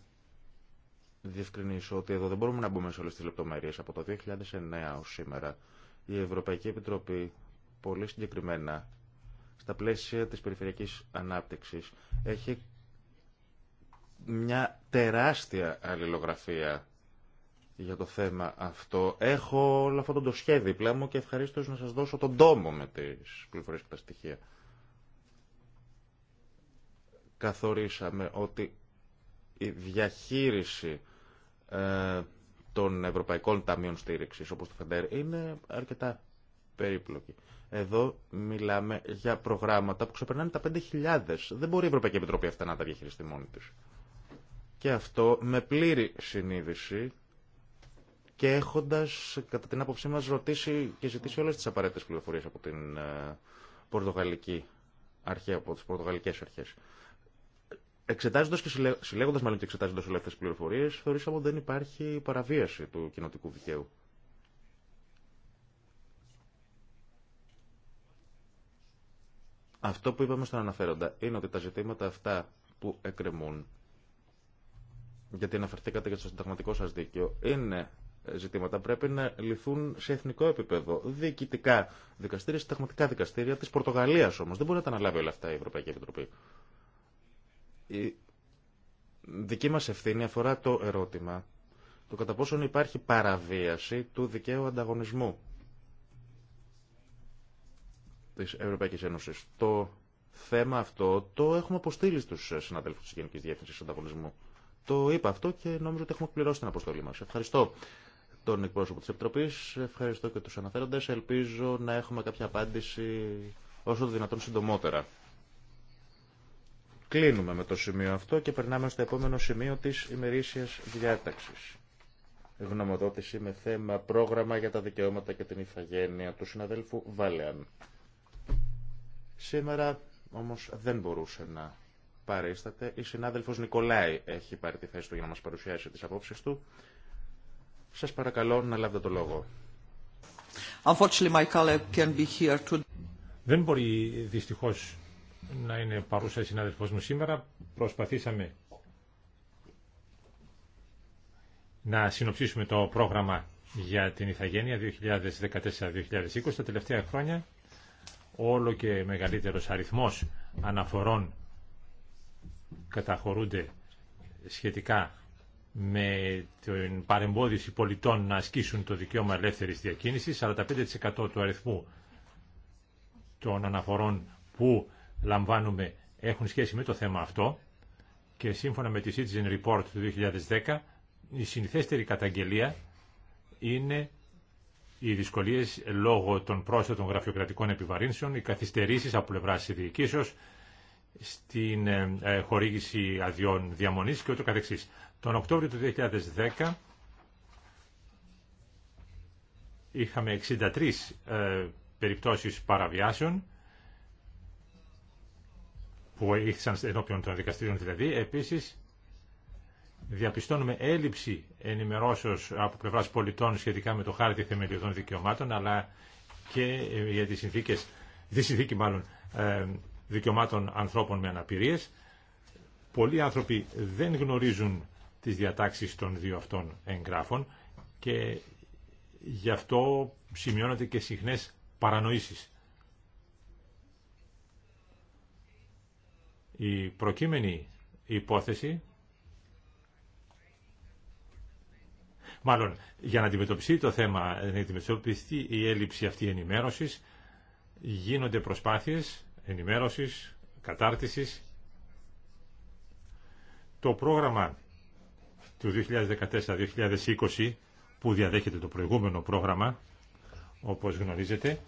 διευκρινίσω ότι εδώ δεν μπορούμε να μπούμε σε όλες τις λεπτομέρειε. Από το 2009 ω σήμερα η Ευρωπαϊκή Επιτροπή πολύ συγκεκριμένα στα πλαίσια της περιφερειακής ανάπτυξης έχει μια τεράστια αλληλογραφία για το θέμα αυτό. Έχω όλο αυτό το σχέδιο δίπλα μου και ευχαρίστως να σας δώσω τον τόμο με τις πληροφορίες και τα στοιχεία. Καθορίσαμε ότι η διαχείριση ε, των Ευρωπαϊκών Ταμείων Στήριξης, όπως το ΦΕΝΤΕΡ, είναι αρκετά περίπλοκη. Εδώ μιλάμε για προγράμματα που ξεπερνάνε τα 5.000. Δεν μπορεί η Ευρωπαϊκή Επιτροπή αυτά να τα διαχειριστεί μόνη τη. Και αυτό με πλήρη συνείδηση και έχοντα κατά την άποψή μα ρωτήσει και ζητήσει όλες τις απαραίτητε πληροφορίες από την ε, Πορτογαλική αρχή, από τις Πορτογαλικές αρχές. Εξετάζοντα και συλλέγοντα μάλλον και εξετάζοντα όλε αυτέ τι πληροφορίε, θεωρήσαμε ότι δεν υπάρχει παραβίαση του κοινοτικού δικαίου. Αυτό που είπαμε στον αναφέροντα είναι ότι τα ζητήματα αυτά που εκκρεμούν, γιατί αναφερθήκατε για το συνταγματικό σας δίκαιο, είναι ζητήματα πρέπει να λυθούν σε εθνικό επίπεδο. Διοικητικά δικαστήρια, συνταγματικά δικαστήρια τη Πορτογαλία όμω. Δεν μπορεί να τα αναλάβει όλα αυτά η Ευρωπαϊκή Επιτροπή. Η δική μα ευθύνη αφορά το ερώτημα το κατά πόσον υπάρχει παραβίαση του δικαίου ανταγωνισμού της Ευρωπαϊκής Ένωσης. Το θέμα αυτό το έχουμε αποστείλει στους συναδέλφους της Γενικής Διεύθυνσης Ανταγωνισμού. Το είπα αυτό και νομίζω ότι έχουμε πληρώσει την αποστολή μας. Ευχαριστώ τον εκπρόσωπο της Επιτροπής, ευχαριστώ και τους αναφέροντες. Ελπίζω να έχουμε κάποια απάντηση όσο το δυνατόν συντομότερα. Κλείνουμε με το σημείο αυτό και περνάμε στο επόμενο σημείο της ημερήσιας διάταξη. Γνωμοδότηση με θέμα πρόγραμμα για τα δικαιώματα και την ηθαγένεια του συναδέλφου Βάλεαν. Σήμερα όμως δεν μπορούσε να παρίσταται. Η συνάδελφος Νικολάη έχει πάρει τη θέση του για να μας παρουσιάσει τις απόψεις του. Σας παρακαλώ να λάβετε το λόγο. Δεν μπορεί δυστυχώς να είναι παρούσα η συνάδελφός μου σήμερα. Προσπαθήσαμε να συνοψίσουμε το πρόγραμμα για την Ιθαγένεια 2014-2020 τα τελευταία χρόνια όλο και μεγαλύτερος αριθμός αναφορών καταχωρούνται σχετικά με την παρεμπόδιση πολιτών να ασκήσουν το δικαίωμα ελεύθερης διακίνησης, 45% του αριθμού των αναφορών που λαμβάνουμε έχουν σχέση με το θέμα αυτό και σύμφωνα με τη Citizen Report του 2010 η συνηθέστερη καταγγελία είναι οι δυσκολίε λόγω των πρόσθετων γραφειοκρατικών επιβαρύνσεων, οι καθυστερήσει από πλευρά τη διοικήσεω στην ε, ε, χορήγηση αδειών διαμονή και ούτω καθεξής. Τον Οκτώβριο του 2010 είχαμε 63 ε, περιπτώσεις παραβιάσεων που ήρθαν ενώπιον των δικαστήριων δηλαδή. Επίσης διαπιστώνουμε έλλειψη ενημερώσεως από πλευράς πολιτών σχετικά με το χάρτη θεμελιωδών δικαιωμάτων, αλλά και ε, για τις συνθήκες, τη συνθήκη μάλλον, ε, δικαιωμάτων ανθρώπων με αναπηρίες. Πολλοί άνθρωποι δεν γνωρίζουν τις διατάξεις των δύο αυτών εγγράφων και γι' αυτό σημειώνονται και συχνές παρανοήσεις. Η προκείμενη υπόθεση Μάλλον για να αντιμετωπιστεί το θέμα, να αντιμετωπιστεί η έλλειψη αυτή ενημέρωσης, γίνονται προσπάθειες ενημέρωσης, κατάρτισης. Το πρόγραμμα του 2014-2020 που διαδέχεται το προηγούμενο πρόγραμμα, όπως γνωρίζετε,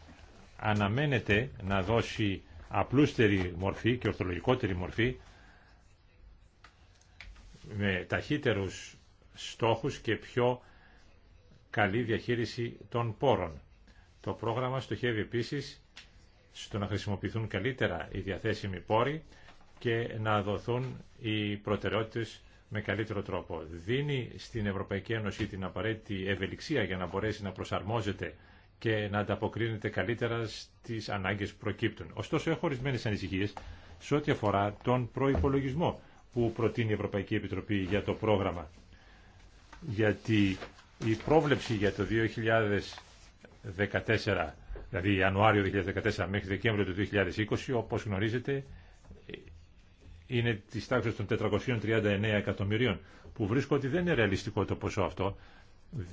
αναμένεται να δώσει απλούστερη μορφή και ορθολογικότερη μορφή με ταχύτερους στόχους και πιο καλή διαχείριση των πόρων. Το πρόγραμμα στοχεύει επίσης στο να χρησιμοποιηθούν καλύτερα οι διαθέσιμοι πόροι και να δοθούν οι προτεραιότητες με καλύτερο τρόπο. Δίνει στην Ευρωπαϊκή Ένωση την απαραίτητη ευελιξία για να μπορέσει να προσαρμόζεται και να ανταποκρίνεται καλύτερα στις ανάγκες που προκύπτουν. Ωστόσο, έχω ορισμένε ανησυχίε σε ό,τι αφορά τον προπολογισμό που προτείνει η Ευρωπαϊκή Επιτροπή για το πρόγραμμα γιατί η πρόβλεψη για το 2014, δηλαδή Ιανουάριο 2014 μέχρι Δεκέμβριο του 2020, όπως γνωρίζετε, είναι τη τάξη των 439 εκατομμυρίων, που βρίσκω ότι δεν είναι ρεαλιστικό το ποσό αυτό,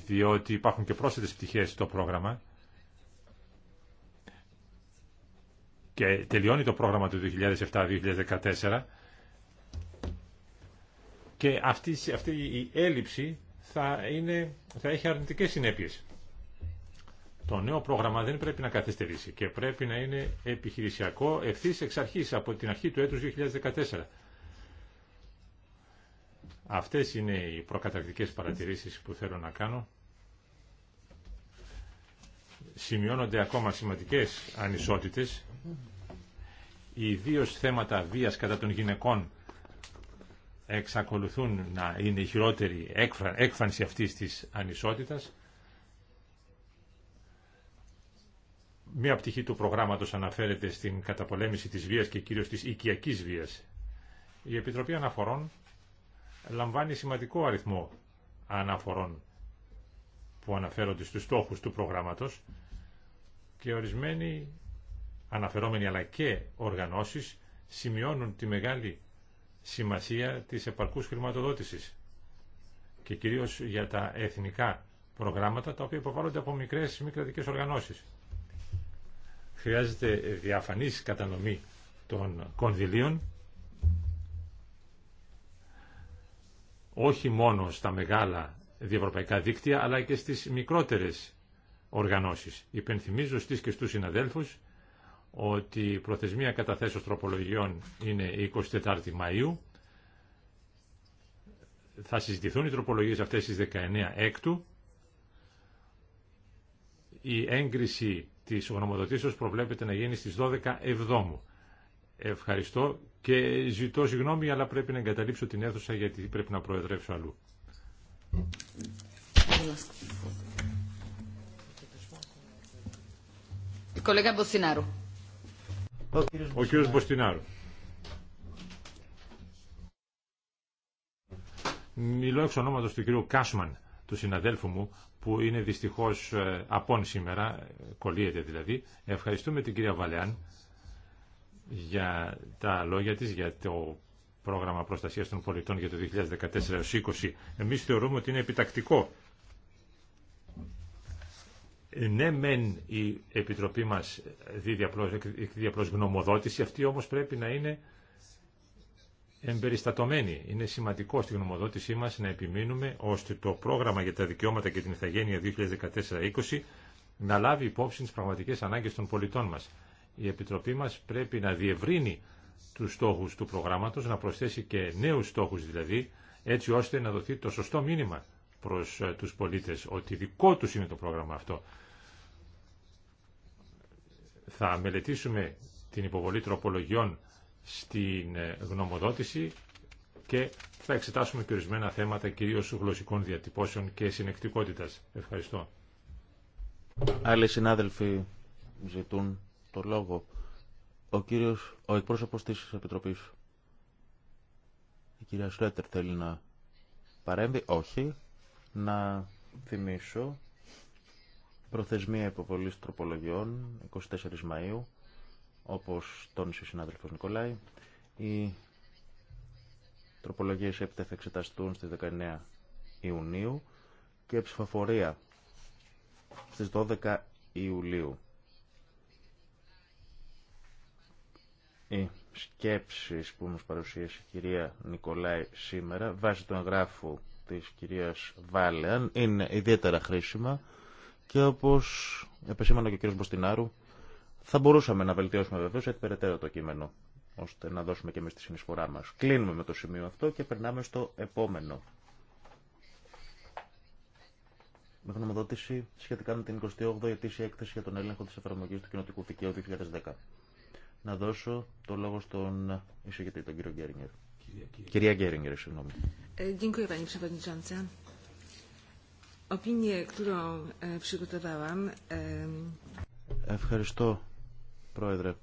διότι υπάρχουν και πρόσθετες πτυχές στο πρόγραμμα και τελειώνει το πρόγραμμα του 2007-2014 και αυτή, αυτή η έλλειψη θα, είναι, θα έχει αρνητικέ συνέπειε. Το νέο πρόγραμμα δεν πρέπει να καθυστερήσει και πρέπει να είναι επιχειρησιακό ευθύ εξ αρχή, από την αρχή του έτους 2014. Αυτές είναι οι προκαταρκτικές παρατηρήσεις που θέλω να κάνω. Σημειώνονται ακόμα σημαντικές ανισότητες, ιδίω θέματα βίας κατά των γυναικών εξακολουθούν να είναι η χειρότερη έκφανση αυτής της ανισότητας. Μία πτυχή του προγράμματος αναφέρεται στην καταπολέμηση της βίας και κυρίως της οικιακής βίας. Η Επιτροπή Αναφορών λαμβάνει σημαντικό αριθμό αναφορών που αναφέρονται στους στόχους του προγράμματος και ορισμένοι αναφερόμενοι αλλά και οργανώσεις σημειώνουν τη μεγάλη σημασία της επαρκούς χρηματοδότησης και κυρίως για τα εθνικά προγράμματα τα οποία υποβάλλονται από μικρές μη κρατικές οργανώσεις. Χρειάζεται διαφανής κατανομή των κονδυλίων όχι μόνο στα μεγάλα διευρωπαϊκά δίκτυα αλλά και στις μικρότερες οργανώσεις. Υπενθυμίζω στις και στους συναδέλφους ότι η προθεσμία καταθέσεως τροπολογιών είναι 24 Μαΐου. Θα συζητηθούν οι τροπολογίες αυτές στις 19 έκτου. Η έγκριση της γνωμοδοτήσεως προβλέπεται να γίνει στις 12 Εβδόμου. Ευχαριστώ και ζητώ συγγνώμη, αλλά πρέπει να εγκαταλείψω την αίθουσα γιατί πρέπει να προεδρεύσω αλλού. Κολέγα Μποσινάρου. Ο κύριος, Μποστινάρου. Μιλώ εξ ονόματος του κύριου Κάσμαν, του συναδέλφου μου, που είναι δυστυχώς ε, απόν σήμερα, ε, κολλείεται δηλαδή. Ευχαριστούμε την κυρία Βαλεάν για τα λόγια της, για το πρόγραμμα προστασίας των πολιτών για το 2014-2020. Εμείς θεωρούμε ότι είναι επιτακτικό ναι μεν η Επιτροπή μας δίδει απλώς, γνωμοδότηση, αυτή όμως πρέπει να είναι εμπεριστατωμένη. Είναι σημαντικό στη γνωμοδότησή μας να επιμείνουμε ώστε το πρόγραμμα για τα δικαιώματα και την ηθαγένεια 2014-2020 να λάβει υπόψη τις πραγματικές ανάγκες των πολιτών μας. Η Επιτροπή μας πρέπει να διευρύνει τους στόχους του προγράμματος, να προσθέσει και νέους στόχους δηλαδή, έτσι ώστε να δοθεί το σωστό μήνυμα προς ε, τους πολίτες ότι δικό τους είναι το πρόγραμμα αυτό θα μελετήσουμε την υποβολή τροπολογιών στην ε, γνωμοδότηση και θα εξετάσουμε και ορισμένα θέματα κυρίως γλωσσικών διατυπώσεων και συνεκτικότητας. Ευχαριστώ. Άλλοι συνάδελφοι ζητούν το λόγο. Ο κύριος, ο εκπρόσωπος της Επιτροπής. Η κυρία Σρέτερ θέλει να παρέμβει. Όχι. Να θυμίσω Προθεσμία υποβολής τροπολογιών 24 Μαΐου, όπως τόνισε ο συνάδελφος Νικολάη. Οι τροπολογίες έπειτα θα εξεταστούν στις 19 Ιουνίου και ψηφοφορία στις 12 Ιουλίου. Οι σκέψεις που μας παρουσίασε η κυρία Νικολάη σήμερα, βάσει του εγγράφου της κυρίας Βάλεαν, είναι ιδιαίτερα χρήσιμα και όπω επεσήμανε και ο κ. Μποστινάρου, θα μπορούσαμε να βελτιώσουμε βεβαίω έτσι περαιτέρω το κείμενο, ώστε να δώσουμε και εμεί τη συνεισφορά μα. Κλείνουμε με το σημείο αυτό και περνάμε στο επόμενο. Με γνωμοδότηση σχετικά με την 28η ετήσια έκθεση για τον έλεγχο τη εφαρμογή του κοινοτικού δικαίου 2010. Να δώσω το λόγο στον εισηγητή, τον κύριο Γκέρινγκερ. Κυρία Γκέρινγκερ, συγγνώμη. Ε, Opinię, którą e, przygotowałam... E, Ευχαριστώ, Πρόεδρε.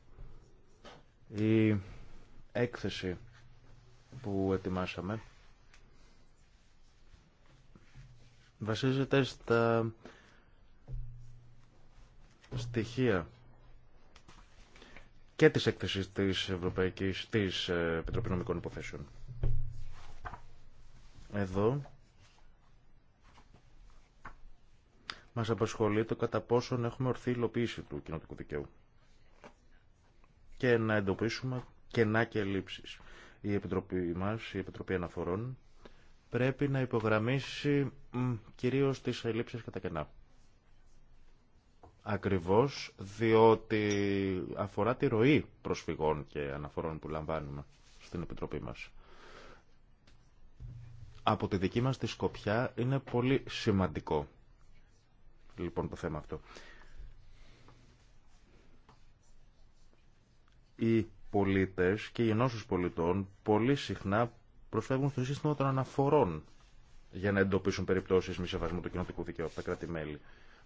Η έκθεση που ετοιμάσαμε βασίζεται στα στοιχεία και της έκθεσης της Ευρωπαϊκής της ε, Επιτροπής Νομικών Υποθέσεων. Εδώ Μα απασχολεί το κατά πόσον έχουμε ορθή υλοποίηση του κοινοτικού δικαίου και να εντοπίσουμε κενά και ελλείψεις. Η Επιτροπή μας, η Επιτροπή Αναφορών, πρέπει να υπογραμμίσει κυρίως τις ελλείψεις κατά κενά. Ακριβώς διότι αφορά τη ροή προσφυγών και αναφορών που λαμβάνουμε στην Επιτροπή μας. Από τη δική μας τη Σκοπιά είναι πολύ σημαντικό λοιπόν το θέμα αυτό. Οι πολίτες και οι ενώσεις πολιτών πολύ συχνά προσφεύγουν στο σύστημα των αναφορών για να εντοπίσουν περιπτώσεις μη σεβασμού του κοινοτικού δικαίου από τα κράτη-μέλη.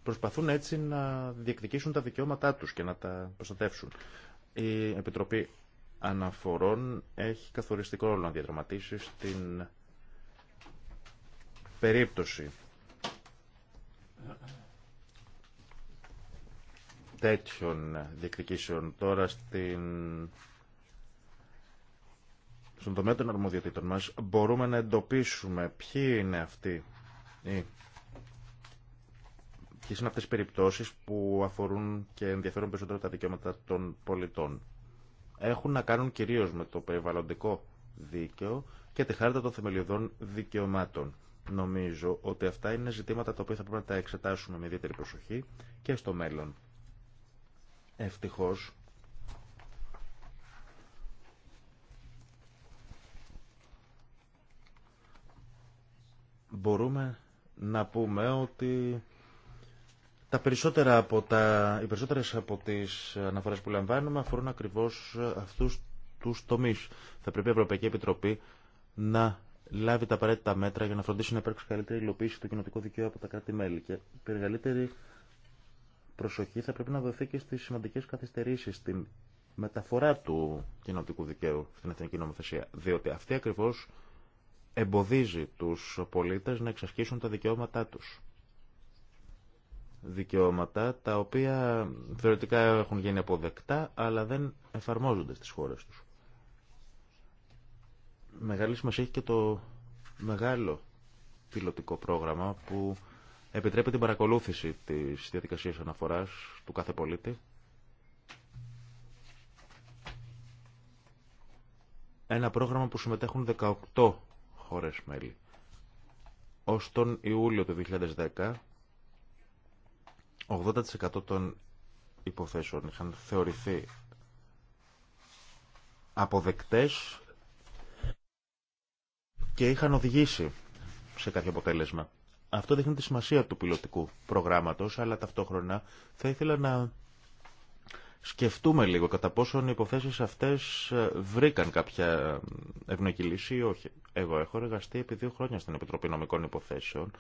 Προσπαθούν έτσι να διεκδικήσουν τα δικαιώματά τους και να τα προστατεύσουν. Η Επιτροπή Αναφορών έχει καθοριστικό ρόλο να διαδραματίσει στην περίπτωση τέτοιων διεκδικήσεων τώρα στην... στον τομέα των αρμοδιοτήτων μας μπορούμε να εντοπίσουμε ποιοι είναι αυτοί ή ποιες είναι αυτές οι περιπτώσεις που αφορούν και ενδιαφέρουν περισσότερο τα δικαιώματα των πολιτών. Έχουν να κάνουν κυρίως με το περιβαλλοντικό δίκαιο και τη χάρτα των θεμελιωδών δικαιωμάτων. Νομίζω ότι αυτά είναι ζητήματα τα οποία θα πρέπει να τα εξετάσουμε με ιδιαίτερη προσοχή και στο μέλλον. Ευτυχώς μπορούμε να πούμε ότι τα περισσότερα από τα, οι περισσότερες από τις αναφορές που λαμβάνουμε αφορούν ακριβώς αυτούς τους τομείς. Θα πρέπει η Ευρωπαϊκή Επιτροπή να λάβει τα απαραίτητα μέτρα για να φροντίσει να υπάρξει καλύτερη υλοποίηση του κοινοτικού δικαίου από τα κράτη-μέλη και προσοχή θα πρέπει να δοθεί και στις σημαντικές καθυστερήσεις στην μεταφορά του κοινοτικού δικαίου στην εθνική νομοθεσία. Διότι αυτή ακριβώς εμποδίζει τους πολίτε να εξασκήσουν τα δικαιώματά τους. Δικαιώματα τα οποία θεωρητικά έχουν γίνει αποδεκτά αλλά δεν εφαρμόζονται στις χώρες του. Μεγάλη σημασία έχει και το μεγάλο πιλωτικό πρόγραμμα που επιτρέπει την παρακολούθηση της διαδικασίας αναφοράς του κάθε πολίτη. Ένα πρόγραμμα που συμμετέχουν 18 χώρες μέλη. Ως τον Ιούλιο του 2010, 80% των υποθέσεων είχαν θεωρηθεί αποδεκτές και είχαν οδηγήσει σε κάποιο αποτέλεσμα. Αυτό δείχνει τη σημασία του πιλωτικού προγράμματος, αλλά ταυτόχρονα θα ήθελα να σκεφτούμε λίγο κατά πόσον οι υποθέσεις αυτές ε, βρήκαν κάποια ευνοϊκή λύση ή όχι. Εγώ έχω εργαστεί επί δύο χρόνια στην Επιτροπή Νομικών Υποθέσεων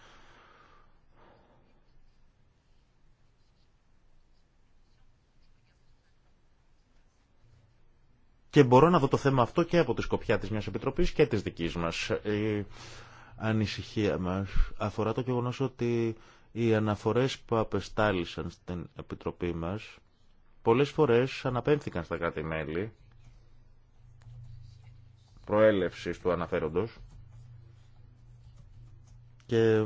και μπορώ να δω το θέμα αυτό και από τη σκοπιά της μιας Επιτροπής και της δικής μας. Ε, ανησυχία μας αφορά το γεγονός ότι οι αναφορές που απεστάλησαν στην Επιτροπή μας πολλές φορές αναπέμφθηκαν στα κράτη-μέλη προέλευσης του αναφέροντος και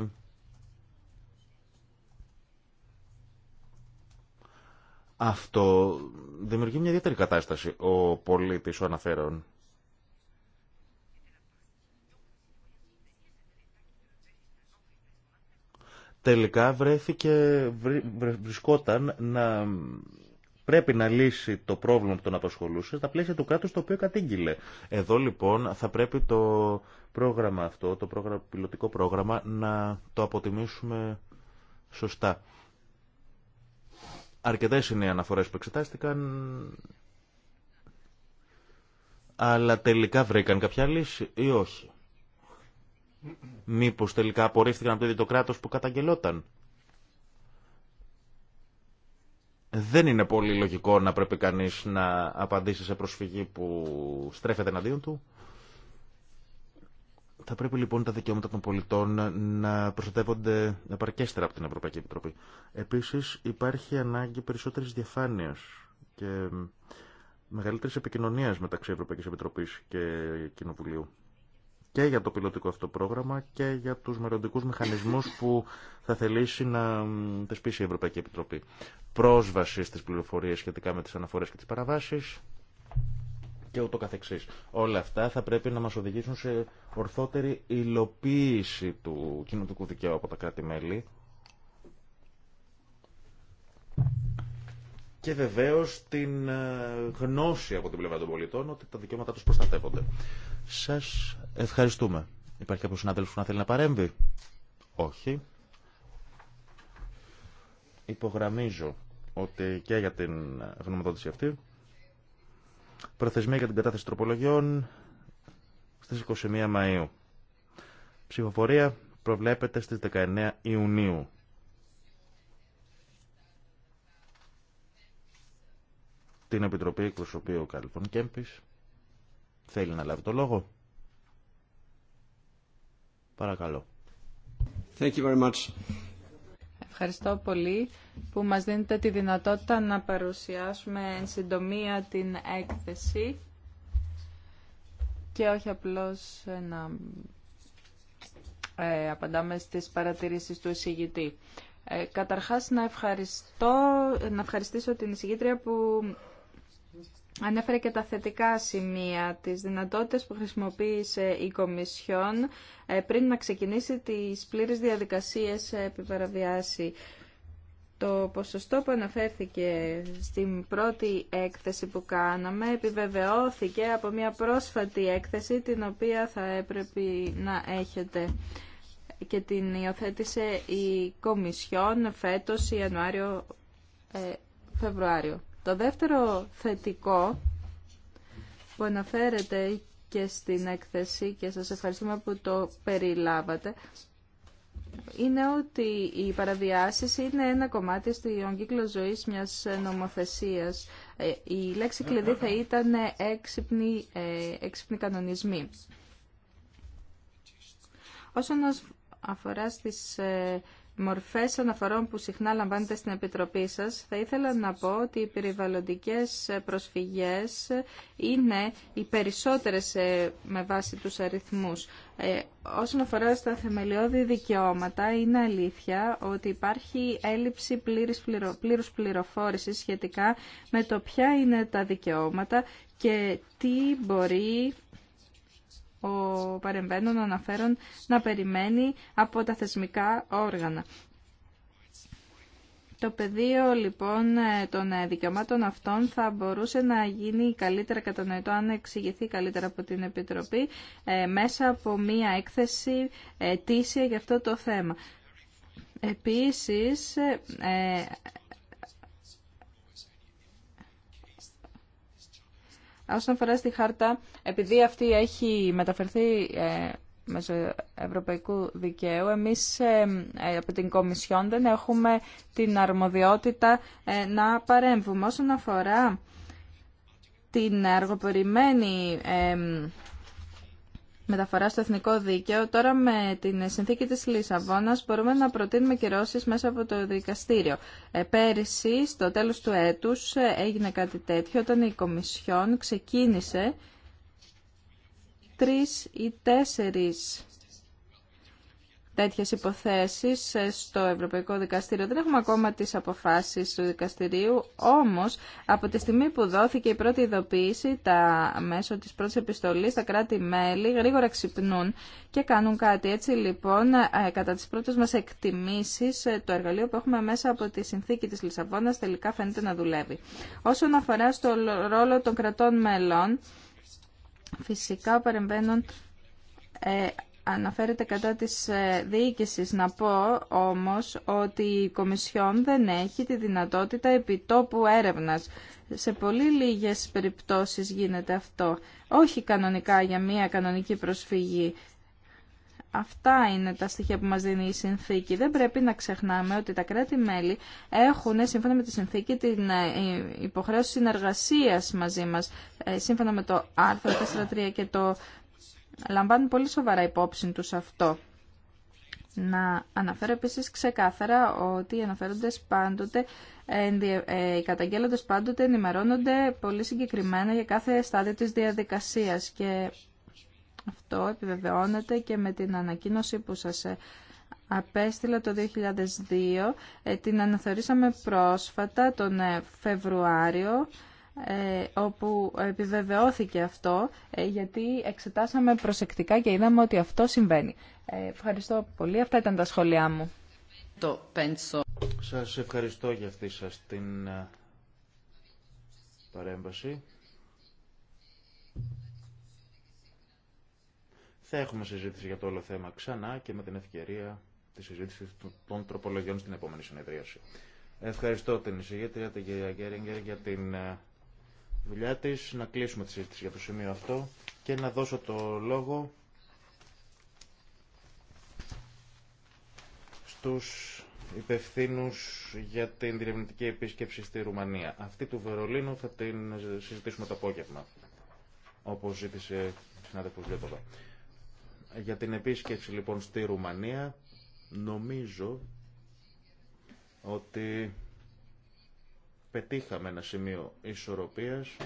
αυτό δημιουργεί μια ιδιαίτερη κατάσταση ο πολίτης, ο αναφέρον τελικά βρέθηκε, βρισκόταν να πρέπει να λύσει το πρόβλημα που τον απασχολούσε στα πλαίσια του κράτους το οποίο κατήγγειλε. Εδώ λοιπόν θα πρέπει το πρόγραμμα αυτό, το πρόγραμμα, πιλωτικό πρόγραμμα, να το αποτιμήσουμε σωστά. Αρκετές είναι οι αναφορές που εξετάστηκαν, αλλά τελικά βρήκαν κάποια λύση ή όχι. Μήπως τελικά απορρίφθηκαν από το ίδιο το κράτος που καταγγελόταν. Δεν είναι πολύ λογικό να πρέπει κανείς να απαντήσει σε προσφυγή που στρέφεται εναντίον του. Θα πρέπει λοιπόν τα δικαιώματα των πολιτών να προστατεύονται επαρκέστερα από την Ευρωπαϊκή Επιτροπή. Επίσης υπάρχει ανάγκη περισσότερης διαφάνειας και μεγαλύτερης επικοινωνίας μεταξύ Ευρωπαϊκής Επιτροπής και Κοινοβουλίου και για το πιλωτικό αυτό πρόγραμμα και για τους μελλοντικού μηχανισμούς που θα θελήσει να θεσπίσει η Ευρωπαϊκή Επιτροπή. Πρόσβαση στις πληροφορίες σχετικά με τις αναφορές και τις παραβάσεις και ούτω καθεξής. Όλα αυτά θα πρέπει να μας οδηγήσουν σε ορθότερη υλοποίηση του κοινοτικού δικαίου από τα κράτη-μέλη και βεβαίως την ε, γνώση από την πλευρά των πολιτών ότι τα δικαιώματά τους προστατεύονται. Σας ευχαριστούμε. Υπάρχει κάποιος συνάδελφος που να θέλει να παρέμβει. Όχι. Υπογραμμίζω ότι και για την γνωμοδότηση αυτή προθεσμία για την κατάθεση τροπολογιών στις 21 Μαΐου. Ψηφοφορία προβλέπεται στις 19 Ιουνίου. Την Επιτροπή Εκπροσωπείου Καλυφών Κέμπης Θέλει να λάβει το λόγο. Παρακαλώ. Thank you very much. Ευχαριστώ πολύ που μας δίνετε τη δυνατότητα να παρουσιάσουμε εν συντομία την έκθεση και όχι απλώς να ε, απαντάμε στις παρατηρήσεις του εισηγητή. Ε, καταρχάς να, ευχαριστώ, να ευχαριστήσω την εισηγήτρια που Ανέφερε και τα θετικά σημεία, τις δυνατότητες που χρησιμοποίησε η Κομισιόν ε, πριν να ξεκινήσει τις πλήρες διαδικασίες ε, επιπαραβιάση. Το ποσοστό που αναφέρθηκε στην πρώτη έκθεση που κάναμε επιβεβαιώθηκε από μια πρόσφατη έκθεση την οποία θα έπρεπε να έχετε και την υιοθέτησε η Κομισιόν φέτος Ιανουάριο-Φεβρουάριο. Ε, το δεύτερο θετικό που αναφέρεται και στην έκθεση και σας ευχαριστούμε που το περιλάβατε είναι ότι οι παραβιάσεις είναι ένα κομμάτι στον κύκλο ζωής μιας νομοθεσίας. Ε, η λέξη κλειδί θα ήταν έξυπνοι, ε, έξυπνοι κανονισμοί. Όσον αφορά στις ε, μορφές αναφορών που συχνά λαμβάνετε στην Επιτροπή σας, θα ήθελα να πω ότι οι περιβαλλοντικές προσφυγές είναι οι περισσότερες ε, με βάση τους αριθμούς. Ε, όσον αφορά στα θεμελιώδη δικαιώματα, είναι αλήθεια ότι υπάρχει έλλειψη πλήρης πληρο, πλήρους πληροφόρησης σχετικά με το ποια είναι τα δικαιώματα και τι μπορεί ο παρεμβαίνων αναφέρον να περιμένει από τα θεσμικά όργανα. Το πεδίο λοιπόν ε, των ε, δικαιωμάτων αυτών θα μπορούσε να γίνει καλύτερα κατανοητό αν εξηγηθεί καλύτερα από την Επιτροπή ε, μέσα από μία έκθεση τήσια για αυτό το θέμα. Επίσης, Όσον αφορά στη χάρτα, επειδή αυτή έχει μεταφερθεί ε, μέσω ευρωπαϊκού δικαίου, εμείς ε, ε, από την Κομισιόν δεν έχουμε την αρμοδιότητα να παρέμβουμε. Όσον αφορά την αργοπορημένη μεταφορά στο εθνικό δίκαιο, τώρα με την συνθήκη της Λισαβόνας μπορούμε να προτείνουμε κυρώσει μέσα από το δικαστήριο. Ε, πέρυσι, στο τέλος του έτους, ε, έγινε κάτι τέτοιο όταν η Κομισιόν ξεκίνησε τρεις ή τέσσερις τέτοιες υποθέσεις ε, στο Ευρωπαϊκό Δικαστήριο. Δεν έχουμε ακόμα τις αποφάσεις του δικαστηρίου, όμως από τη στιγμή που δόθηκε η πρώτη ειδοποίηση, τα, μέσω της πρώτης επιστολής, τα κράτη-μέλη γρήγορα ξυπνούν και κάνουν κάτι. Έτσι λοιπόν, ε, κατά τις πρώτες μας εκτιμήσεις, ε, το εργαλείο που έχουμε μέσα από τη συνθήκη της Λισαβόνας τελικά φαίνεται να δουλεύει. Όσον αφορά στο ρόλο των κρατών μελών, φυσικά παρεμβαίνουν αναφέρεται κατά της ε, διοίκησης. Να πω όμως ότι η Κομισιόν δεν έχει τη δυνατότητα επιτόπου έρευνας. Σε πολύ λίγες περιπτώσεις γίνεται αυτό. Όχι κανονικά για μία κανονική προσφυγή. Αυτά είναι τα στοιχεία που μας δίνει η συνθήκη. Δεν πρέπει να ξεχνάμε ότι τα κράτη-μέλη έχουν, σύμφωνα με τη συνθήκη, την ε, υποχρέωση συνεργασίας μαζί μας. Ε, σύμφωνα με το άρθρο 4.3 και το λαμβάνουν πολύ σοβαρά υπόψη τους αυτό. Να αναφέρω επίσης ξεκάθαρα ότι οι αναφέροντες πάντοτε, ε, ε, οι καταγγέλλοντες πάντοτε ενημερώνονται πολύ συγκεκριμένα για κάθε στάδιο της διαδικασίας και αυτό επιβεβαιώνεται και με την ανακοίνωση που σας ε, απέστειλα το 2002. Την αναθεωρήσαμε πρόσφατα τον Φεβρουάριο ε, όπου επιβεβαιώθηκε αυτό ε, γιατί εξετάσαμε προσεκτικά και είδαμε ότι αυτό συμβαίνει. Ε, ευχαριστώ πολύ. Αυτά ήταν τα σχόλιά μου. Το Σας ευχαριστώ για αυτή σας την παρέμβαση. Θα έχουμε συζήτηση για το όλο θέμα ξανά και με την ευκαιρία τη συζήτηση των τροπολογιών στην επόμενη συνεδρίαση. Ευχαριστώ την εισηγήτρια, την κυρία Γκέριγκερ, για την δουλειά να κλείσουμε τη συζήτηση για το σημείο αυτό και να δώσω το λόγο στους υπευθύνου για την διερευνητική επίσκεψη στη Ρουμανία. Αυτή του Βερολίνου θα την συζητήσουμε το απόγευμα, όπω ζήτησε η συνάδελφο Λεποδά. Για την επίσκεψη λοιπόν στη Ρουμανία, νομίζω ότι πετύχαμε ένα σημείο ισορροπίας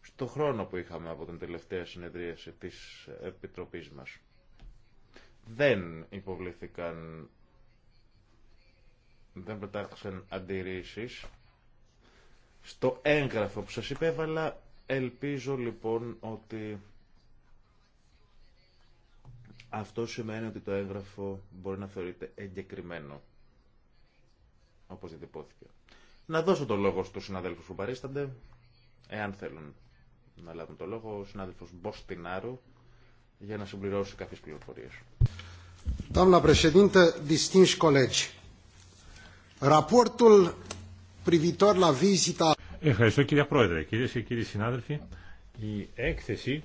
στο χρόνο που είχαμε από την τελευταία συνεδρίαση της Επιτροπής μας. Δεν υποβλήθηκαν, δεν πετάξαν αντιρρήσεις στο έγγραφο που σας υπέβαλα. Ελπίζω λοιπόν ότι αυτό σημαίνει ότι το έγγραφο μπορεί να θεωρείται εγκεκριμένο. Όπω διατυπώθηκε. Να δώσω το λόγο στου συνάδελφου που παρίστανται, εάν θέλουν να λάβουν το λόγο, ο συνάδελφο Μποστινάρου, για να συμπληρώσει κάποιε πληροφορίε. distinși colegi, raportul privitor la vizita... Ευχαριστώ κύριε Πρόεδρε. Κυρίες και κύριοι συνάδελφοι, η έκθεση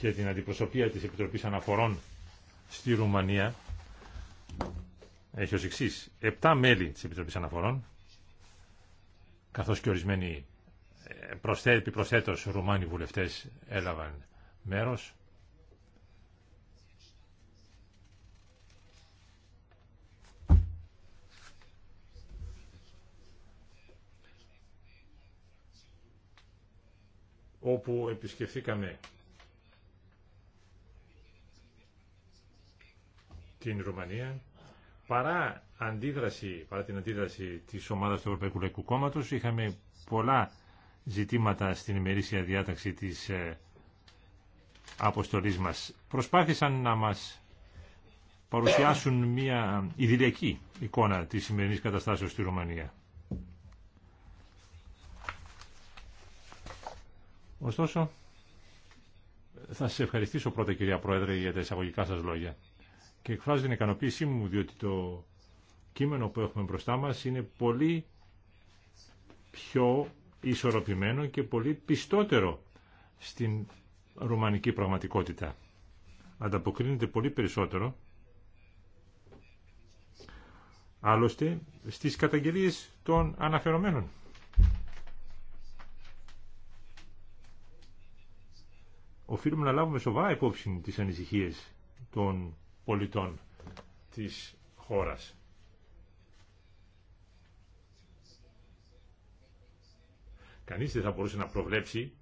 για την αντιπροσωπεία της Επιτροπής Αναφορών στη Ρουμανία έχει ως εξής. Επτά μέλη της Επιτροπής Αναφορών, καθώς και ορισμένοι επιπροσθέτως Ρουμάνοι βουλευτές έλαβαν μέρος. όπου επισκεφθήκαμε στην Ρουμανία, παρά, αντίδραση, παρά την αντίδραση της ομάδας του Ευρωπαϊκού Λαϊκού Κόμματος, είχαμε πολλά ζητήματα στην ημερήσια διάταξη της ε, αποστολής μας. Προσπάθησαν να μας παρουσιάσουν μια ιδηλιακή εικόνα της σημερινής καταστάσεως στη Ρουμανία. Ωστόσο, θα σας ευχαριστήσω πρώτα κυρία Πρόεδρε για τα εισαγωγικά σας λόγια και εκφράζω την ικανοποίησή μου διότι το κείμενο που έχουμε μπροστά μας είναι πολύ πιο ισορροπημένο και πολύ πιστότερο στην ρουμανική πραγματικότητα. Ανταποκρίνεται πολύ περισσότερο άλλωστε στις καταγγελίες των αναφερομένων. Οφείλουμε να λάβουμε σοβαρά υπόψη τις ανησυχίες των πολιτών της χώρας. Κανείς δεν θα μπορούσε να προβλέψει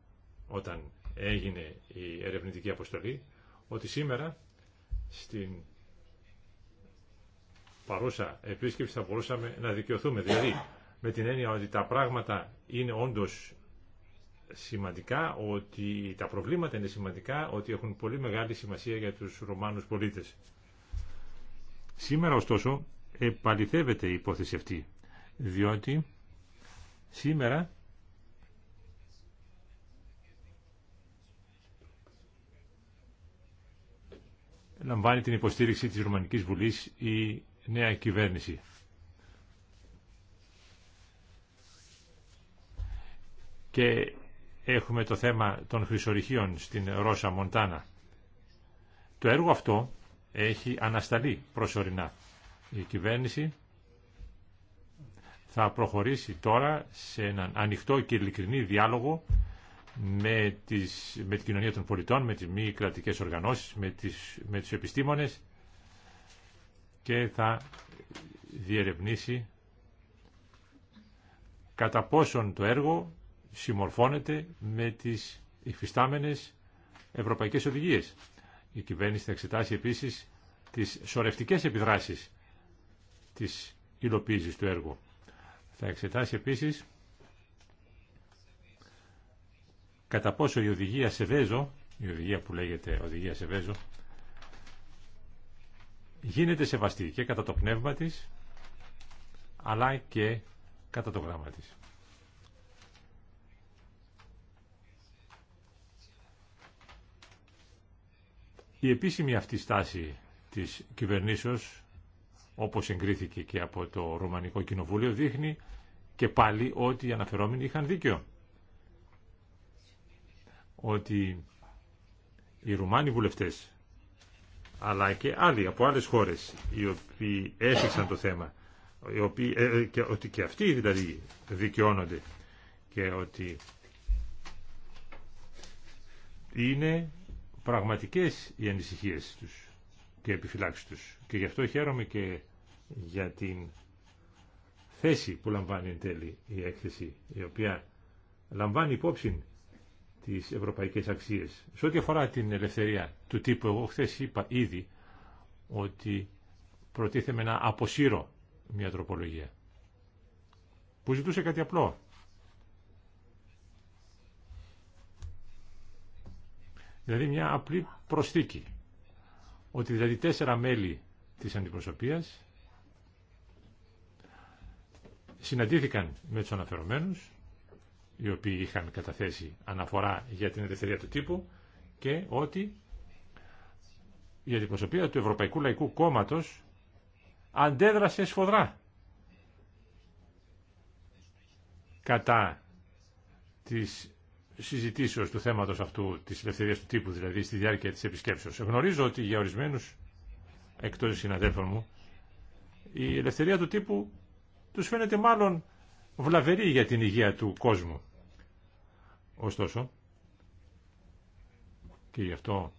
όταν έγινε η ερευνητική αποστολή ότι σήμερα στην παρούσα επίσκεψη θα μπορούσαμε να δικαιωθούμε. Δηλαδή με την έννοια ότι τα πράγματα είναι όντως σημαντικά, ότι τα προβλήματα είναι σημαντικά, ότι έχουν πολύ μεγάλη σημασία για τους Ρωμάνους πολίτες. Σήμερα ωστόσο επαληθεύεται η υπόθεση αυτή, διότι σήμερα λαμβάνει την υποστήριξη της Ρουμανικής Βουλής η νέα κυβέρνηση. Και έχουμε το θέμα των χρυσορυχείων στην Ρώσα Μοντάνα. Το έργο αυτό έχει ανασταλεί προσωρινά. Η κυβέρνηση θα προχωρήσει τώρα σε έναν ανοιχτό και ειλικρινή διάλογο με, τις, με την κοινωνία των πολιτών, με τις μη κρατικές οργανώσεις, με, τις, με τους επιστήμονες και θα διερευνήσει κατά πόσον το έργο συμμορφώνεται με τις υφιστάμενες ευρωπαϊκές οδηγίες. Η κυβέρνηση θα εξετάσει επίσης τις σωρευτικές επιδράσεις της υλοποίησης του έργου. Θα εξετάσει επίσης κατά πόσο η οδηγία σε Βέζο, η οδηγία που λέγεται οδηγία σε Βέζο, γίνεται σεβαστή και κατά το πνεύμα της, αλλά και κατά το γράμμα της. Η επίσημη αυτή στάση της κυβερνήσεως, όπως εγκρίθηκε και από το Ρουμανικό Κοινοβούλιο, δείχνει και πάλι ότι οι αναφερόμενοι είχαν δίκιο. Ότι οι Ρουμάνοι βουλευτές, αλλά και άλλοι από άλλες χώρες, οι οποίοι έφυξαν το θέμα, οι οποίοι, ε, ε, και, ότι και αυτοί δηλαδή δικαιώνονται και ότι είναι πραγματικές οι ανησυχίες τους και επιφυλάξεις τους. Και γι' αυτό χαίρομαι και για την θέση που λαμβάνει εν τέλει η έκθεση, η οποία λαμβάνει υπόψη τις ευρωπαϊκές αξίες. Σε ό,τι αφορά την ελευθερία του τύπου, εγώ χθε είπα ήδη ότι προτίθεμαι να αποσύρω μια τροπολογία που ζητούσε κάτι απλό. Δηλαδή μια απλή προσθήκη. Ότι δηλαδή τέσσερα μέλη της αντιπροσωπείας συναντήθηκαν με τους αναφερομένους, οι οποίοι είχαν καταθέσει αναφορά για την ελευθερία του τύπου και ότι η αντιπροσωπεία του Ευρωπαϊκού Λαϊκού Κόμματος αντέδρασε σφοδρά κατά της συζητήσεως του θέματος αυτού της ελευθερίας του τύπου, δηλαδή στη διάρκεια της επισκέψεως. Γνωρίζω ότι για ορισμένους εκτός συναδέλφων μου η ελευθερία του τύπου τους φαίνεται μάλλον βλαβερή για την υγεία του κόσμου. Ωστόσο, και γι' αυτό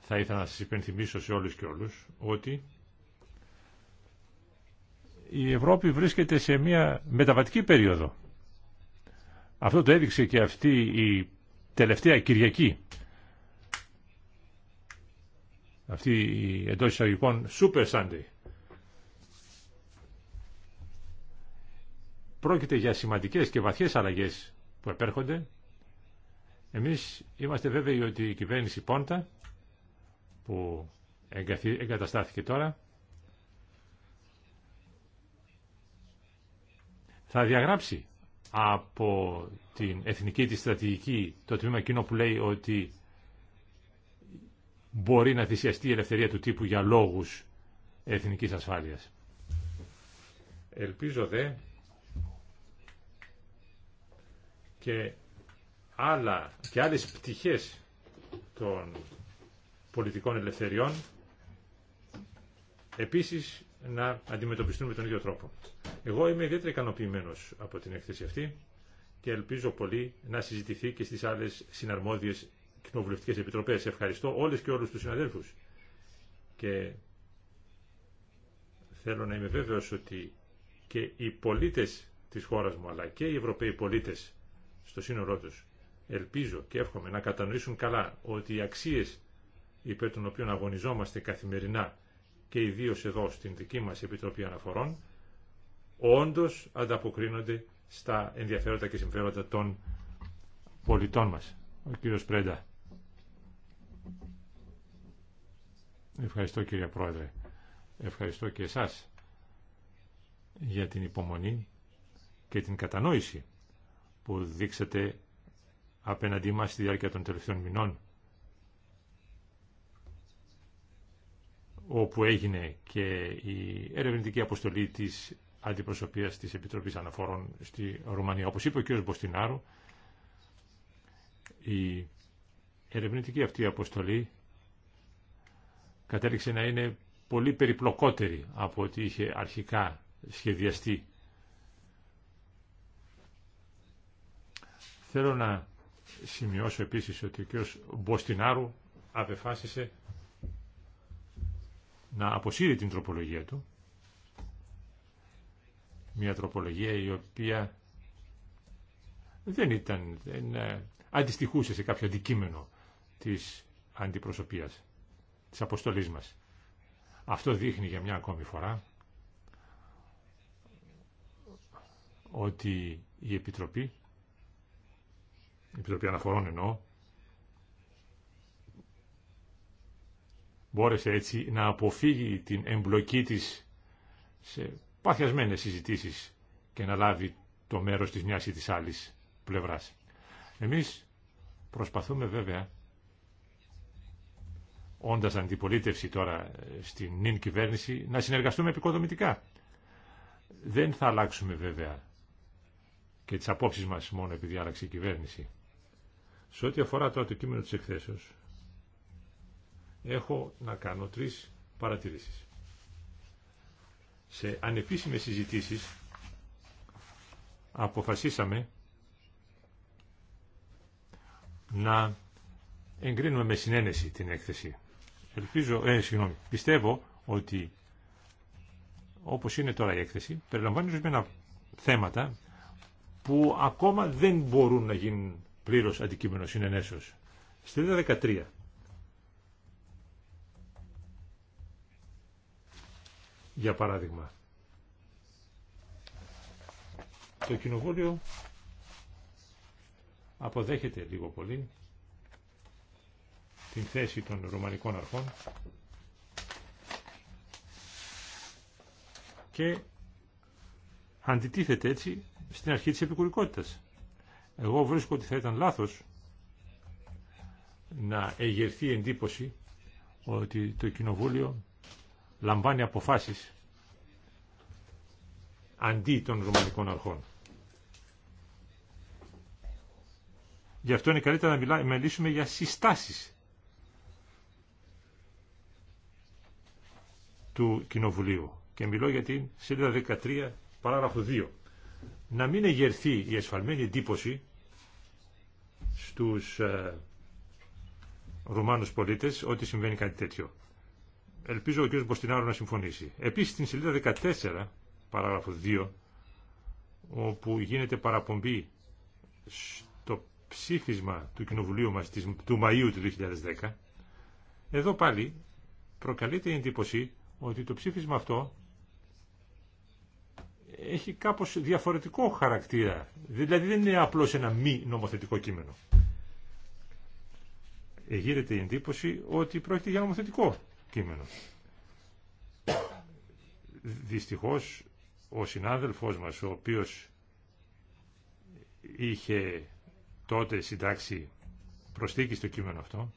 θα ήθελα να σας υπενθυμίσω σε όλους και όλους ότι η Ευρώπη βρίσκεται σε μια μεταβατική περίοδο. Αυτό το έδειξε και αυτή η τελευταία Κυριακή. Αυτή η εντό εισαγωγικών Super Sunday. Πρόκειται για σημαντικές και βαθιές αλλαγές που επέρχονται. Εμείς είμαστε βέβαιοι ότι η κυβέρνηση Πόντα που εγκαταστάθηκε τώρα θα διαγράψει από την εθνική τη στρατηγική, το τμήμα εκείνο που λέει ότι μπορεί να θυσιαστεί η ελευθερία του τύπου για λόγους εθνικής ασφάλειας. Ελπίζω δε και, άλλα, και άλλες πτυχές των πολιτικών ελευθεριών επίσης να αντιμετωπιστούν με τον ίδιο τρόπο. Εγώ είμαι ιδιαίτερα ικανοποιημένο από την έκθεση αυτή και ελπίζω πολύ να συζητηθεί και στι άλλε συναρμόδιες κοινοβουλευτικέ επιτροπές. Ευχαριστώ όλες και όλους τους συναδέλφου Και θέλω να είμαι βέβαιο ότι και οι πολίτες της χώρας μου, αλλά και οι Ευρωπαίοι πολίτε στο σύνολό του, ελπίζω και εύχομαι να κατανοήσουν καλά ότι οι αξίε υπέρ των οποίων αγωνιζόμαστε καθημερινά και ιδίω εδώ στην δική μας Επιτροπή Αναφορών, όντως ανταποκρίνονται στα ενδιαφέροντα και συμφέροντα των πολιτών μας. Ο κύριος Πρέντα. Ευχαριστώ κύριε Πρόεδρε. Ευχαριστώ και εσάς για την υπομονή και την κατανόηση που δείξατε απέναντί μας στη διάρκεια των τελευταίων μηνών όπου έγινε και η ερευνητική αποστολή της αντιπροσωπείας της Επιτροπής Αναφορών στη Ρουμανία. Όπως είπε ο κ. Μποστινάρου, η ερευνητική αυτή αποστολή κατέληξε να είναι πολύ περιπλοκότερη από ό,τι είχε αρχικά σχεδιαστεί. Θέλω να σημειώσω επίσης ότι ο κ. Μποστινάρου απεφάσισε να αποσύρει την τροπολογία του. Μια τροπολογία η οποία δεν ήταν, δεν ε, αντιστοιχούσε σε κάποιο αντικείμενο της αντιπροσωπείας, της αποστολής μας. Αυτό δείχνει για μια ακόμη φορά ότι η Επιτροπή, η Επιτροπή Αναφορών εννοώ, Μπόρεσε έτσι να αποφύγει την εμπλοκή της σε παθιασμένες συζητήσεις και να λάβει το μέρος της μιας ή της άλλης πλευράς. Εμείς προσπαθούμε βέβαια, όντας αντιπολίτευση τώρα ε, στην νυν κυβέρνηση, να συνεργαστούμε επικοδομητικά. Δεν θα αλλάξουμε βέβαια και τις απόψεις μας μόνο επειδή άλλαξε η κυβέρνηση. Σε ό,τι αφορά τώρα το κείμενο της εκθέσεως, έχω να κάνω τρεις παρατηρήσεις. Σε ανεπίσημες συζητήσεις αποφασίσαμε να εγκρίνουμε με συνένεση την έκθεση. Ελπίζω, ε, συγγνώμη, πιστεύω ότι όπως είναι τώρα η έκθεση, περιλαμβάνει ορισμένα θέματα που ακόμα δεν μπορούν να γίνουν πλήρως αντικείμενο συνενέσεως. Στη 13 για παράδειγμα. Το Κοινοβούλιο αποδέχεται λίγο πολύ την θέση των Ρουμανικών αρχών και αντιτίθεται έτσι στην αρχή της επικουρικότητας. Εγώ βρίσκω ότι θα ήταν λάθος να εγερθεί εντύπωση ότι το Κοινοβούλιο λαμβάνει αποφάσεις αντί των ρουμανικών αρχών. Γι' αυτό είναι καλύτερα να μιλήσουμε για συστάσεις του Κοινοβουλίου. Και μιλώ για την σελίδα 13, παράγραφο 2. Να μην εγερθεί η εσφαλμένη εντύπωση στους ε, Ρουμάνους πολίτες ότι συμβαίνει κάτι τέτοιο. Ελπίζω ο κ. Μποστινάρο να συμφωνήσει. Επίσης στην σελίδα 14 παράγραφο 2 όπου γίνεται παραπομπή στο ψήφισμα του Κοινοβουλίου μας του Μαΐου του 2010 εδώ πάλι προκαλείται η εντύπωση ότι το ψήφισμα αυτό έχει κάπως διαφορετικό χαρακτήρα. Δηλαδή δεν είναι απλώς ένα μη νομοθετικό κείμενο. Εγείρεται η εντύπωση ότι πρόκειται για νομοθετικό κείμενο. Δυστυχώς ο συνάδελφός μας, ο οποίος είχε τότε συντάξει προσθήκη στο κείμενο αυτό,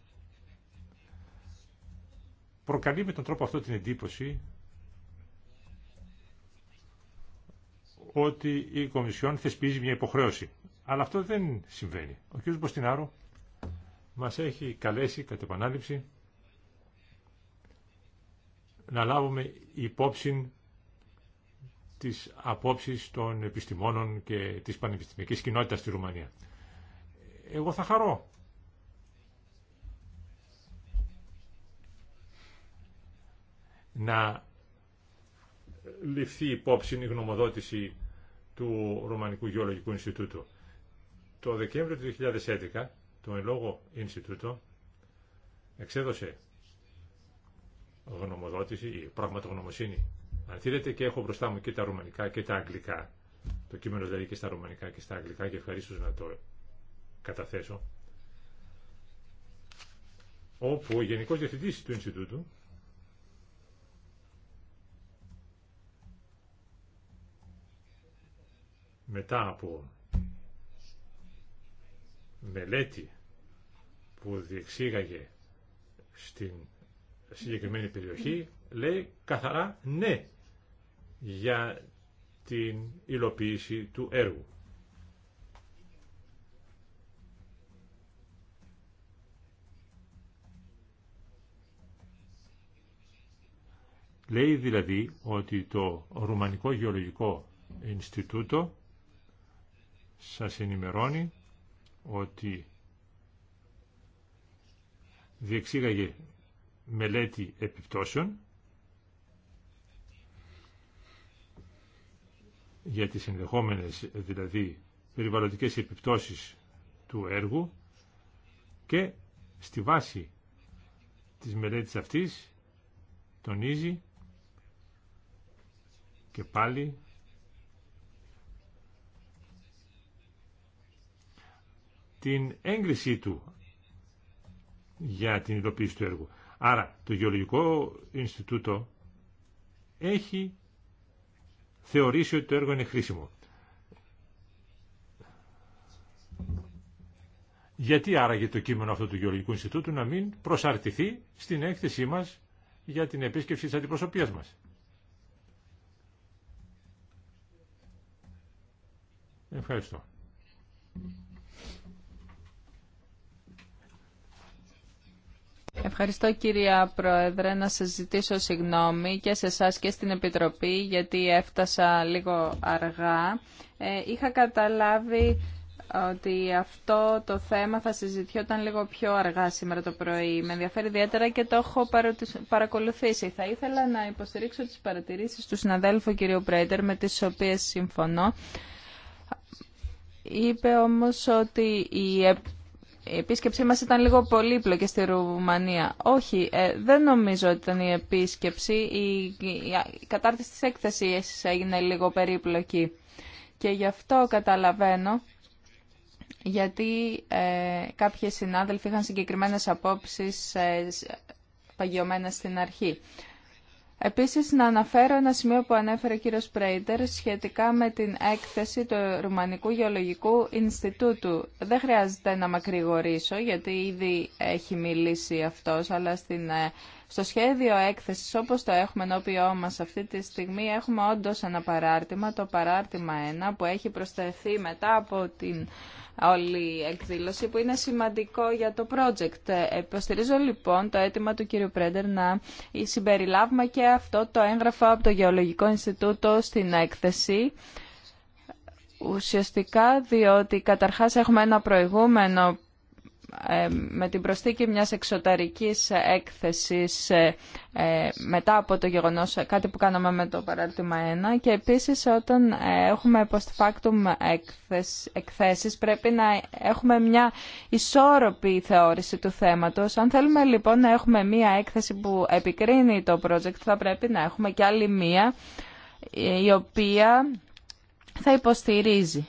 προκαλεί με τον τρόπο αυτό την εντύπωση ότι η Κομισιόν θεσπίζει μια υποχρέωση. Αλλά αυτό δεν συμβαίνει. Ο κ. Μποστινάρου μας έχει καλέσει κατ' επανάληψη να λάβουμε υπόψη τις απόψεις των επιστημόνων και της πανεπιστημιακής κοινότητας στη Ρουμανία. Εγώ θα χαρώ. Να ληφθεί υπόψη η γνωμοδότηση του Ρουμανικού Γεωλογικού Ινστιτούτου. Το Δεκέμβριο του 2011 το Ελόγο Ινστιτούτο εξέδωσε γνωμοδότηση, η πραγματογνωμοσύνη θέλετε και έχω μπροστά μου και τα ρουμανικά και τα αγγλικά. Το κείμενο δηλαδή και στα ρουμανικά και στα αγγλικά και ευχαρίστω να το καταθέσω. Όπου ο Γενικός Διευθυντής του Ινστιτούτου μετά από μελέτη που διεξήγαγε στην συγκεκριμένη περιοχή λέει καθαρά ναι για την υλοποίηση του έργου. Λέει δηλαδή ότι το Ρουμανικό Γεωλογικό Ινστιτούτο σας ενημερώνει ότι διεξήγαγε μελέτη επιπτώσεων για τις ενδεχόμενες δηλαδή περιβαλλοντικές επιπτώσεις του έργου και στη βάση της μελέτης αυτής τονίζει και πάλι την έγκρισή του για την υλοποίηση του έργου. Άρα το Γεωλογικό Ινστιτούτο έχει θεωρήσει ότι το έργο είναι χρήσιμο. Γιατί άραγε το κείμενο αυτό του Γεωργικού Ινστιτούτου να μην προσαρτηθεί στην έκθεσή μας για την επίσκεψη της αντιπροσωπείας μας. Ευχαριστώ. Ευχαριστώ κυρία Πρόεδρε να σας ζητήσω συγγνώμη και σε εσά και στην Επιτροπή γιατί έφτασα λίγο αργά. Ε, είχα καταλάβει ότι αυτό το θέμα θα συζητιόταν λίγο πιο αργά σήμερα το πρωί. Με ενδιαφέρει ιδιαίτερα και το έχω παρακολουθήσει. Θα ήθελα να υποστηρίξω τις παρατηρήσεις του συναδέλφου κυρίου Πρέντερ με τις οποίες συμφωνώ. Είπε όμως ότι η η επίσκεψή μας ήταν λίγο πολύπλοκη στη Ρουμανία. Όχι, ε, δεν νομίζω ότι ήταν η επίσκεψη. Η, η κατάρτιση της έκθεσης έγινε λίγο περίπλοκη. Και γι' αυτό καταλαβαίνω γιατί ε, κάποιοι συνάδελφοι είχαν συγκεκριμένες απόψεις ε, παγιωμένες στην αρχή. Επίσης, να αναφέρω ένα σημείο που ανέφερε ο κύριος Πρέιντερ σχετικά με την έκθεση του Ρουμανικού Γεωλογικού Ινστιτούτου. Δεν χρειάζεται να μακρηγορήσω, γιατί ήδη έχει μιλήσει αυτός, αλλά στην ε, στο σχέδιο έκθεση, όπω το έχουμε ενώπιό μα αυτή τη στιγμή έχουμε όντω ένα παράρτημα, το παράρτημα 1 που έχει προσθεθεί μετά από την όλη εκδήλωση που είναι σημαντικό για το project. Ε, υποστηρίζω λοιπόν το αίτημα του κύριου Πρέντερ να συμπεριλάβουμε και αυτό το έγγραφο από το Γεωλογικό Ινστιτούτο στην έκθεση ουσιαστικά διότι καταρχάς έχουμε ένα προηγούμενο ε, με την προσθήκη μιας εξωτερικής έκθεσης ε, ε, μετά από το γεγονός κάτι που κάναμε με το παράδειγμα 1 και επίσης όταν έχουμε post factum εκθέσεις πρέπει να έχουμε μια ισόρροπη θεώρηση του θέματος. Αν θέλουμε λοιπόν να έχουμε μια έκθεση που επικρίνει το project θα πρέπει να έχουμε και άλλη μία η οποία θα υποστηρίζει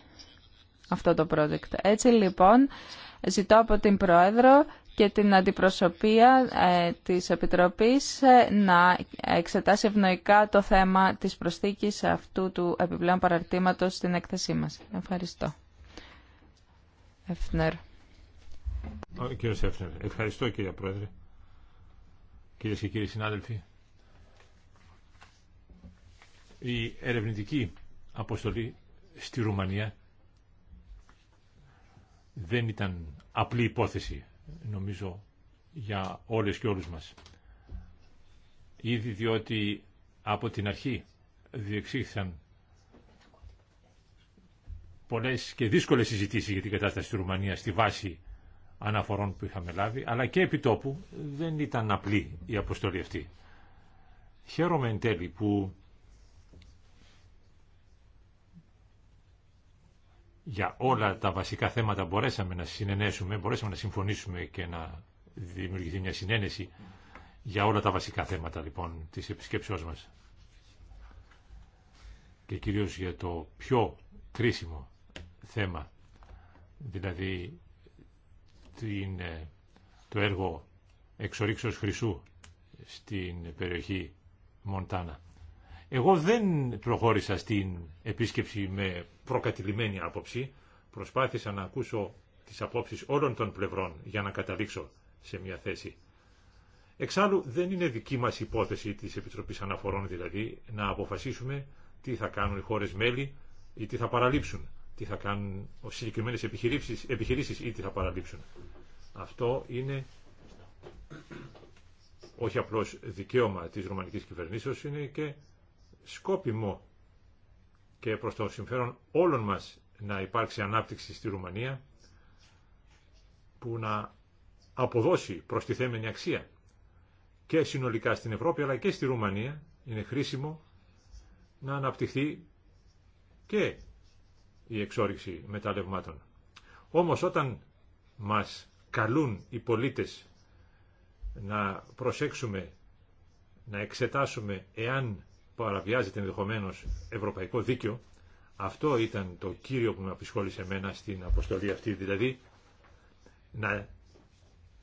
αυτό το project. Έτσι λοιπόν Ζητώ από την Πρόεδρο και την αντιπροσωπεία ε, της Επιτροπής ε, να εξετάσει ευνοϊκά το θέμα της προσθήκης αυτού του επιπλέον παραρτήματος στην έκθεσή μας. Ευχαριστώ. Εφνερ. Ο κύριος Εφνερ. Ευχαριστώ κύριε Πρόεδρε. Κυρίες και κύριοι συνάδελφοι. Η ερευνητική αποστολή στη Ρουμανία δεν ήταν απλή υπόθεση, νομίζω, για όλες και όλους μας. Ήδη διότι από την αρχή διεξήχθησαν πολλές και δύσκολες συζητήσεις για την κατάσταση της Ρουμανία στη βάση αναφορών που είχαμε λάβει, αλλά και επί τόπου δεν ήταν απλή η αποστολή αυτή. Χαίρομαι εν τέλει που για όλα τα βασικά θέματα μπορέσαμε να συνενέσουμε, μπορέσαμε να συμφωνήσουμε και να δημιουργηθεί μια συνένεση για όλα τα βασικά θέματα λοιπόν της επισκέψεώς μας. Και κυρίως για το πιο κρίσιμο θέμα, δηλαδή την, ε, το έργο εξορίξεως χρυσού στην περιοχή Μοντάνα. Εγώ δεν προχώρησα στην επίσκεψη με προκατηλημένη άποψη. Προσπάθησα να ακούσω τις απόψεις όλων των πλευρών για να καταλήξω σε μια θέση. Εξάλλου δεν είναι δική μας υπόθεση της Επιτροπής Αναφορών δηλαδή να αποφασίσουμε τι θα κάνουν οι χώρες μέλη ή τι θα παραλείψουν, τι θα κάνουν οι συγκεκριμένες επιχειρήσεις, επιχειρήσεις ή τι θα παραλείψουν. Αυτό είναι όχι απλώς δικαίωμα της Ρωμανικής Κυβερνήσεως, είναι και σκόπιμο και προς το συμφέρον όλων μας να υπάρξει ανάπτυξη στη Ρουμανία που να αποδώσει τη θέμενη αξία και συνολικά στην Ευρώπη αλλά και στη Ρουμανία είναι χρήσιμο να αναπτυχθεί και η εξόριξη μεταλλευμάτων. Όμως όταν μας καλούν οι πολίτες να προσέξουμε, να εξετάσουμε εάν αραβιάζεται ενδεχομένω ευρωπαϊκό δίκαιο. Αυτό ήταν το κύριο που με απασχόλησε εμένα στην αποστολή αυτή, δηλαδή να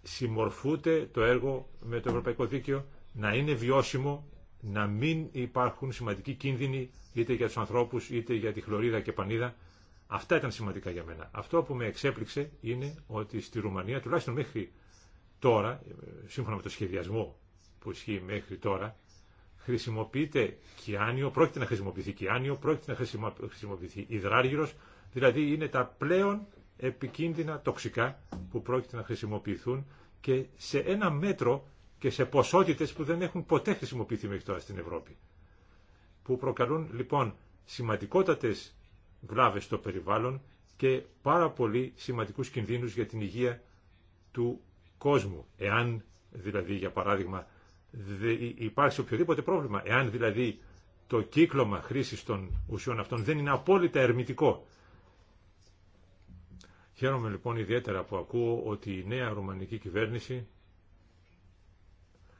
συμμορφούνται το έργο με το ευρωπαϊκό δίκαιο, να είναι βιώσιμο, να μην υπάρχουν σημαντικοί κίνδυνοι είτε για τους ανθρώπους είτε για τη χλωρίδα και πανίδα. Αυτά ήταν σημαντικά για μένα. Αυτό που με εξέπληξε είναι ότι στη Ρουμανία, τουλάχιστον μέχρι τώρα, σύμφωνα με το σχεδιασμό που ισχύει μέχρι τώρα, χρησιμοποιείται κιάνιο, πρόκειται να χρησιμοποιηθεί κιάνιο, πρόκειται να χρησιμοποιηθεί υδράργυρος, δηλαδή είναι τα πλέον επικίνδυνα τοξικά που πρόκειται να χρησιμοποιηθούν και σε ένα μέτρο και σε ποσότητες που δεν έχουν ποτέ χρησιμοποιηθεί μέχρι τώρα στην Ευρώπη. Που προκαλούν λοιπόν σημαντικότατες βλάβες στο περιβάλλον και πάρα πολύ σημαντικούς κινδύνους για την υγεία του κόσμου. Εάν δηλαδή για παράδειγμα υπάρξει οποιοδήποτε πρόβλημα. Εάν δηλαδή το κύκλωμα χρήσης των ουσιών αυτών δεν είναι απόλυτα ερμητικό. Χαίρομαι λοιπόν ιδιαίτερα που ακούω ότι η νέα ρουμανική κυβέρνηση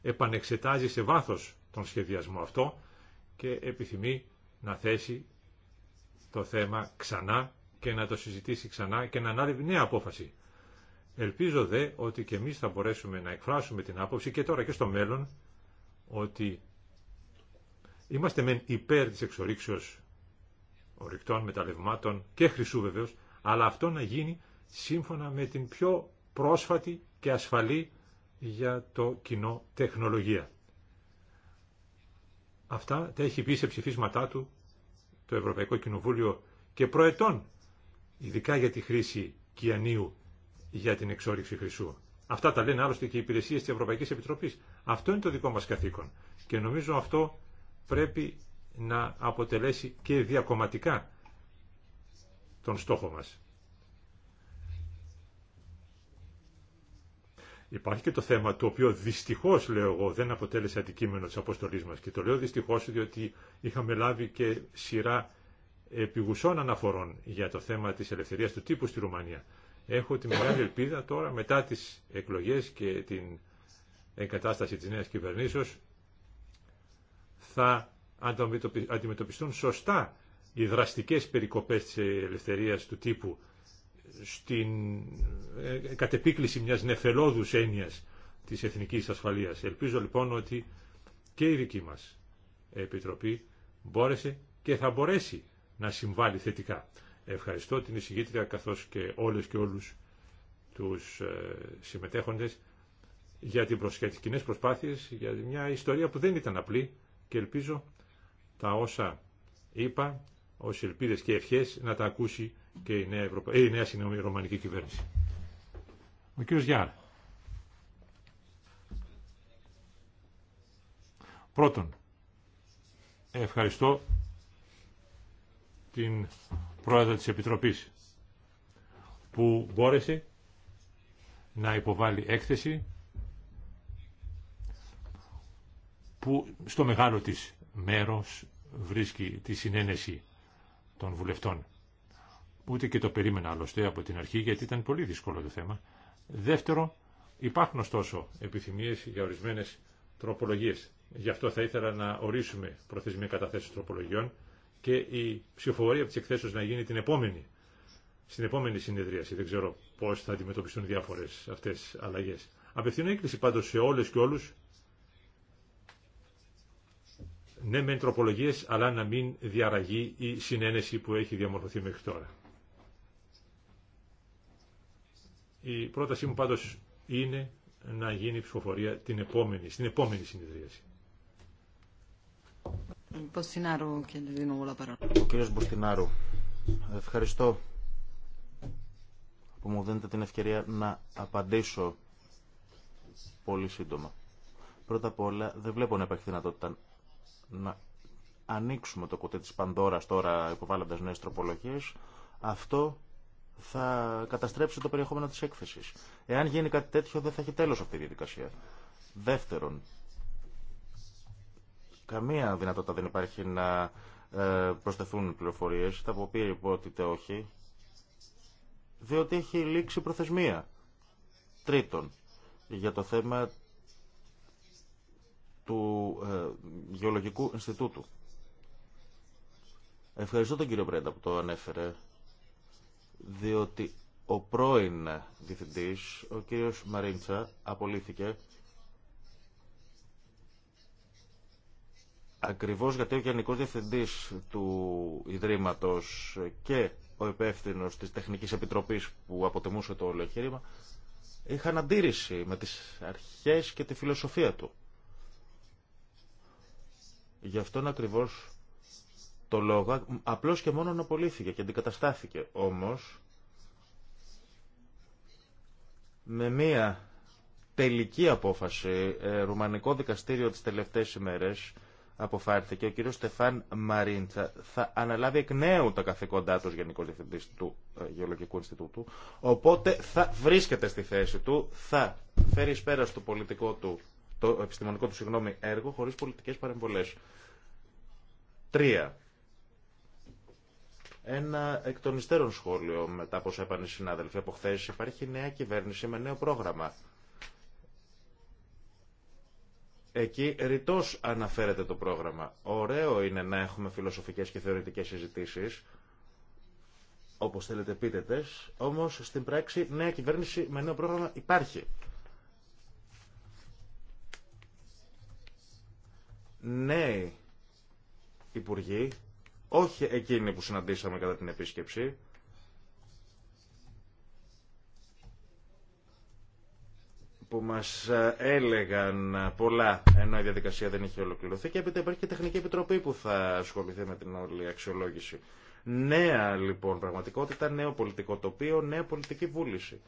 επανεξετάζει σε βάθος τον σχεδιασμό αυτό και επιθυμεί να θέσει το θέμα ξανά και να το συζητήσει ξανά και να ανάλευει νέα απόφαση. Ελπίζω δε ότι και εμείς θα μπορέσουμε να εκφράσουμε την άποψη και τώρα και στο μέλλον ότι είμαστε μεν υπέρ της εξορίξεως ορυκτών μεταλλευμάτων και χρυσού βεβαίω, αλλά αυτό να γίνει σύμφωνα με την πιο πρόσφατη και ασφαλή για το κοινό τεχνολογία. Αυτά τα έχει πει σε ψηφίσματά του το Ευρωπαϊκό Κοινοβούλιο και προετών, ειδικά για τη χρήση κιανίου για την εξόριξη χρυσού. Αυτά τα λένε άλλωστε και οι υπηρεσίε τη Ευρωπαϊκή Επιτροπή. Αυτό είναι το δικό μα καθήκον. Και νομίζω αυτό πρέπει να αποτελέσει και διακομματικά τον στόχο μας. Υπάρχει και το θέμα το οποίο δυστυχώ λέω εγώ δεν αποτέλεσε αντικείμενο τη αποστολή μα. και το λέω δυστυχώ διότι είχαμε λάβει και σειρά επιγουσών αναφορών για το θέμα τη ελευθερία του τύπου στη Ρουμανία. Έχω τη μεγάλη ελπίδα τώρα μετά τις εκλογές και την εγκατάσταση της νέας κυβερνήσεως θα αντιμετωπιστούν σωστά οι δραστικές περικοπές της ελευθερίας του τύπου στην ε, ε, κατεπίκληση μιας νεφελώδους έννοιας της εθνικής ασφαλείας. Ελπίζω λοιπόν ότι και η δική μας Επιτροπή μπόρεσε και θα μπορέσει να συμβάλλει θετικά. Ευχαριστώ την εισηγήτρια καθώς και όλες και όλους τους ε, συμμετέχοντες για, την προσ... τις κοινές προσπάθειες, για μια ιστορία που δεν ήταν απλή και ελπίζω τα όσα είπα ως ελπίδες και ευχές να τα ακούσει και η νέα, Ευρωπα... Ε, η νέα Ρωμανική κυβέρνηση. Ο κύριος Πρώτον, ευχαριστώ την πρόεδρο της Επιτροπής που μπόρεσε να υποβάλει έκθεση που στο μεγάλο της μέρος βρίσκει τη συνένεση των βουλευτών. Ούτε και το περίμενα άλλωστε από την αρχή γιατί ήταν πολύ δύσκολο το θέμα. Δεύτερο, υπάρχουν ωστόσο επιθυμίες για ορισμένες τροπολογίες. Γι' αυτό θα ήθελα να ορίσουμε προθεσμία καταθέσεις τροπολογιών και η ψηφοφορία της εκθέσεως να γίνει την επόμενη, στην επόμενη συνεδρίαση. Δεν ξέρω πώ θα αντιμετωπιστούν διάφορες αυτές αλλαγέ. Απευθύνω έκκληση πάντω σε όλες και όλου. ναι με τροπολογίες αλλά να μην διαραγεί η συνένεση που έχει διαμορφωθεί μέχρι τώρα. Η πρότασή μου πάντως είναι να γίνει η ψηφοφορία στην επόμενη συνεδρίαση. Ο κύριος Μποστινάρου, ευχαριστώ που μου δίνετε την ευκαιρία να απαντήσω πολύ σύντομα. Πρώτα απ' όλα δεν βλέπω να υπάρχει δυνατότητα να ανοίξουμε το κουτί της Πανδώρας τώρα υποβάλλοντας νέες τροπολογίες. Αυτό θα καταστρέψει το περιεχόμενο της έκθεσης. Εάν γίνει κάτι τέτοιο δεν θα έχει τέλος αυτή η διαδικασία. Δεύτερον, καμία δυνατότητα δεν υπάρχει να ε, προσθεθούν πληροφορίες, θα αποπείρει υπότιτε όχι, διότι έχει λήξει προθεσμία. Τρίτον, για το θέμα του ε, Γεωλογικού Ινστιτούτου. Ευχαριστώ τον κύριο Μπρέντα που το ανέφερε, διότι ο πρώην διευθυντής, ο κύριος Μαρίντσα, απολύθηκε Ακριβώς γιατί ο Γενικός Διευθυντής του Ιδρύματος και ο υπεύθυνο της Τεχνικής Επιτροπής που αποτεμούσε το όλο εγχείρημα είχαν αντίρρηση με τις αρχές και τη φιλοσοφία του. Γι' αυτόν ακριβώς το λόγο απλώς και μόνο απολύθηκε και αντικαταστάθηκε. Όμως, με μία τελική απόφαση, ε, Ρουμανικό Δικαστήριο τις τελευταίες ημέρες, αποφάρθηκε, ο κύριος Στεφάν Μαρίντσα θα αναλάβει εκ νέου τα καθήκοντά του ως Γενικός Διευθυντής του ε, Γεωλογικού Ινστιτούτου, οπότε θα βρίσκεται στη θέση του, θα φέρει εις πέρας το, πολιτικό του, το επιστημονικό του συγγνώμη, έργο χωρίς πολιτικές παρεμβολές. Τρία. Ένα εκ των υστέρων σχόλιο μετά από έπανε οι συνάδελφοι από χθε. Υπάρχει νέα κυβέρνηση με νέο πρόγραμμα. Εκεί ρητό αναφέρεται το πρόγραμμα. Ωραίο είναι να έχουμε φιλοσοφικέ και θεωρητικέ συζητήσει, όπω θέλετε πείτε τες, όμω στην πράξη νέα κυβέρνηση με νέο πρόγραμμα υπάρχει. Νέοι υπουργοί, όχι εκείνοι που συναντήσαμε κατά την επίσκεψη, που μα ε, έλεγαν πολλά ενώ η διαδικασία δεν είχε ολοκληρωθεί και έπειτα υπάρχει και τεχνική επιτροπή που θα ασχοληθεί με την όλη αξιολόγηση. Νέα λοιπόν πραγματικότητα, νέο πολιτικό τοπίο, νέα πολιτική βούληση.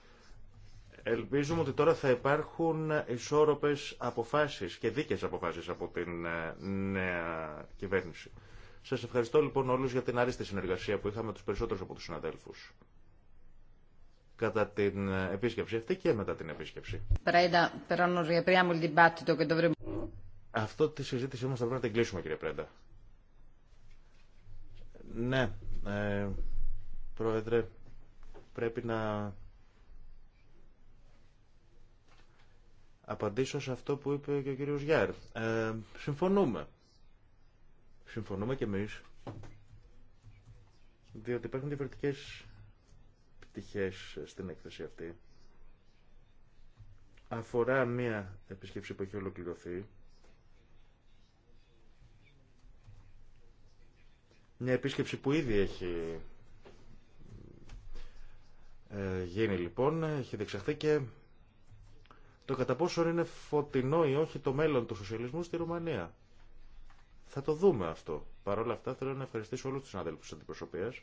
Ελπίζουμε ότι τώρα θα υπάρχουν ισόρροπες αποφάσεις και δίκαιε αποφάσεις από την ε, νέα κυβέρνηση. Σας ευχαριστώ λοιπόν όλους για την άριστη συνεργασία που είχαμε τους περισσότερους από τους συναδέλφους κατά την επίσκεψη αυτή και μετά την επίσκεψη. Αυτό τη συζήτησή μας θα πρέπει να την κλείσουμε κύριε Πρέντα. Ναι, ε, πρόεδρε, πρέπει να απαντήσω σε αυτό που είπε και ο κύριος Γιάρ. Ε, συμφωνούμε. Συμφωνούμε και εμείς. Διότι υπάρχουν διαφορετικές πτυχές στην έκθεση αυτή. Αφορά μία επισκέψη που έχει ολοκληρωθεί. Μια επίσκεψη που ήδη έχει ε, γίνει λοιπόν, έχει δεξαχθεί και το κατά πόσο είναι φωτεινό ή όχι το μέλλον του σοσιαλισμού στη Ρουμανία. Θα το δούμε αυτό. Παρ' όλα αυτά θέλω να ευχαριστήσω όλους τους συναδέλφους της αντιπροσωπείας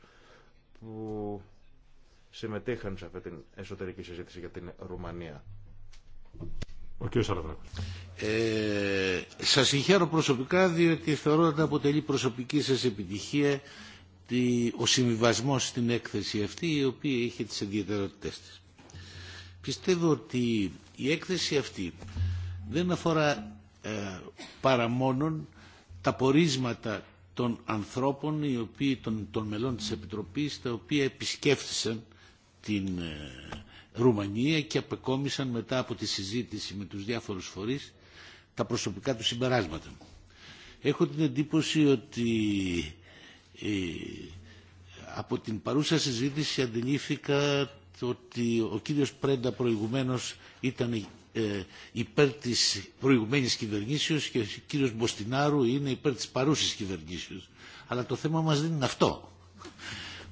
που συμμετείχαν σε αυτή την εσωτερική συζήτηση για την Ρουμανία. Ο κ. Ε, σας συγχαίρω προσωπικά διότι θεωρώ ότι αποτελεί προσωπική σας επιτυχία τη, ο συμβιβασμό στην έκθεση αυτή η οποία είχε τις ιδιαιτερότητέ της. Πιστεύω ότι η έκθεση αυτή δεν αφορά ε, παρά μόνον τα πορίσματα των ανθρώπων των, των μελών της Επιτροπής τα οποία επισκέφθησαν την ε, Ρουμανία και απεκόμισαν μετά από τη συζήτηση με τους διάφορους φορείς τα προσωπικά του συμπεράσματα. Έχω την εντύπωση ότι ε, από την παρούσα συζήτηση αντιλήφθηκα ότι ο κύριος Πρέντα προηγουμένως ήταν ε, υπέρ της προηγουμένης κυβερνήσεως και ο κύριος Μποστινάρου είναι υπέρ της παρούσης κυβερνήσεως. Αλλά το θέμα μας δεν είναι αυτό.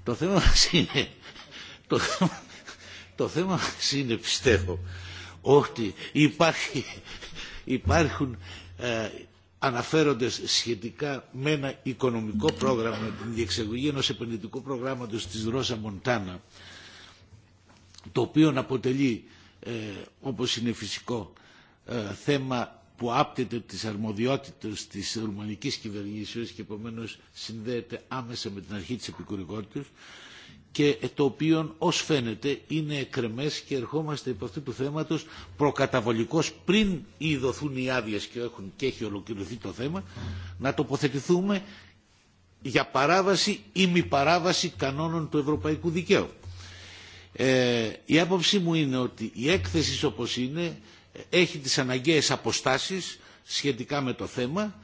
Το θέμα μας είναι το θέμα, το είναι πιστεύω ότι υπάρχει, υπάρχουν ε, αναφέροντες σχετικά με ένα οικονομικό πρόγραμμα, την διεξαγωγή ενός επενδυτικού προγράμματος της Ρώσα Μοντάνα, το οποίο αποτελεί, ε, όπως είναι φυσικό, ε, θέμα που άπτεται τις αρμοδιότητες της ρουμανικής κυβερνήσεως και επομένως συνδέεται άμεσα με την αρχή της επικουρικότητας, και το οποίο ως φαίνεται είναι εκρεμές και ερχόμαστε υπό αυτού του θέματος προκαταβολικός πριν δοθούν οι άδειε και, έχουν, και έχει ολοκληρωθεί το θέμα να τοποθετηθούμε για παράβαση ή μη παράβαση κανόνων του ευρωπαϊκού δικαίου. Ε, η άποψή μου είναι ότι η έκθεση όπως είναι έχει τις αναγκαίες αποστάσεις σχετικά με το θέμα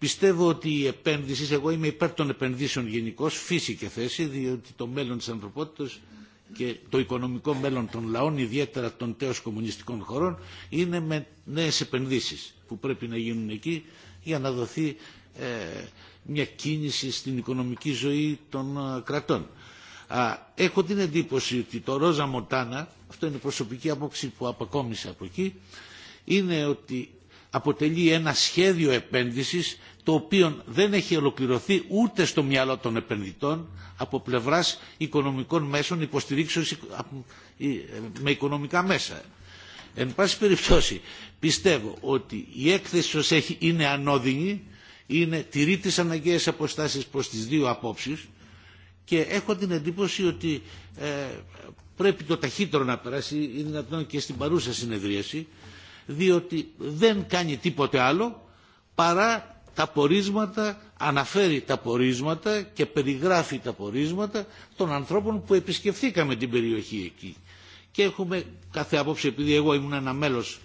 Πιστεύω ότι η επένδυση, εγώ είμαι υπέρ των επενδύσεων γενικώ, φύση και θέση, διότι το μέλλον τη ανθρωπότητα και το οικονομικό μέλλον των λαών, ιδιαίτερα των τέως κομμουνιστικών χωρών, είναι με νέες επενδύσεις που πρέπει να γίνουν εκεί για να δοθεί ε, μια κίνηση στην οικονομική ζωή των ε, κρατών. Α, έχω την εντύπωση ότι το Ρόζα Μοντάνα, αυτό είναι προσωπική άποψη που αποκόμισα από εκεί, είναι ότι αποτελεί ένα σχέδιο επένδυσης το οποίο δεν έχει ολοκληρωθεί ούτε στο μυαλό των επενδυτών από πλευράς οικονομικών μέσων υποστηρίξεως ε, με οικονομικά μέσα. Εν πάση περιπτώσει πιστεύω ότι η έκθεση ως έχει είναι ανώδυνη, είναι, τηρεί τις αναγκαίες αποστάσεις προς τις δύο απόψεις και έχω την εντύπωση ότι ε, πρέπει το ταχύτερο να περάσει, είναι δυνατόν και στην παρούσα συνεδρίαση διότι δεν κάνει τίποτε άλλο παρά τα πορίσματα, αναφέρει τα πορίσματα και περιγράφει τα πορίσματα των ανθρώπων που επισκεφθήκαμε την περιοχή εκεί. Και έχουμε κάθε απόψη, επειδή εγώ ήμουν ένα μέλος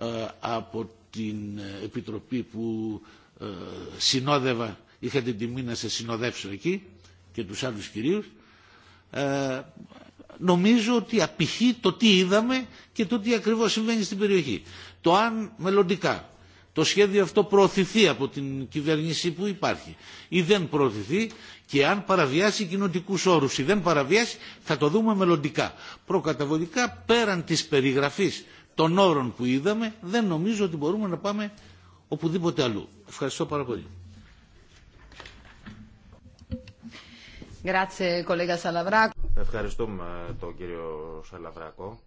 ε, από την Επιτροπή που ε, συνόδευα, είχα την τιμή να σε συνοδεύσω εκεί και τους άλλους κυρίους, ε, νομίζω ότι απηχεί το τι είδαμε και το τι ακριβώς συμβαίνει στην περιοχή. Το αν μελλοντικά το σχέδιο αυτό προωθηθεί από την κυβέρνηση που υπάρχει ή δεν προωθηθεί και αν παραβιάσει κοινοτικούς όρους ή δεν παραβιάσει θα το δούμε μελλοντικά. Προκαταβολικά πέραν της περιγραφής των όρων που είδαμε δεν νομίζω ότι μπορούμε να πάμε οπουδήποτε αλλού. Ευχαριστώ πάρα πολύ. Ευχαριστούμε τον κύριο Σαλαβράκο.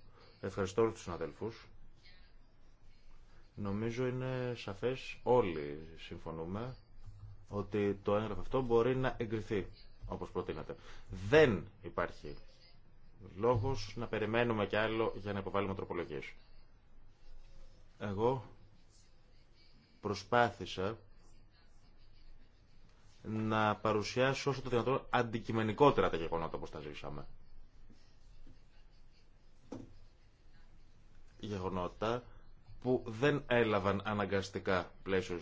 Ευχαριστώ όλους τους συναδελφούς. Νομίζω είναι σαφές, όλοι συμφωνούμε, ότι το έγγραφο αυτό μπορεί να εγκριθεί, όπως προτείνατε. Δεν υπάρχει λόγος να περιμένουμε κι άλλο για να υποβάλουμε τροπολογίες. Εγώ προσπάθησα να παρουσιάσω όσο το δυνατόν αντικειμενικότερα τα γεγονότα όπω τα ζήσαμε. Γεγονότα που δεν έλαβαν αναγκαστικά πλαίσιο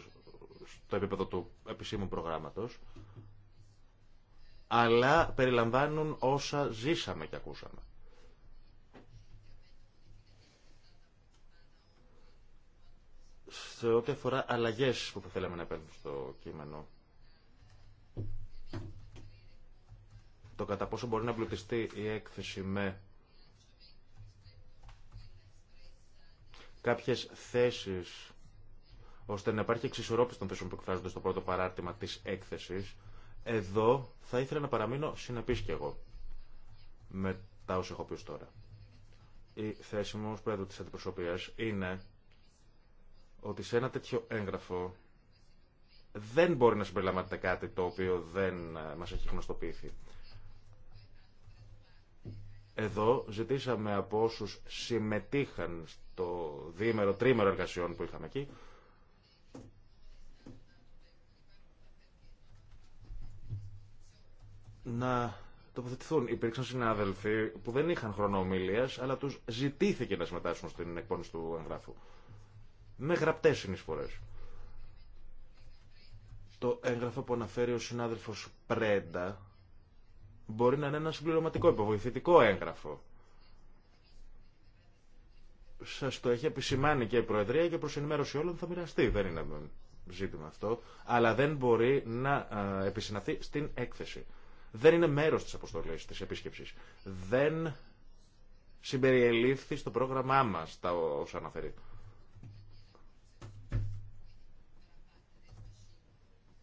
στο επίπεδο του επισήμου προγράμματος, αλλά περιλαμβάνουν όσα ζήσαμε και ακούσαμε. Σε ό,τι αφορά αλλαγές που θα θέλαμε να επέλθουν στο κείμενο, το κατά πόσο μπορεί να εμπλουτιστεί η έκθεση με κάποιες θέσεις ώστε να υπάρχει εξισορρόπηση των θέσεων που εκφράζονται στο πρώτο παράρτημα της έκθεσης, εδώ θα ήθελα να παραμείνω συνεπής και εγώ με τα όσα έχω πει τώρα. Η θέση μου ως πρόεδρο της αντιπροσωπείας είναι ότι σε ένα τέτοιο έγγραφο δεν μπορεί να συμπεριλαμβάνεται κάτι το οποίο δεν ε, μας έχει γνωστοποιηθεί. Εδώ ζητήσαμε από όσους συμμετείχαν στο διήμερο, τρίμερο εργασιών που είχαμε εκεί, να τοποθετηθούν. Υπήρξαν συνάδελφοι που δεν είχαν χρόνο ομιλία, αλλά του ζητήθηκε να συμμετάσχουν στην εκπόνηση του εγγράφου. Με γραπτέ συνεισφορέ. Το έγγραφο που αναφέρει ο συνάδελφο Πρέντα Μπορεί να είναι ένα συμπληρωματικό υποβοηθητικό έγγραφο. Σας το έχει επισημάνει και η Προεδρία και προς ενημέρωση όλων θα μοιραστεί. Δεν είναι ζήτημα αυτό. Αλλά δεν μπορεί να επισυναθεί στην έκθεση. Δεν είναι μέρος της αποστολή της επίσκεψης. Δεν συμπεριελήφθη στο πρόγραμμά μας τα όσα αναφέρει.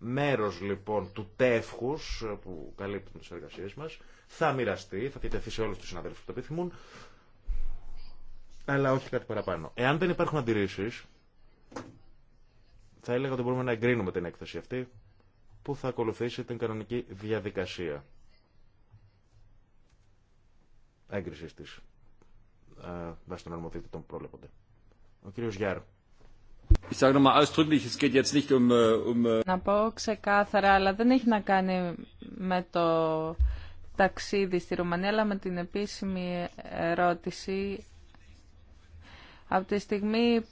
μέρος λοιπόν του τεύχους ε, που καλύπτουν τις εργασίες μας θα μοιραστεί, θα διατεθεί σε όλους τους συναδέλφους που το επιθυμούν αλλά όχι κάτι παραπάνω. Εάν δεν υπάρχουν αντιρρήσεις θα έλεγα ότι μπορούμε να εγκρίνουμε την έκθεση αυτή που θα ακολουθήσει την κανονική διαδικασία έγκρισης της ε, βάσει των αρμοδίτητων που πρόβλεπονται. Ο κύριος Γιάρ. Να πω ξεκάθαρα, αλλά δεν έχει να κάνει με το ταξίδι στη Ρουμανία, αλλά με την επίσημη ερώτηση. Από τη στιγμή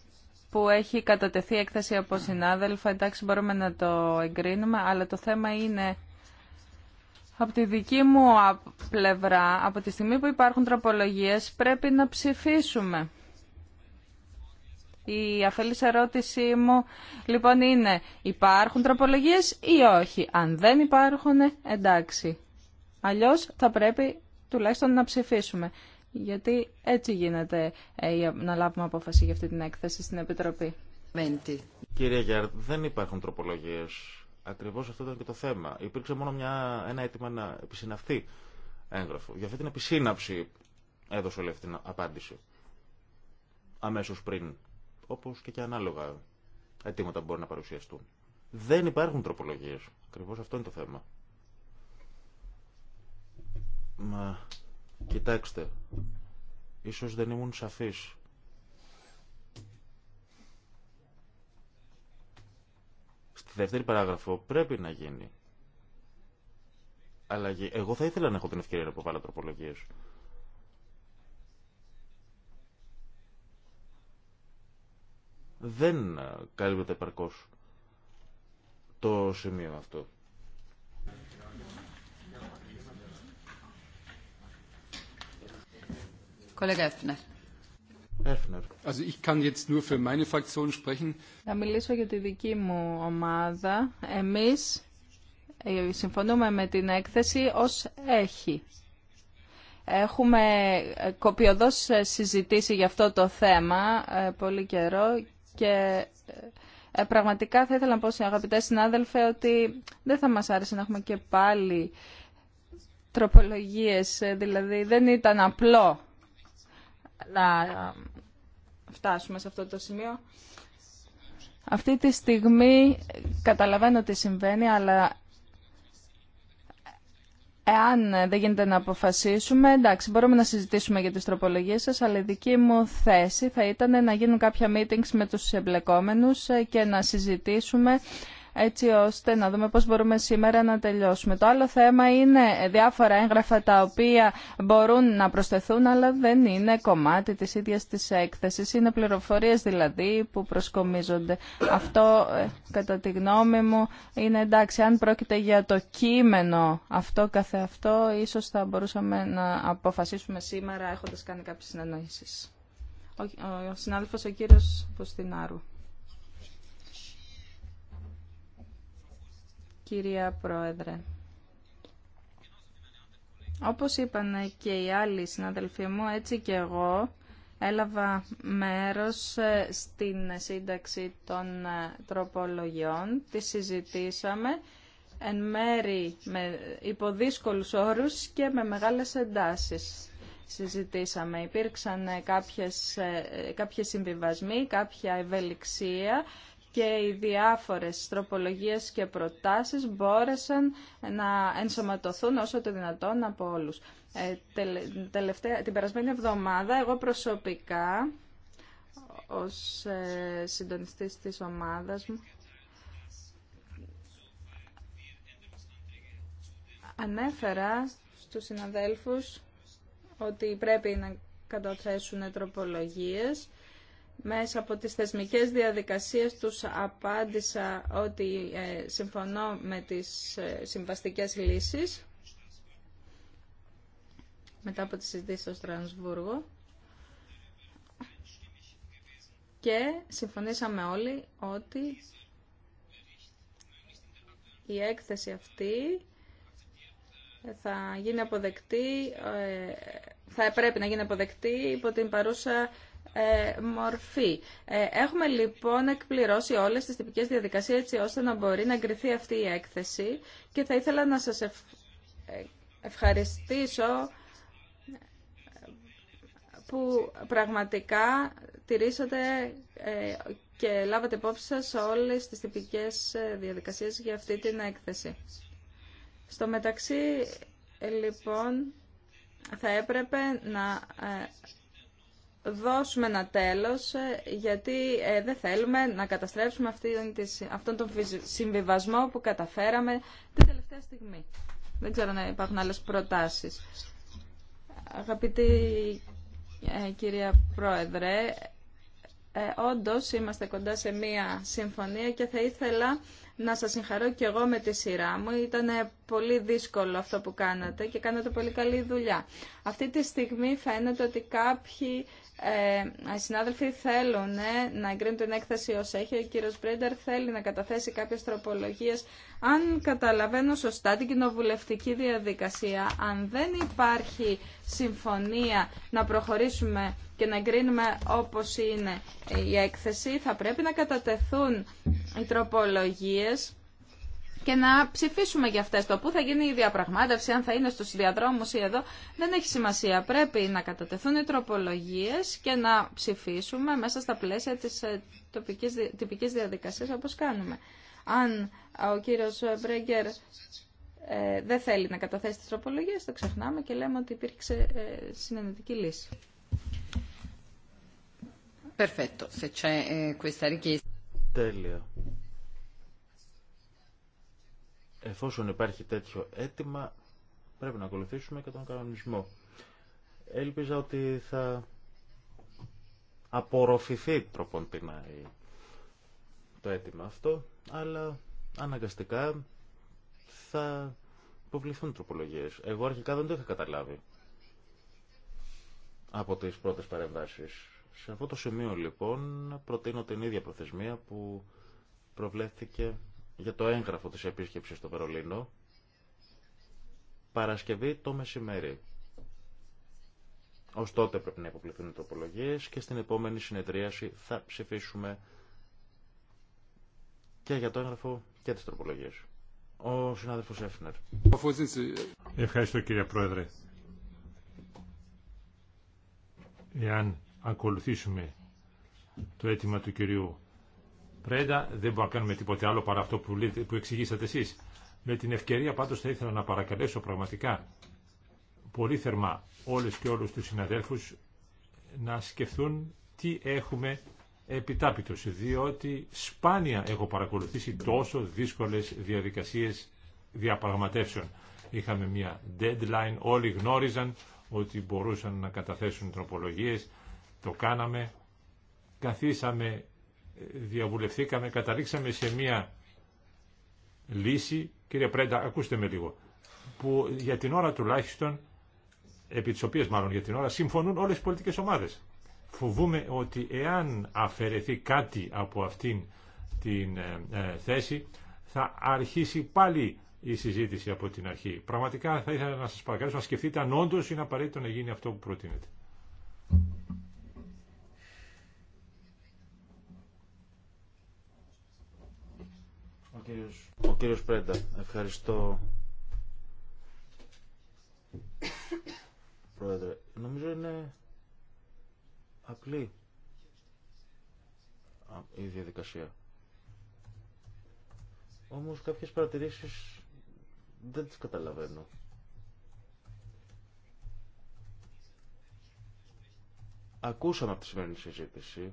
που έχει κατατεθεί έκθεση από συνάδελφα, εντάξει μπορούμε να το εγκρίνουμε, αλλά το θέμα είναι από τη δική μου πλευρά, από τη στιγμή που υπάρχουν τροπολογίες, πρέπει να ψηφίσουμε. Η αφελής ερώτησή μου λοιπόν είναι υπάρχουν τροπολογίες ή όχι. Αν δεν υπάρχουν, εντάξει. Αλλιώς θα πρέπει τουλάχιστον να ψηφίσουμε. Γιατί έτσι γίνεται ε, να λάβουμε απόφαση για αυτή την έκθεση στην Επιτροπή. Κύριε Γιάρ, δεν υπάρχουν τροπολογίες. Ακριβώς αυτό ήταν και το θέμα. Υπήρξε μόνο μια, ένα αίτημα να επισυναυτεί έγγραφο. Για αυτή την επισύναψη έδωσε όλη αυτή την απάντηση αμέσως πριν όπως και και ανάλογα αιτήματα που μπορούν να παρουσιαστούν. Δεν υπάρχουν τροπολογίες. Ακριβώς αυτό είναι το θέμα. Μα, κοιτάξτε, ίσως δεν ήμουν σαφής. Στη δεύτερη παράγραφο πρέπει να γίνει Αλλά Εγώ θα ήθελα να έχω την ευκαιρία να προβάλλω τροπολογίες. δεν καλύπτεται επαρκώς το σημείο αυτό. Να μιλήσω για τη δική μου ομάδα. Εμείς ε, συμφωνούμε με την έκθεση ως έχει. Έχουμε κοπιωδώς ε, συζητήσει για αυτό το θέμα ε, πολύ καιρό και ε, ε, πραγματικά θα ήθελα να πω, αγαπητέ συνάδελφε, ότι δεν θα μας άρεσε να έχουμε και πάλι τροπολογίες. Ε, δηλαδή δεν ήταν απλό να φτάσουμε σε αυτό το σημείο. Αυτή τη στιγμή καταλαβαίνω τι συμβαίνει, αλλά Εάν ε, δεν γίνεται να αποφασίσουμε, εντάξει, μπορούμε να συζητήσουμε για τις τροπολογίες σας, αλλά η δική μου θέση θα ήταν να γίνουν κάποια meetings με τους εμπλεκόμενους ε, και να συζητήσουμε έτσι ώστε να δούμε πώς μπορούμε σήμερα να τελειώσουμε. Το άλλο θέμα είναι διάφορα έγγραφα τα οποία μπορούν να προσθεθούν αλλά δεν είναι κομμάτι της ίδιας της έκθεσης. Είναι πληροφορίες δηλαδή που προσκομίζονται. Αυτό ε, κατά τη γνώμη μου είναι εντάξει. Αν πρόκειται για το κείμενο αυτό αυτό ίσως θα μπορούσαμε να αποφασίσουμε σήμερα έχοντας κάνει κάποιες συνεννοήσεις. Ο συνάδελφος ο κύριος Ποστινάρου. κυρία Πρόεδρε. Όπως είπαν και οι άλλοι συναδελφοί μου, έτσι και εγώ έλαβα μέρος ε, στην σύνταξη των ε, τροπολογιών, τη συζητήσαμε εν μέρη με υποδύσκολους όρους και με μεγάλες εντάσεις συζητήσαμε. Υπήρξαν ε, κάποιες, κάποιες συμβιβασμοί, κάποια ευελιξία και οι διάφορες τροπολογίες και προτάσεις μπόρεσαν να ενσωματωθούν όσο το δυνατόν από όλους. Ε, τελευταία, την περασμένη εβδομάδα εγώ προσωπικά ως ε, συντονιστής της ομάδας μου ανέφερα στους συναδέλφους ότι πρέπει να καταθέσουν τροπολογίες μέσα από τις θεσμικές διαδικασίες τους απάντησα ότι ε, συμφωνώ με τις ε, συμβαστικές λύσεις μετά από τη συζήτηση στο Στρανσβούργο και συμφωνήσαμε όλοι ότι η έκθεση αυτή θα γίνει αποδεκτή, ε, θα πρέπει να γίνει αποδεκτή υπό την παρούσα ε, μορφή. Ε, έχουμε λοιπόν εκπληρώσει όλες τις τυπικές διαδικασίες έτσι ώστε να μπορεί να εγκριθεί αυτή η έκθεση και θα ήθελα να σας ευχαριστήσω που πραγματικά τηρήσατε ε, και λάβατε υπόψη σας όλες τις τυπικές διαδικασίες για αυτή την έκθεση. Στο μεταξύ, λοιπόν, θα έπρεπε να δώσουμε ένα τέλος ε, γιατί ε, δεν θέλουμε να καταστρέψουμε αυτόν τον συμβιβασμό που καταφέραμε την τελευταία στιγμή. Δεν ξέρω αν υπάρχουν άλλες προτάσεις. Αγαπητή ε, κυρία Πρόεδρε, ε, όντως είμαστε κοντά σε μία συμφωνία και θα ήθελα να σας συγχαρώ και εγώ με τη σειρά μου. Ήταν πολύ δύσκολο αυτό που κάνατε και κάνατε πολύ καλή δουλειά. Αυτή τη στιγμή φαίνεται ότι κάποιοι ε, οι συνάδελφοι θέλουν ε, να εγκρίνουν την έκθεση ως έχει. Ο κύριος Μπρέντερ θέλει να καταθέσει κάποιες τροπολογίες. Αν καταλαβαίνω σωστά την κοινοβουλευτική διαδικασία, αν δεν υπάρχει συμφωνία να προχωρήσουμε και να εγκρίνουμε όπως είναι η έκθεση, θα πρέπει να κατατεθούν οι τροπολογίες και να ψηφίσουμε για αυτές το πού θα γίνει η διαπραγμάτευση, αν θα είναι στους διαδρόμους ή εδώ, δεν έχει σημασία. Πρέπει να κατατεθούν οι τροπολογίες και να ψηφίσουμε μέσα στα πλαίσια της ε, τοπικής, τυπικής διαδικασίας όπως κάνουμε. Αν ο κύριος Μπρέγκερ ε, δεν θέλει να καταθέσει τις τροπολογίες, το ξεχνάμε και λέμε ότι υπήρξε ε, συνενετική λύση. Perfetto, se c'è ε, questa richiesta εφόσον υπάρχει τέτοιο αίτημα, πρέπει να ακολουθήσουμε και τον κανονισμό. Έλπιζα ότι θα απορροφηθεί τροποντινά το αίτημα αυτό, αλλά αναγκαστικά θα υποβληθούν τροπολογίες. Εγώ αρχικά δεν το είχα καταλάβει από τις πρώτες παρεμβάσεις. Σε αυτό το σημείο λοιπόν προτείνω την ίδια προθεσμία που προβλέφθηκε για το έγγραφο της επίσκεψης στο Βερολίνο. Παρασκευή το μεσημέρι. Ως τότε πρέπει να υποβληθούν οι τροπολογίες και στην επόμενη συνεδρίαση θα ψηφίσουμε και για το έγγραφο και τις τροπολογίες. Ο συνάδελφος Έφνερ. Ευχαριστώ κύριε Πρόεδρε. Εάν ακολουθήσουμε το αίτημα του κυρίου Πρέντα, δεν μπορούμε να κάνουμε τίποτε άλλο παρά αυτό που, που εξηγήσατε εσείς. Με την ευκαιρία πάντως θα ήθελα να παρακαλέσω πραγματικά πολύ θερμά όλες και όλους τους συναδέλφους να σκεφτούν τι έχουμε επιτάπητος, διότι σπάνια έχω παρακολουθήσει τόσο δύσκολες διαδικασίες διαπραγματεύσεων. Είχαμε μια deadline, όλοι γνώριζαν ότι μπορούσαν να καταθέσουν τροπολογίες, το κάναμε, καθίσαμε διαβουλευθήκαμε, καταλήξαμε σε μία λύση, κύριε Πρέντα, ακούστε με λίγο, που για την ώρα τουλάχιστον, επί της οποίας μάλλον για την ώρα, συμφωνούν όλες οι πολιτικές ομάδες. Φοβούμε ότι εάν αφαιρεθεί κάτι από αυτήν την ε, ε, θέση, θα αρχίσει πάλι η συζήτηση από την αρχή. Πραγματικά θα ήθελα να σας παρακαλέσω να σκεφτείτε αν όντω είναι απαραίτητο να γίνει αυτό που προτείνετε. κύριος, ο κύριος Πρέντα. Ευχαριστώ. Πρόεδρε, νομίζω είναι απλή η διαδικασία. Όμως κάποιες παρατηρήσεις δεν τις καταλαβαίνω. Ακούσαμε από τη σημερινή συζήτηση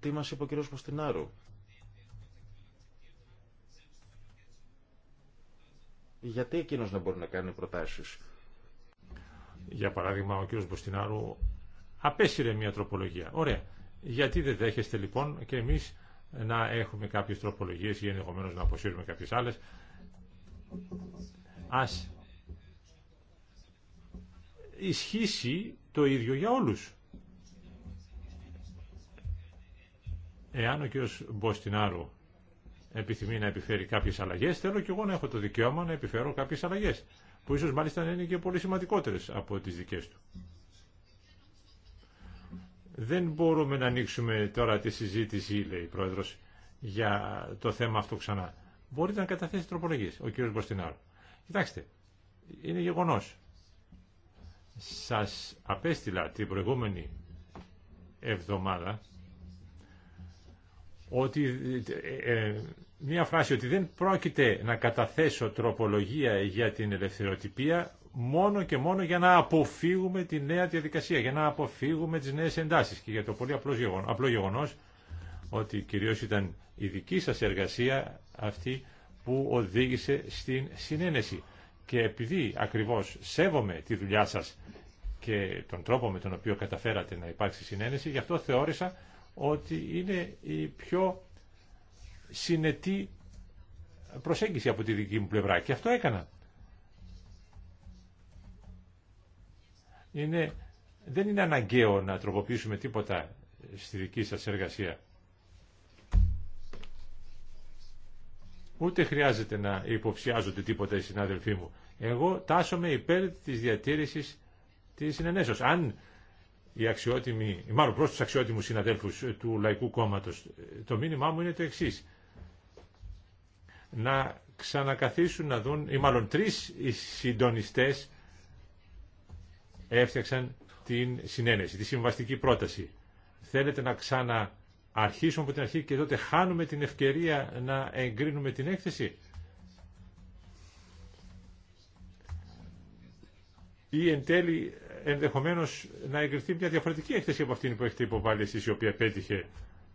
τι μας είπε ο κύριος Ποστινάρου. γιατί εκείνος να μπορεί να κάνει προτάσεις. Για παράδειγμα, ο κ. Μποστινάρου απέσυρε μια τροπολογία. Ωραία. Γιατί δεν δέχεστε λοιπόν και εμείς να έχουμε κάποιες τροπολογίε ή ενδεχομένω να αποσύρουμε κάποιες άλλε. Ας ισχύσει το ίδιο για όλους. Εάν ο κ. Μποστινάρου επιθυμεί να επιφέρει κάποιες αλλαγές, θέλω και εγώ να έχω το δικαίωμα να επιφέρω κάποιες αλλαγές, που ίσως μάλιστα είναι και πολύ σημαντικότερες από τις δικές του. Δεν μπορούμε να ανοίξουμε τώρα τη συζήτηση, λέει η Πρόεδρος, για το θέμα αυτό ξανά. Μπορείτε να καταθέσετε τροπολογίες, ο κύριος Μποστινάρου. Κοιτάξτε, είναι γεγονός. Σας απέστειλα την προηγούμενη εβδομάδα ότι ε, ε, μια φράση ότι δεν πρόκειται να καταθέσω τροπολογία για την ελευθεροτυπία μόνο και μόνο για να αποφύγουμε τη νέα διαδικασία, για να αποφύγουμε τις νέες εντάσεις και για το πολύ απλό γεγονός ότι κυρίως ήταν η δική σας εργασία αυτή που οδήγησε στην συνένεση. Και επειδή ακριβώς σέβομαι τη δουλειά σας και τον τρόπο με τον οποίο καταφέρατε να υπάρξει συνένεση, γι' αυτό θεώρησα ότι είναι η πιο συνετή προσέγγιση από τη δική μου πλευρά και αυτό έκανα. Είναι, δεν είναι αναγκαίο να τροποποιήσουμε τίποτα στη δική σας εργασία. Ούτε χρειάζεται να υποψιάζονται τίποτα οι συνάδελφοί μου. Εγώ τάσομαι υπέρ της διατήρησης της συνενέσεως. Αν οι αξιότιμοι, μάλλον προς τους αξιότιμους συναδέλφους ε, του Λαϊκού Κόμματος. Ε, το μήνυμά μου είναι το εξή. Να ξανακαθίσουν να δουν, ή μάλλον τρεις οι συντονιστές έφτιαξαν την συνένεση, τη συμβαστική πρόταση. Θέλετε να ξανααρχίσουμε από την αρχή και τότε χάνουμε την ευκαιρία να εγκρίνουμε την έκθεση. Ή εν τέλει Ενδεχομένω να εγκριθεί μια διαφορετική έκθεση από αυτήν που έχετε υποβάλει εσεί, η οποία πέτυχε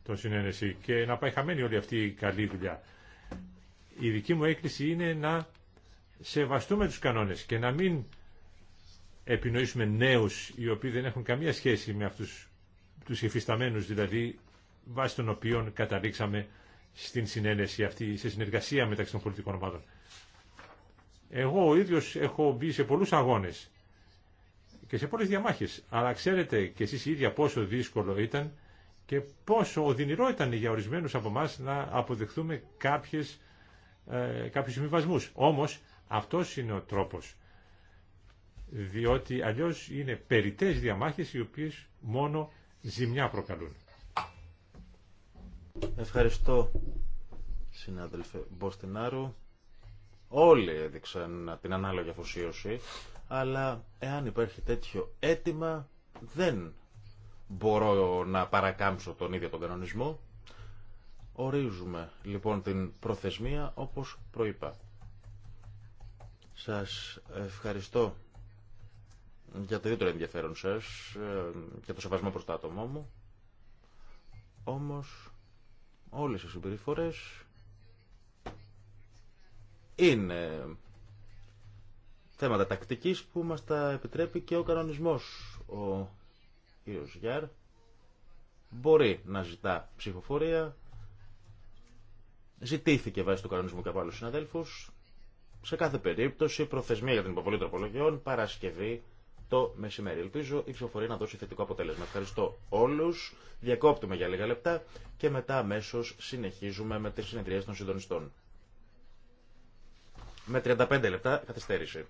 το συνένεση και να πάει χαμένη όλη αυτή η καλή δουλειά. Η δική μου έκκληση είναι να σεβαστούμε τους κανόνες και να μην επινοήσουμε νέους οι οποίοι δεν έχουν καμία σχέση με αυτούς τους υφισταμένους δηλαδή βάσει των οποίων καταλήξαμε στην συνένεση αυτή, σε συνεργασία μεταξύ των πολιτικών ομάδων. Εγώ ο ίδιος έχω μπει σε πολλούς αγώνες και σε πολλές διαμάχες. Αλλά ξέρετε και εσείς οι ίδια πόσο δύσκολο ήταν και πόσο οδυνηρό ήταν για ορισμένους από εμά να αποδεχθούμε κάποιες, ε, κάποιους συμβιβασμούς. Όμως αυτός είναι ο τρόπος. Διότι αλλιώς είναι περιτές διαμάχες οι οποίες μόνο ζημιά προκαλούν. Ευχαριστώ συνάδελφε Μποστινάρου. Όλοι έδειξαν την ανάλογη αφοσίωση αλλά εάν υπάρχει τέτοιο αίτημα δεν μπορώ να παρακάμψω τον ίδιο τον κανονισμό. Ορίζουμε λοιπόν την προθεσμία όπως προείπα. Σας ευχαριστώ για το ιδιαίτερο ενδιαφέρον σας ε, και το σεβασμό προς το άτομό μου. Όμως όλες οι συμπεριφορές είναι θέματα τακτικής που μας τα επιτρέπει και ο κανονισμός. Ο κύριος Γιάρ μπορεί να ζητά ψηφοφορία. Ζητήθηκε βάσει του κανονισμού και από άλλους συναδέλφους. Σε κάθε περίπτωση προθεσμία για την υποβολή τροπολογιών Παρασκευή το μεσημέρι. Ελπίζω η ψηφοφορία να δώσει θετικό αποτέλεσμα. Ευχαριστώ όλους. Διακόπτουμε για λίγα λεπτά και μετά αμέσω συνεχίζουμε με τι συνεδρίες των συντονιστών με 35 λεπτά καθυστέρηση.